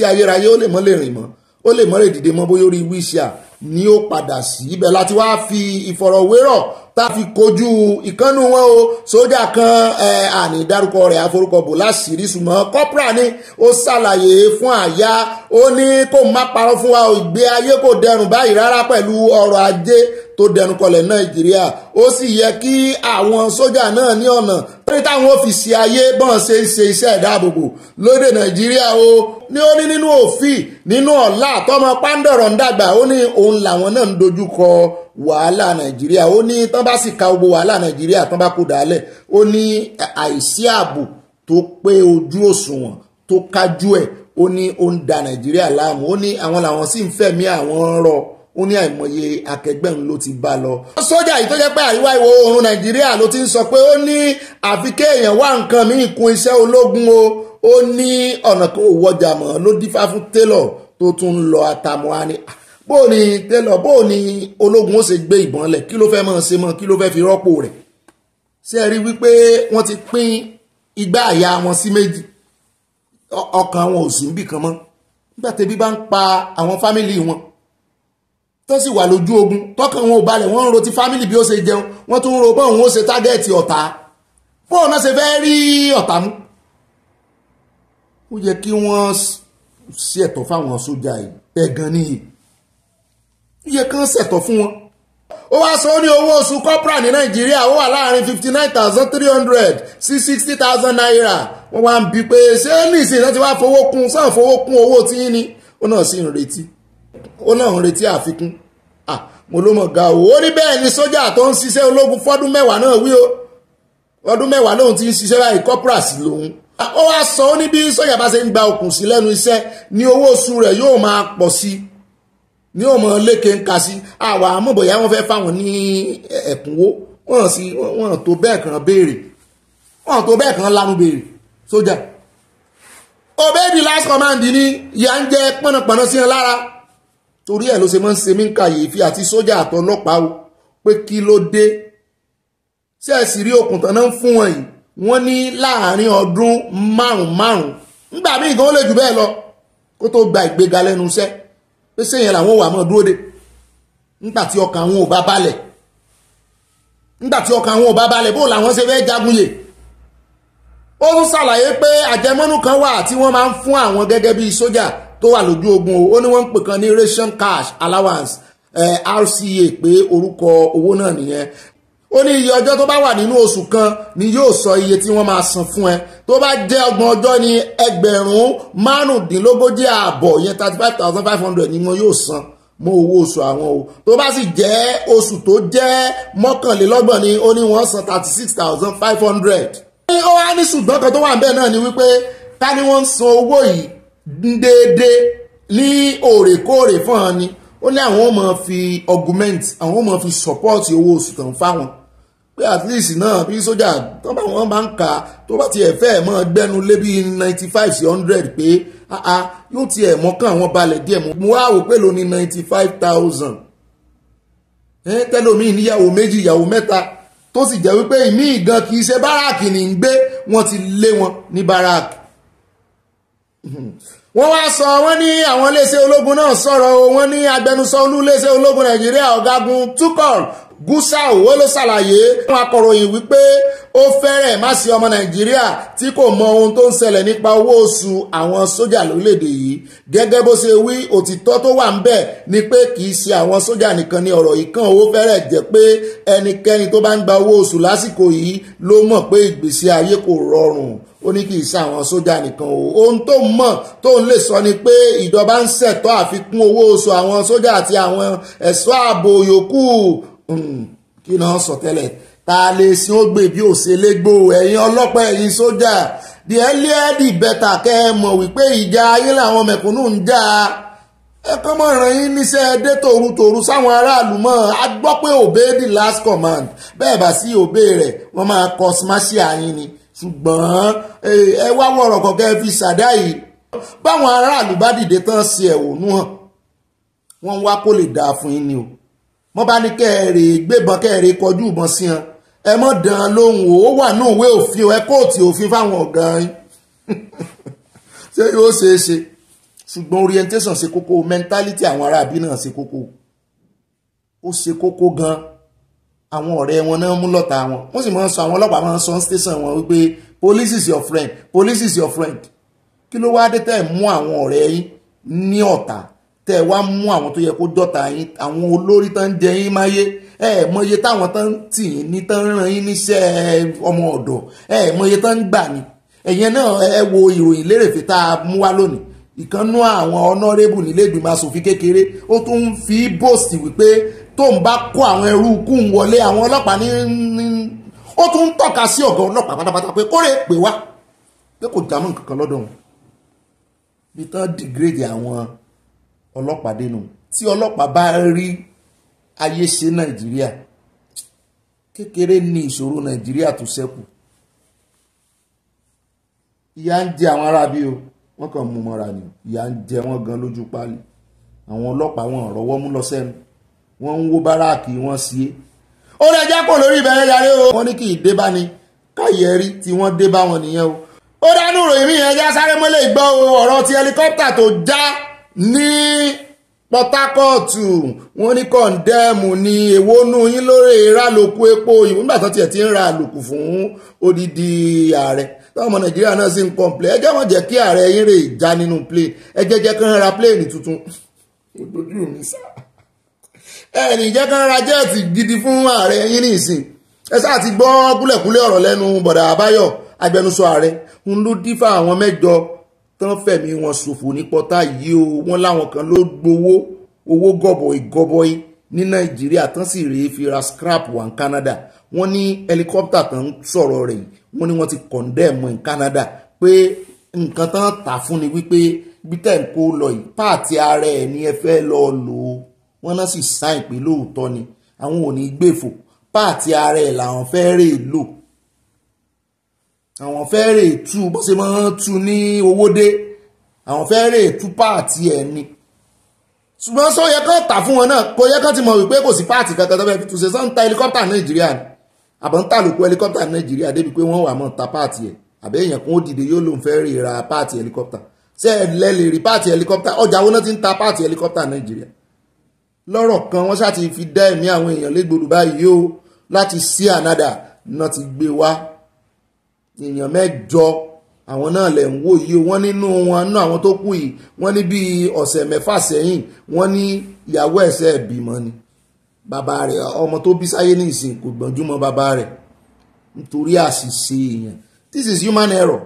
ayérayé ó lè mọ́ lè rìn mọ́ ó lè mọ́rẹ̀ ìdìde mọ́ bóyá orí wíṣíà ni ó padà sí ibẹ̀ láti wá fi ìfọ̀rọ̀wérọ̀ tá a fi kojú ìkànnù wọn o sójà kan àní dárúkọ rẹ̀ àforúkọbò láṣìírí ṣùgbọ́n kọ́pra ni ó ṣàlàyé fún àyà ó ní kó má parọ́ fún wa ìgbé ayé kò dẹrùn báyìí rárá pẹ̀lú ọrọ̀ ajé tó dẹnukọlẹ̀ nàìjíríà ó sì yẹ kí àwọn sójà náà ní ọ̀nà torí táwọn òfìsì ayé bọ́n ṣe ń ṣe iṣẹ́ ìdáàbòbò lóde nàìjíríà o ní ó ní nínú òfin nínú ọ̀la àtọmọ pándọ̀rọ̀ ń dàgbà ó ní òun làwọn náà ń dojúkọ wàhálà nàìjíríà ó ní tán bá sì ka gbogbo wàhálà nàìjíríà tán bá kó dàálẹ̀ ó ní àìsí ààbò tó pé ojú òṣùwọ̀n tó kájú ẹ̀ ó ní ó ń da nàìjíríà láàmú ó ní àwọn làwọn sì ń fẹ̀mí àwọn rọ̀ ó ní àìmọye akẹgbẹ́ òun ló ti bá lọ. sójà yìí tó jẹ́ pé àríwá ìwọ̀ oòrùn nàìjíríà ló ti ń sọ pé ó ní àfi kéèyàn wá nǹkan míì kún iṣẹ́ ológun o ó ní ọ̀nà kan ò wọjà mọ́ ló dífá fún télọ̀ tó tún ń lọ àtàmọ́ á ní. Ah, bó o ní bó o ológun ó ṣe gbé ìbọn lẹ̀ kí ló fẹ́ mọ̀ ṣe mọ́ kí ló fẹ́ fi rọ́pò rẹ̀. ṣé ẹ rí i wípé wọ́n ti pín igbá àyà wọn sí méjì ọkàn wọn ò sí níbì kan mọ́ nígbà tẹ́bí bá ń pa àwọn fámìlì wọn tó sì wà lójú ogun tọkàn wọn ò balẹ̀ wọ́n ń ro ti fámìlì bí ó ṣe jẹun wọ́n tún ń ro bọ́ọ̀ wọn ó ṣe tágẹ́ẹ̀tì ọ̀tá bọ́ọ̀ náà ṣe fẹ́ẹ́ rí ọ̀tá mú. ó yẹ kí wọ́n ṣètò fáwọn sójà ẹ̀gàn nìyí ó yẹ kí wọ́n ṣètò fún wọn ó wá sọ ní owó oṣù kọ́pra ní nàìjíríà ó wà láàrin fifty nine thousand three hundred sí sixty thousand naira wọ́n wá ń bi pé ṣé nísìnyí láti wá fowó kún sáà fowó kún owó tí ni ó náà sì ń retí ó náà ń retí àfikún mo ló mọ̀ ga o ó ní bẹ́ẹ̀ ni sójà tó ń ṣiṣẹ́ ológun fọ́dún mẹ́wàá náà wí o ọdún mẹ́wàá lòun ti ń ṣiṣẹ́ báyìí corporal sí lòun. ó wá sọ ó ní bí sójà bá ṣe ń gba òkùn sí lẹ́nu iṣẹ́ ni owó oṣù rẹ̀ yóò máa pọ̀ sí ni yóò máa lékè ń ka sí àwa àmúbọ̀yá wọn fẹ́ fáwọn ní ẹ̀kúnwó wọn sì wọn tó bẹ́ẹ̀ kan béèrè wọn tó bẹ́ẹ̀ kan lanu béèrè sójà obedi last command ni ìyá ń jẹ pọ̀nàpọ̀nà sí ẹ lára torí ẹ̀ ló ṣe máa ń ṣe mí ń kàyèéfì àti sójà àtọlọ́pàá o pé kí ló dé ṣé ẹ sì rí okùn tán náà ń fún wọn yìí wọ́n ní láàárín ọdún márùn-ún márùn-ún nígbà míì gan ó lè jù bẹ́ẹ̀ lọ kó tó gba ìgbéga lẹ́nu iṣẹ́ pé sẹ́yìn làwọn wà mọ́ dúró de nígbà tí ọkàn àwọn ò bá balẹ̀ nígbà tí ọkàn àwọn ò bá balẹ̀ bó làwọn ṣe fẹ́ jagun yè ó tún ṣàlàyé pé àjẹmọ́nú kan wà tí wọ́n máa ń fún àwọn gẹ́gẹ́ bíi sójà tó wà lójú ogun o ó ní wọ́n ń pè kan ní ration cash allowance eh, RCA pé orúkọ owó náà nìyẹn ó ní iye ọjọ́ tó bá wà nínú oṣù kan ni yóò sọ iye tí wọ́n máa san fún ẹ tó bá jẹ́ ọgbọ̀n ọjọ́ ni ẹgbẹ̀rún márùndínlógójì ààbọ̀ yẹn thirty five thousand five hundred ni wọ́n yóò san mọ́ owó oṣù àwọn o tó bá sì jẹ́ oṣù tó jẹ́ mọ́kànlélọ́gbọ̀n ni ó ní wọ́n san thirty six thousand five hundred. ó wá ní ṣùgbọ́n kan tó wà ń bẹ̀ náà ni wípé ta ni wọ́n ń san owó yìí déédé ní òrèkóòrè fún wọn ni ó ní àwọn ọmọ fi augment àwọn ọmọ fi support owó oṣù tán fáwọn pé at least náà bí sójà tó bá wọn bá ń kà tó bá tiẹ̀ fẹ́ mọ́ gbẹ́nu lé bí ninety five sí hundred pé yóò tiẹ̀ mọ́kàn àwọn balẹ̀ díẹ̀ mo wá wò pé lóní ninety five thousand tẹ́lómi níyàwó méjì ìyàwó mẹ́ta tó sì jẹ́ wípé ìmí ìgan kì í ṣe báràkì ní ń gbé wọ́n ti lé wọn ní báràkì wọ́n wá sọ wọ́n ní àwọn iléeṣẹ́ ológun náà sọ̀rọ̀ o wọ́n ní agbẹnusọ olú iléeṣẹ́ ológun nàìjíríà ọ̀gágun Tukur Gusau ó ló ṣàlàyé fún akọ̀ròyìn wípé ó fẹ́rẹ̀ má sí ọmọ nàìjíríà tí kò mọ ohun tó ń ṣẹlẹ̀ nípa owó oṣù àwọn sójà lórílẹ̀‐èdè yìí gẹ́gẹ́ bó ṣe wí òtítọ́ tó wà ń bẹ̀ ni pé kì í ṣe àwọn sójà nìkan ni ọ̀rọ̀ yìí kàn ó fẹ́rẹ̀ jẹ́ pé ẹnikẹ́ni tó bá ń gba owó oṣù lásìkò yìí ló mọ̀ pé ìgbésí ayé kò rọrùn ó ní kì í ṣe àwọn sójà nìkan o ohun tó ń mọ̀ tó ń lè sọ ni pé ìjọba ń ṣètọ́ àfikún owó oṣù àwọn sójà àti àwọn ẹ̀ṣọ́ ààbò yòókù hmm, kí náà sọ tẹ́lẹ̀ ta lè sin ó gbè bí òṣèlégbò ẹ̀yin ọlọ́pàá ẹ̀yin sójà the earlier the better kẹ́ ẹ mọ̀ wípé ìjà ayé làwọn mẹ̀kúnnù ń jà á ẹ kàn mọ̀ ràn yín níṣẹ́ dé tòrutòru sáwọn aráàlú mọ́ a gbọ́ pé obey the last command bẹ́ẹ̀ bá sí obey rẹ̀ wọ́n máa kọ́ smashy àyín ni ṣùgbọ́n eh, ẹ wá wọ̀rọ̀ kọ̀ọ̀kan fi ṣàdá yìí báwọn aráàlú bá dìde tán sí ẹ̀hónú hàn wọ́n wá kó lè dáa fún yín ni o wọ́n bá ní kẹ́ẹ̀rẹ́ gbébọn kẹ́ẹ̀rẹ́ kọjú ìbọn sí wọn ẹ mọ̀ dán lóhùn ó wà ní òwe òfin ẹ kóòtù òfin fáwọn ọ̀gá yín ṣé yóò ṣeé ṣe ṣùgbọ́n orientation ṣe kókó mentality àwọn aráàbí náà ṣe kókó ó ṣe kókó gan-an àwọn ọ̀rẹ́ wọn náà mú lọ́ta wọn wọ́n sì máa ń sọ àwọn ọlọ́pàá máa ń sọ station wọn wípé police is your friend police is your friend kí ló wá dé tẹ́ ẹ̀ mú àwọn ọ̀rẹ́ yín ní ọ̀tá tẹ́ ẹ wá mú àwọn tó yẹ kó dọ́ta yín àwọn olórí tán ń jẹ yín máyé ẹ ẹ mọye táwọn tán tì yín ní tán ràn yín níṣẹ́ ọmọ ọ̀dọ̀ ẹ ẹ mọye tán ń gbà ní ẹ̀yẹn náà ẹ wo ìròyìn lérèfé tá a mú wá lónìí ìkànnú àwọn ọ̀nàrẹ́bù nílé ìgbìmọ̀ asòfin kékeré ó tún fi bóòsì wípé tó ń bá kó àwọn ẹrú kú ń wọlé àwọn ọlọ́pàá ní ó tún ń tọ́ka sí ọ̀gá ọlọ́pàá pátápátá pé kórè pè wá pé kò jámọ́ nǹkan kan lọ́dọ̀ wọn bí tán dìgírèdì àwọn ọlọ́pàá dénú tí ọlọ́pàá bá rí ayé ṣe nàìjíríà kékeré ní ìṣòro nàìjíríà tó ṣẹ́kù ìyà ń jẹ àwọn aráabí o wọ́n kàn mú mọ́ra ni ìyà ń jẹ wọ́n gan lójú páálí àwọn ọlọ́pàá wọn rọ́wọ́ mú lọ sẹ́nu wọ́n ń wó báráàkì wọ́n sí i ó rẹ jápò lórí ìbẹ̀rẹ̀ yarí o wọ́n ní kí n dé bá ni káyẹ̀rí tí wọ́n dé bá wọn nìyẹn o ó dánú ròyìn mí yẹn já sáré mọ́lẹ̀ ìgbọ́ ọ̀rọ̀ ti hẹlikọ́pítà tó já ní Port Harcourt wọ́n ní kọ̀ǹdẹ́ẹ̀mù ni èwo nù yín lórí ìrálòkù epo ìwé nígbà tó tiẹ̀ ti ń ra àlòkù fún odidi ààrẹ táwọn ọmọ nàìjíríà náà sì ń kọ̀ǹplẹ̀ ẹ jẹ́ wọ́n jẹ́ kí ààrẹ yín rè já nínú plane ẹ jẹ́ jẹ́ kí wọ́n ra plane tuntun ojú mi sáà ẹnì jẹ́ kán ra jẹ́ẹ̀tì gidi fún ààrẹ yín ní ìsìn ẹ sáà ti gbọ́ kúlẹ̀kúlẹ̀ ọ̀rọ̀ lẹ́nu bọ̀dà àbáyọ̀ agbẹnusọ ààrẹ ń ló dífà àwọn mẹ́jọ tán fẹ̀mí wọn ṣòfò ní pọ́tà yìí o wọ́n láwọn kan ló gbowó owó gọbọi gọbọi ní nàìjíríà tán sì rèé fi ra scrap wà ní canada wọ́n ní ẹlikọ́pítà tán ń sọ̀rọ̀ rẹ̀ wọ́n ní wọ́n ti kọ̀ndẹ́ẹ̀mù ní canada pé nǹkan tán tà fún ni wípé bí tẹ̀ ń kó lọ yìí páàtì ara ẹ̀ ni ẹ fẹ́ lọ lò ó wọ́n náà sì sáìn pé lóòótọ́ ni àwọn ò ní gbèfò páàtì ara ẹ̀ làwọn fẹ́ rè lò àwọn fẹ́ rè tú bó ṣe máa ń tú ní owó dé àwọn fẹ́ rè tú páàtì ẹ̀ ni ṣùgbọ́n sọ yẹ kán tà fún wọn náà kò yẹ kán ti mọ̀ wípé kò sí páàtì kankan tó fẹ́ fi túnṣe sọ́n ta helicopter nàìjíríà ni àbọ̀ ń ta lóko helicopter nàìjíríà débi pé wọ́n wà mọ́ ta páàtì ẹ̀ àbẹ́ èèyàn kan ó dìde yóò lòun fẹ́ rí ra páàtì helicopter ṣé ẹ lẹ́ lè páàtì helicopter ọjà wo náà ti ń ta páàtì helicopter nàìjíríà lọ́rọ̀ kan wọ́n ṣáà ti fi dá ẹ̀mí àwọn èèyàn légbodò báyìí o láti sí ànádà náà ti gbé wá èèyàn mẹ́jọ àwọn náà lẹ̀ ń wò yìí wọ́n nínú wọn náà àwọn tó kù yìí wọ́n ní bíi ọ̀sẹ̀ mẹ́fà sẹ́yìn wọ́n ní ìyàwó ẹ̀sẹ̀ bímọ ni bàbá rẹ̀ ọmọ tó bí sáyé ní ìsìn kò gbọ́njú mọ́ bàbá rẹ̀ nítorí àṣìṣe èèyàn this is human error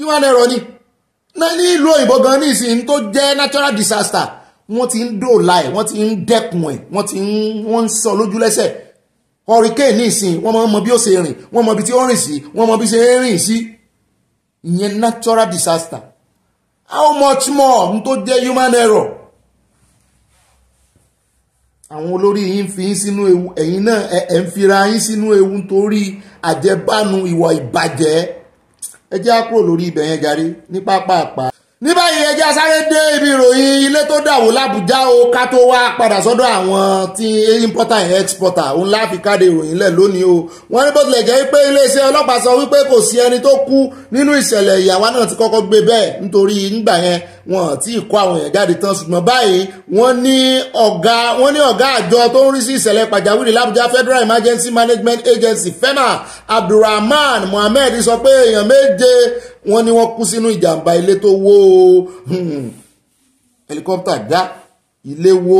human error ni ní ìlú òyìnbó gan ní ìsìn tó jẹ́ natural disaster wọ́n ti ń dòòlà ẹ̀ wọ́n ti ń dẹ́kun ẹ̀ wọ́n ti ń wọ́n ń sọ lójú hurricane ní ìsìn wọ́n máa ń mọ bí ó ṣe rìn wọ́n mọ ibi tí ó rìn sí wọ́n mọ bí ṣe rìn sí ìyẹn natural disaster how much more n tó jẹ́ human error àwọn olórí yìí ń fi yín sínú ewu ẹ̀yin náà ẹ̀ ń fira yín sínú ewu nítorí àjẹbánu ìwà ìbàjẹ́ ẹ jẹ́ á kúrò lórí ibẹ̀ yẹn jàre ní pápá àpá ní báyìí ẹjẹ́ sáré dé ibi ìròyìn ilé tó dàwó làbújá o ká tó wá padà sọ́dọ̀ àwọn ti importer and exporter òun láfi káde ìròyìn lẹ̀ lónìí o wọ́n ní bó tilẹ̀ jẹ́ pé iléeṣẹ́ ọlọ́pàá sọ wípé kò sí ẹni tó kú nínú ìṣẹ̀lẹ̀ ìyàwó náà ti kọ́kọ́ gbé bẹ́ẹ̀ nítorí ńgbà yẹn wọn ò tí ì kó àwọn èèyàn jáde tán ṣùgbọ́n báyìí wọ́n ní ọ̀gá wọ́n ní ọ̀gá àjọ tó ń rí sí ìṣẹ̀lẹ̀ pàjáwìrì l'Abuja Federal Emergency Management Agency FEMA Abdulrahman Mohammed sọ pé èèyàn méje wọ́n ní wọ́n kú sínú ìjàmbá ilé tó wó hmm. helicopter já ilé wó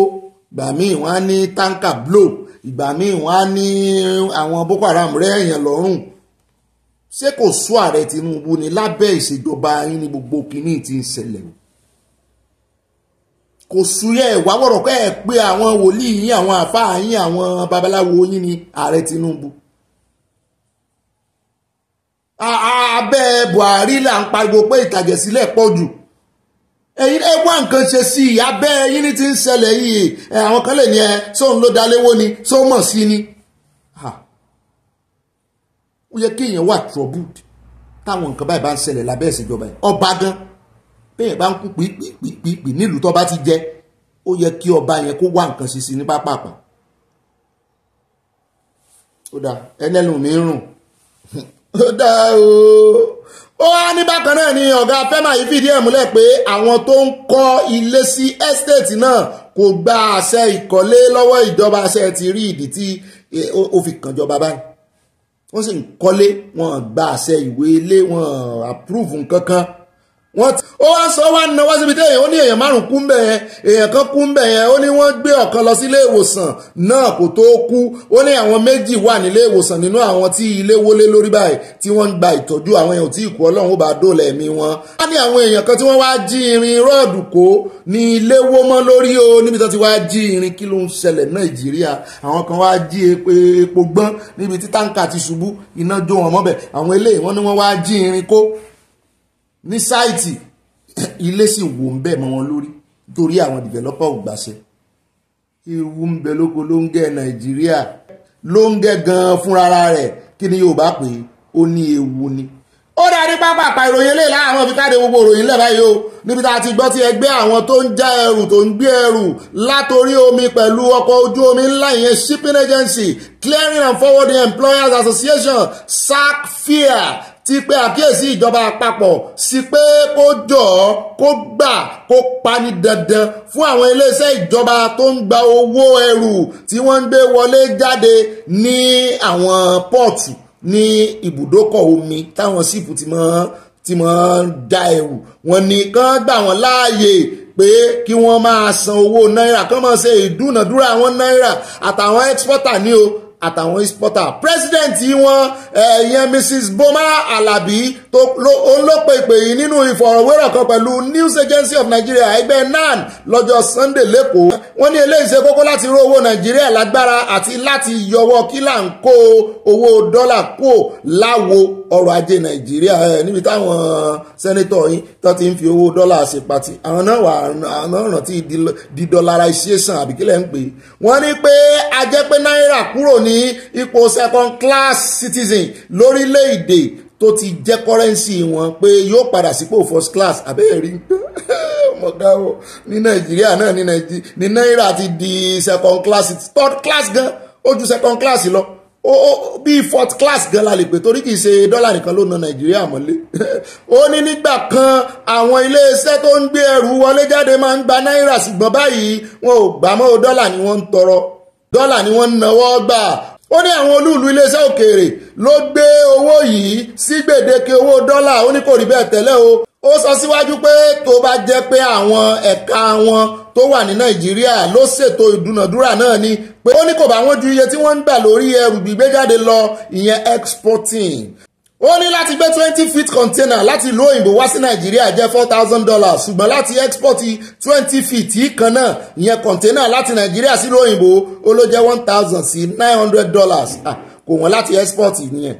gbà míì wọ́n á ní tanker blow ìgbà míì wọ́n á ní àwọn Boko Haram rẹ́ èèyàn lọ́rùn ṣé kò sọ ààrẹ Tinubu ni lábẹ́ ìṣèjọba yín ni gbogbo kìíní ti ń ṣẹlẹ̀ o kò súyẹ ẹwà wọ̀rọ̀ kọ́ ẹ̀ pé àwọn wòlíì yín àwọn àfáà yín àwọn babaláwo yín ni ààrẹ Tinubu abẹ́ Buhari là ń pariwo pé ìtàjẹ̀sílẹ̀ pọ̀ jù ẹ̀yin ẹ wá nǹkan ṣe sí i abẹ́ yín ní ti ń ṣẹlẹ̀ yìí àwọn kan lè ní ẹ sóun ló daléwó ni sóun mọ̀ sí ni ó yẹ kéèyàn wà troubled táwọn nǹkan báyìí bá ń ṣẹlẹ̀ lábẹ́ ìṣèjọba yìí ọba gan-an bẹ́ẹ̀ bá ń kú pìpìpìpì nílùú tó bá ti jẹ ó yẹ kí ọba yẹn kó wá nǹkan ṣe sí ní pápápá ó dáa ẹnẹ́lùm mi rùn ó o ó wá ní bákan náà ni ọ̀gá fẹ́mà yìí fìdí ẹ̀ múlẹ̀ pé àwọn tó ń kọ́ ilé sí ẹ́stéètì náà kò gba àṣẹ ìkọ́lé lọ́wọ́ ìjọba àṣẹ ti rí ìdí tí ó fi kànjọba báyìí wọ́n sì ń kọ́lé wọn gba àṣẹ ìwé ilé wọn àpúrúfù nǹkan kan wọ́n ti ó wá sọ wá náwó síbi tí èèyàn ó ní èèyàn márùn kú mbẹ̀ yẹn èèyàn kan kú mbẹ̀ yẹn ó ní wọ́n gbé ọ̀kan lọ sí ilé ìwòsàn náà kò tó kú ó ní àwọn méjì wà nílé ìwòsàn nínú àwọn tí ilé wọlé lórí báyìí tí wọ́n ń gba ìtọ́jú àwọn èèyàn tí ìkú ọlọ́run ó bá dóòlà ẹ̀mí wọn. wá ní àwọn èèyàn kan tí wọ́n wá jí irin rọ́ọ̀dù kó ní ilé wó mọ́ lórí o níbi tó ti wá jí irin kí ló ń ṣẹlẹ̀ Nàìjíríà àwọn kan wá jí epo gbọ́n níbi tí táǹkà ti ṣubú iná jó wọn mọ́bẹ̀ àwọn eléyìí wọ́n ní wọ́n wá jí irin kó ní sáìtì ilé sì wò ń bẹ̀ mọ́ wọn lórí torí àwọn developer ò gbàṣẹ ewu ń bẹ lóko lóńgẹ́ nàìjíríà lóńgẹ́ gan-an fúnra rẹ̀ kí ni Yorùbá pé ó ní ewu ni ó darí pápápá ìròyìn eléyìí láàárọ̀ fi káde gbogbo ìròyìn lẹ́bàá yìí o níbi tá a ti gbọ́ ti ẹgbẹ́ àwọn tó ń já ẹrù tó ń gbé ẹrù látorí omi pẹ̀lú ọkọ̀ ojú omi ńlá ìyẹn shipping agency clearing and forwarding employers association sac fear ti pé àkíyèsí ìjọba àpapọ̀ sí pé kó jọ̀ọ́ kó gbà kó pani dandan fún àwọn iléeṣẹ́ ìjọba tó ń gba owó ẹrù tí wọ́n ń gbé wọlé jáde ní àwọn pọ́ọ̀tù ní ibùdókọ̀ omi táwọn síìpù ti mọ́ ti mọ́ ń da ẹrù wọn nìkan gbà wọ́n láàyè pé kí wọ́n máa san owó náírà kán máa ṣe ìdúnàdúrà àwọn náírà àtàwọn ẹ́xpọ́tà ní o àtàwọn exporter president wọn ẹ̀yẹn mrs boma alabi olóòpè ìpè yìí nínú ìfọ̀rọ̀wérọ̀ kan pẹ̀lú news agency of nigeria ẹgbẹ́ nan lọ́jọ́ sunday lẹ́kọ̀ọ́ wọ́n ní eléyìí ṣe kókó láti ró owó nàìjíríà lágbára àti láti yọwọ́ kí là ń kó owó dọ́là kó láwo ọrọ̀ ajé nàìjíríà níbi táwọn sẹ́nẹ́tọ̀ yín tó ti ń fi owó dọ́là ṣe pati àwọn náà wà àwọn ọ̀ràn tí di dollarization àbí kílẹ̀ ń pè wọ́n ní pé a pé náírà kúrò ní ipò second class citizen lórílẹ̀‐èdè tó ti jẹ́ kọ́rẹ́ǹsì wọn pé yóò padà sípò first class àbẹ́ẹ̀rí mọ̀gá o ní nàìjíríà náà ní náírà ti di second class third class gan ó ju second class lọ ó bíi fourth class gan la lè pè torí kì í ṣe dọ́là nìkan ló na nàìjíríà mọ́lé ó ní nígbà kan àwọn iléeṣẹ́ tó ń gbé ẹrù wọlé jáde máa ń gba náírà ṣùgbọ́n báyìí wọn ò gbà mọ́ dọ́là ni wọ́n ń tọrọ dọ́là ni wọ́n ń nawọ́ gbà ó ní àwọn olúùlú iléeṣẹ́ òkèèrè ló gbé owó yìí sí gbèdéke owó dọ́là ó ní kò rí bẹ́ẹ̀ tẹ́lẹ̀ o ó sọ síwájú pé tó bá jẹ́ pé àwọn ẹ̀ka wọn tó wà ní nàìjíríà ló ṣètò ìdúnàdúrà náà ni pé ó ní kò bá wọn ju iye tí wọ́n ń gbà lórí ẹrù gbígbé jáde lọ ìyẹn exporting ó ní láti gbé twenty feet container láti ìlú òyìnbó wá sí nàìjíríà jẹ́ four thousand dollars ṣùgbọ́n láti export twenty feet yìí kan náà ìyẹn container láti nàìjíríà sí ìlú òyìnbó ó ló jẹ́ one thousand sí nine hundred dollars kò wọ́n láti export nìyẹn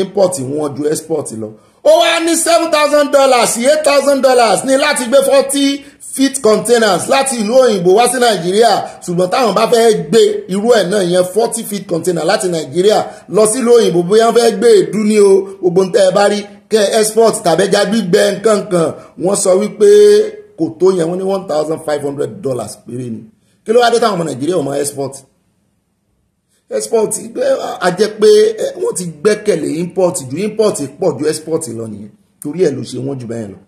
import wọ́n ju export lọ ó wá ní seven thousand dollars eight thousand dollars ní láti gbé forty feet containers láti ìlú òyìnbó wá sí nàìjíríà ṣùgbọ́n táwọn bá fẹ́ gbé irú ẹ̀ náà yẹn forty feet container láti nàìjíríà lọ sílùú òyìnbó bóyá wọ́n fẹ́ gbé èédú ní o gbogbo ń tẹ́ ẹ bá rí kẹ́ export tàbẹ́já gbígbẹ nǹkankan wọ́n sọ wípé kò tó yẹn wọ́n ní one thousand five hundred dollars péré ni kí ló wá dé táwọn ọmọ nàìjíríà ò mọ export export ajẹ́ pé wọ́n ti gbẹ́kẹ̀lé import ju import pọ̀ ju export lọ nìyẹn torí ẹ̀ ló ṣe wọ́n jù bẹ́ẹ̀ lọ.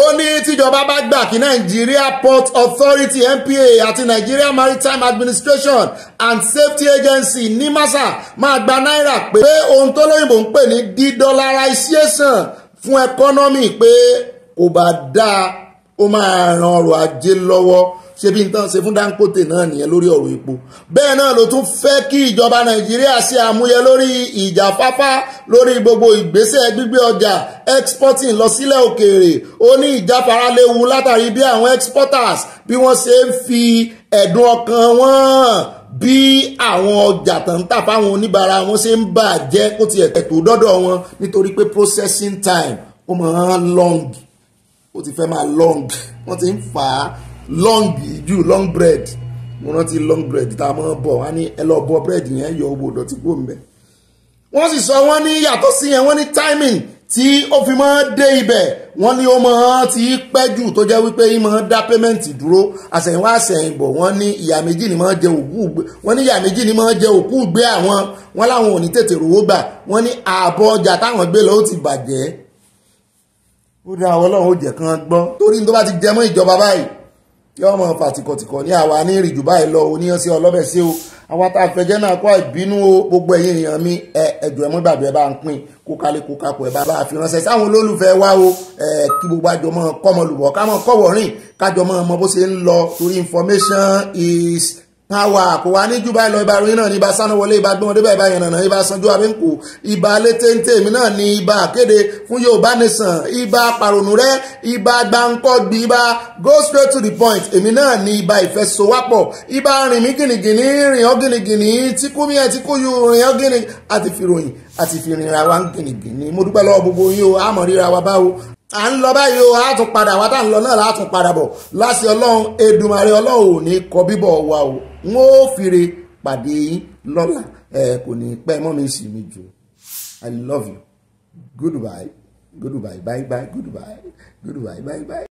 ó ní tíjọba bá gbà kí Nigeria Port Authority NPA àti Nigeria Maritime Administration and Safety Agency NIMASA máa gba náírà pé ohun tó lóyìnbó ń pè ní de-dollarization fún economy pé kò bá dáa ó máa ran ọrọ̀ ajé lọ́wọ́ ṣe bí n tán ṣe fún Dangote náà nìyẹn lórí ọ̀rọ̀ epo bẹ́ẹ̀ náà ló tún fẹ́ kí ìjọba Nàìjíríà ṣe àmúyẹ lórí ìjàfáfá lórí gbogbo ìgbésẹ̀ gbígbé ọjà exporting lọ sílẹ̀ òkèèrè ó ní ìjáfara léwu látàrí bí àwọn exporters bí wọ́n ṣe ń fi ẹ̀dùn ọkàn wọn bí àwọn ọjà tó ń tà fáwọn oníbàárà wọn ṣe ń bàjẹ́ kó tiẹ̀ tó dọ́dọ̀ wọn nítorí pé processing time ó máa ń long ó ti fẹ́ máa long wọ́n ti ń fà á long ju long bread mo rántí long bread tá a mọ̀ bọ̀ wá ní ẹ lọ bọ bread yẹn yọ owó dọ̀tí kúrò ńbẹ̀ wọ́n sì sọ wọ́n ní yàtọ̀ sí yẹn wọ́n ní timing tí ó fi máa dé ibẹ̀ wọ́n ní ó máa ti pẹ́ jù tó jẹ́ wípé yín máa dá payment dúró àsẹ̀yìnwá àsẹ̀yìnbọ̀ wọ́n ní ìyà méjì ni máa jẹ òkú gbé wọ́n ní ìyà méjì ni máa jẹ òkú gbé àwọn wọ́n láwọn ò ní tètè rówó gbà wọ́n ní ààbọ̀ ọjà táwọn gbé lọ ó ti bàjẹ́ ó dá àwọn ọlọ́run ó jẹ̀ kan gbọ́ torí ní tó bá ti jẹ mọ́ ìjọba báyìí yóò mọ̀ fà tìkọ̀tìkọ̀ ní àwa ní ìrìjù báyìí lọ oníyàn sí ọlọ́bẹ̀ sí o àwa tá a fẹjẹ́ náà kọ́ ìbínú o gbogbo ẹ̀yin èèyàn mi ẹ ẹ̀jọ̀ ẹ̀mú ìgbàgbé ẹ bá ń pín kó kalẹ̀ kó kakọ̀ ẹ bá bá a fi ránṣẹ́ sáwọn olólùfẹ́ wa o ẹ kí gbogbo àjọ mọ̀ kọ́mọlùbọ̀ ká mọ̀ kọ́wọ̀rìn kájọ mọ̀ ọmọ bó ṣe ń lọ torí information is àwa kò wá ní júbà ìlọ ìbá ròyìn náà ní ibà sánáwọlé Iba gbọ́n débà ìbá yànnànà ibà sanjú abẹ́ǹkù ibà létéńté èmi náà ní ibà akéde fún yorùbá nation ibà pàrònú rẹ ibà gbàǹkọ́gbì ibà go straight to the point Iba náà ní ibà ìfẹsowápọ̀ ibà rìn mí gìnìgìnì rìn ọ́ gìnìgìnì tí kú mi ẹ̀ tí kú yu rìn ọ́ gìnìgìnì àti fi ròyìn àti fi rìnra wa gìnìgìnì mo dúpẹ́ lọ́wọ́ gbogbo yín o àmọ̀ ríra wa báwo à ń lọ báyìí o a tún tá à ń lọ náà láà bọ̀ láti ọlọ́run Èdùmàrè ọlọ́run ò ní kọ bíbọ̀ wa o n ó fìrè pàdé yín lọ́la ẹ kò ní pẹ́ mọ́ mi sì mi jù I love you goodbye goodbye bye bye goodbye goodbye bye bye.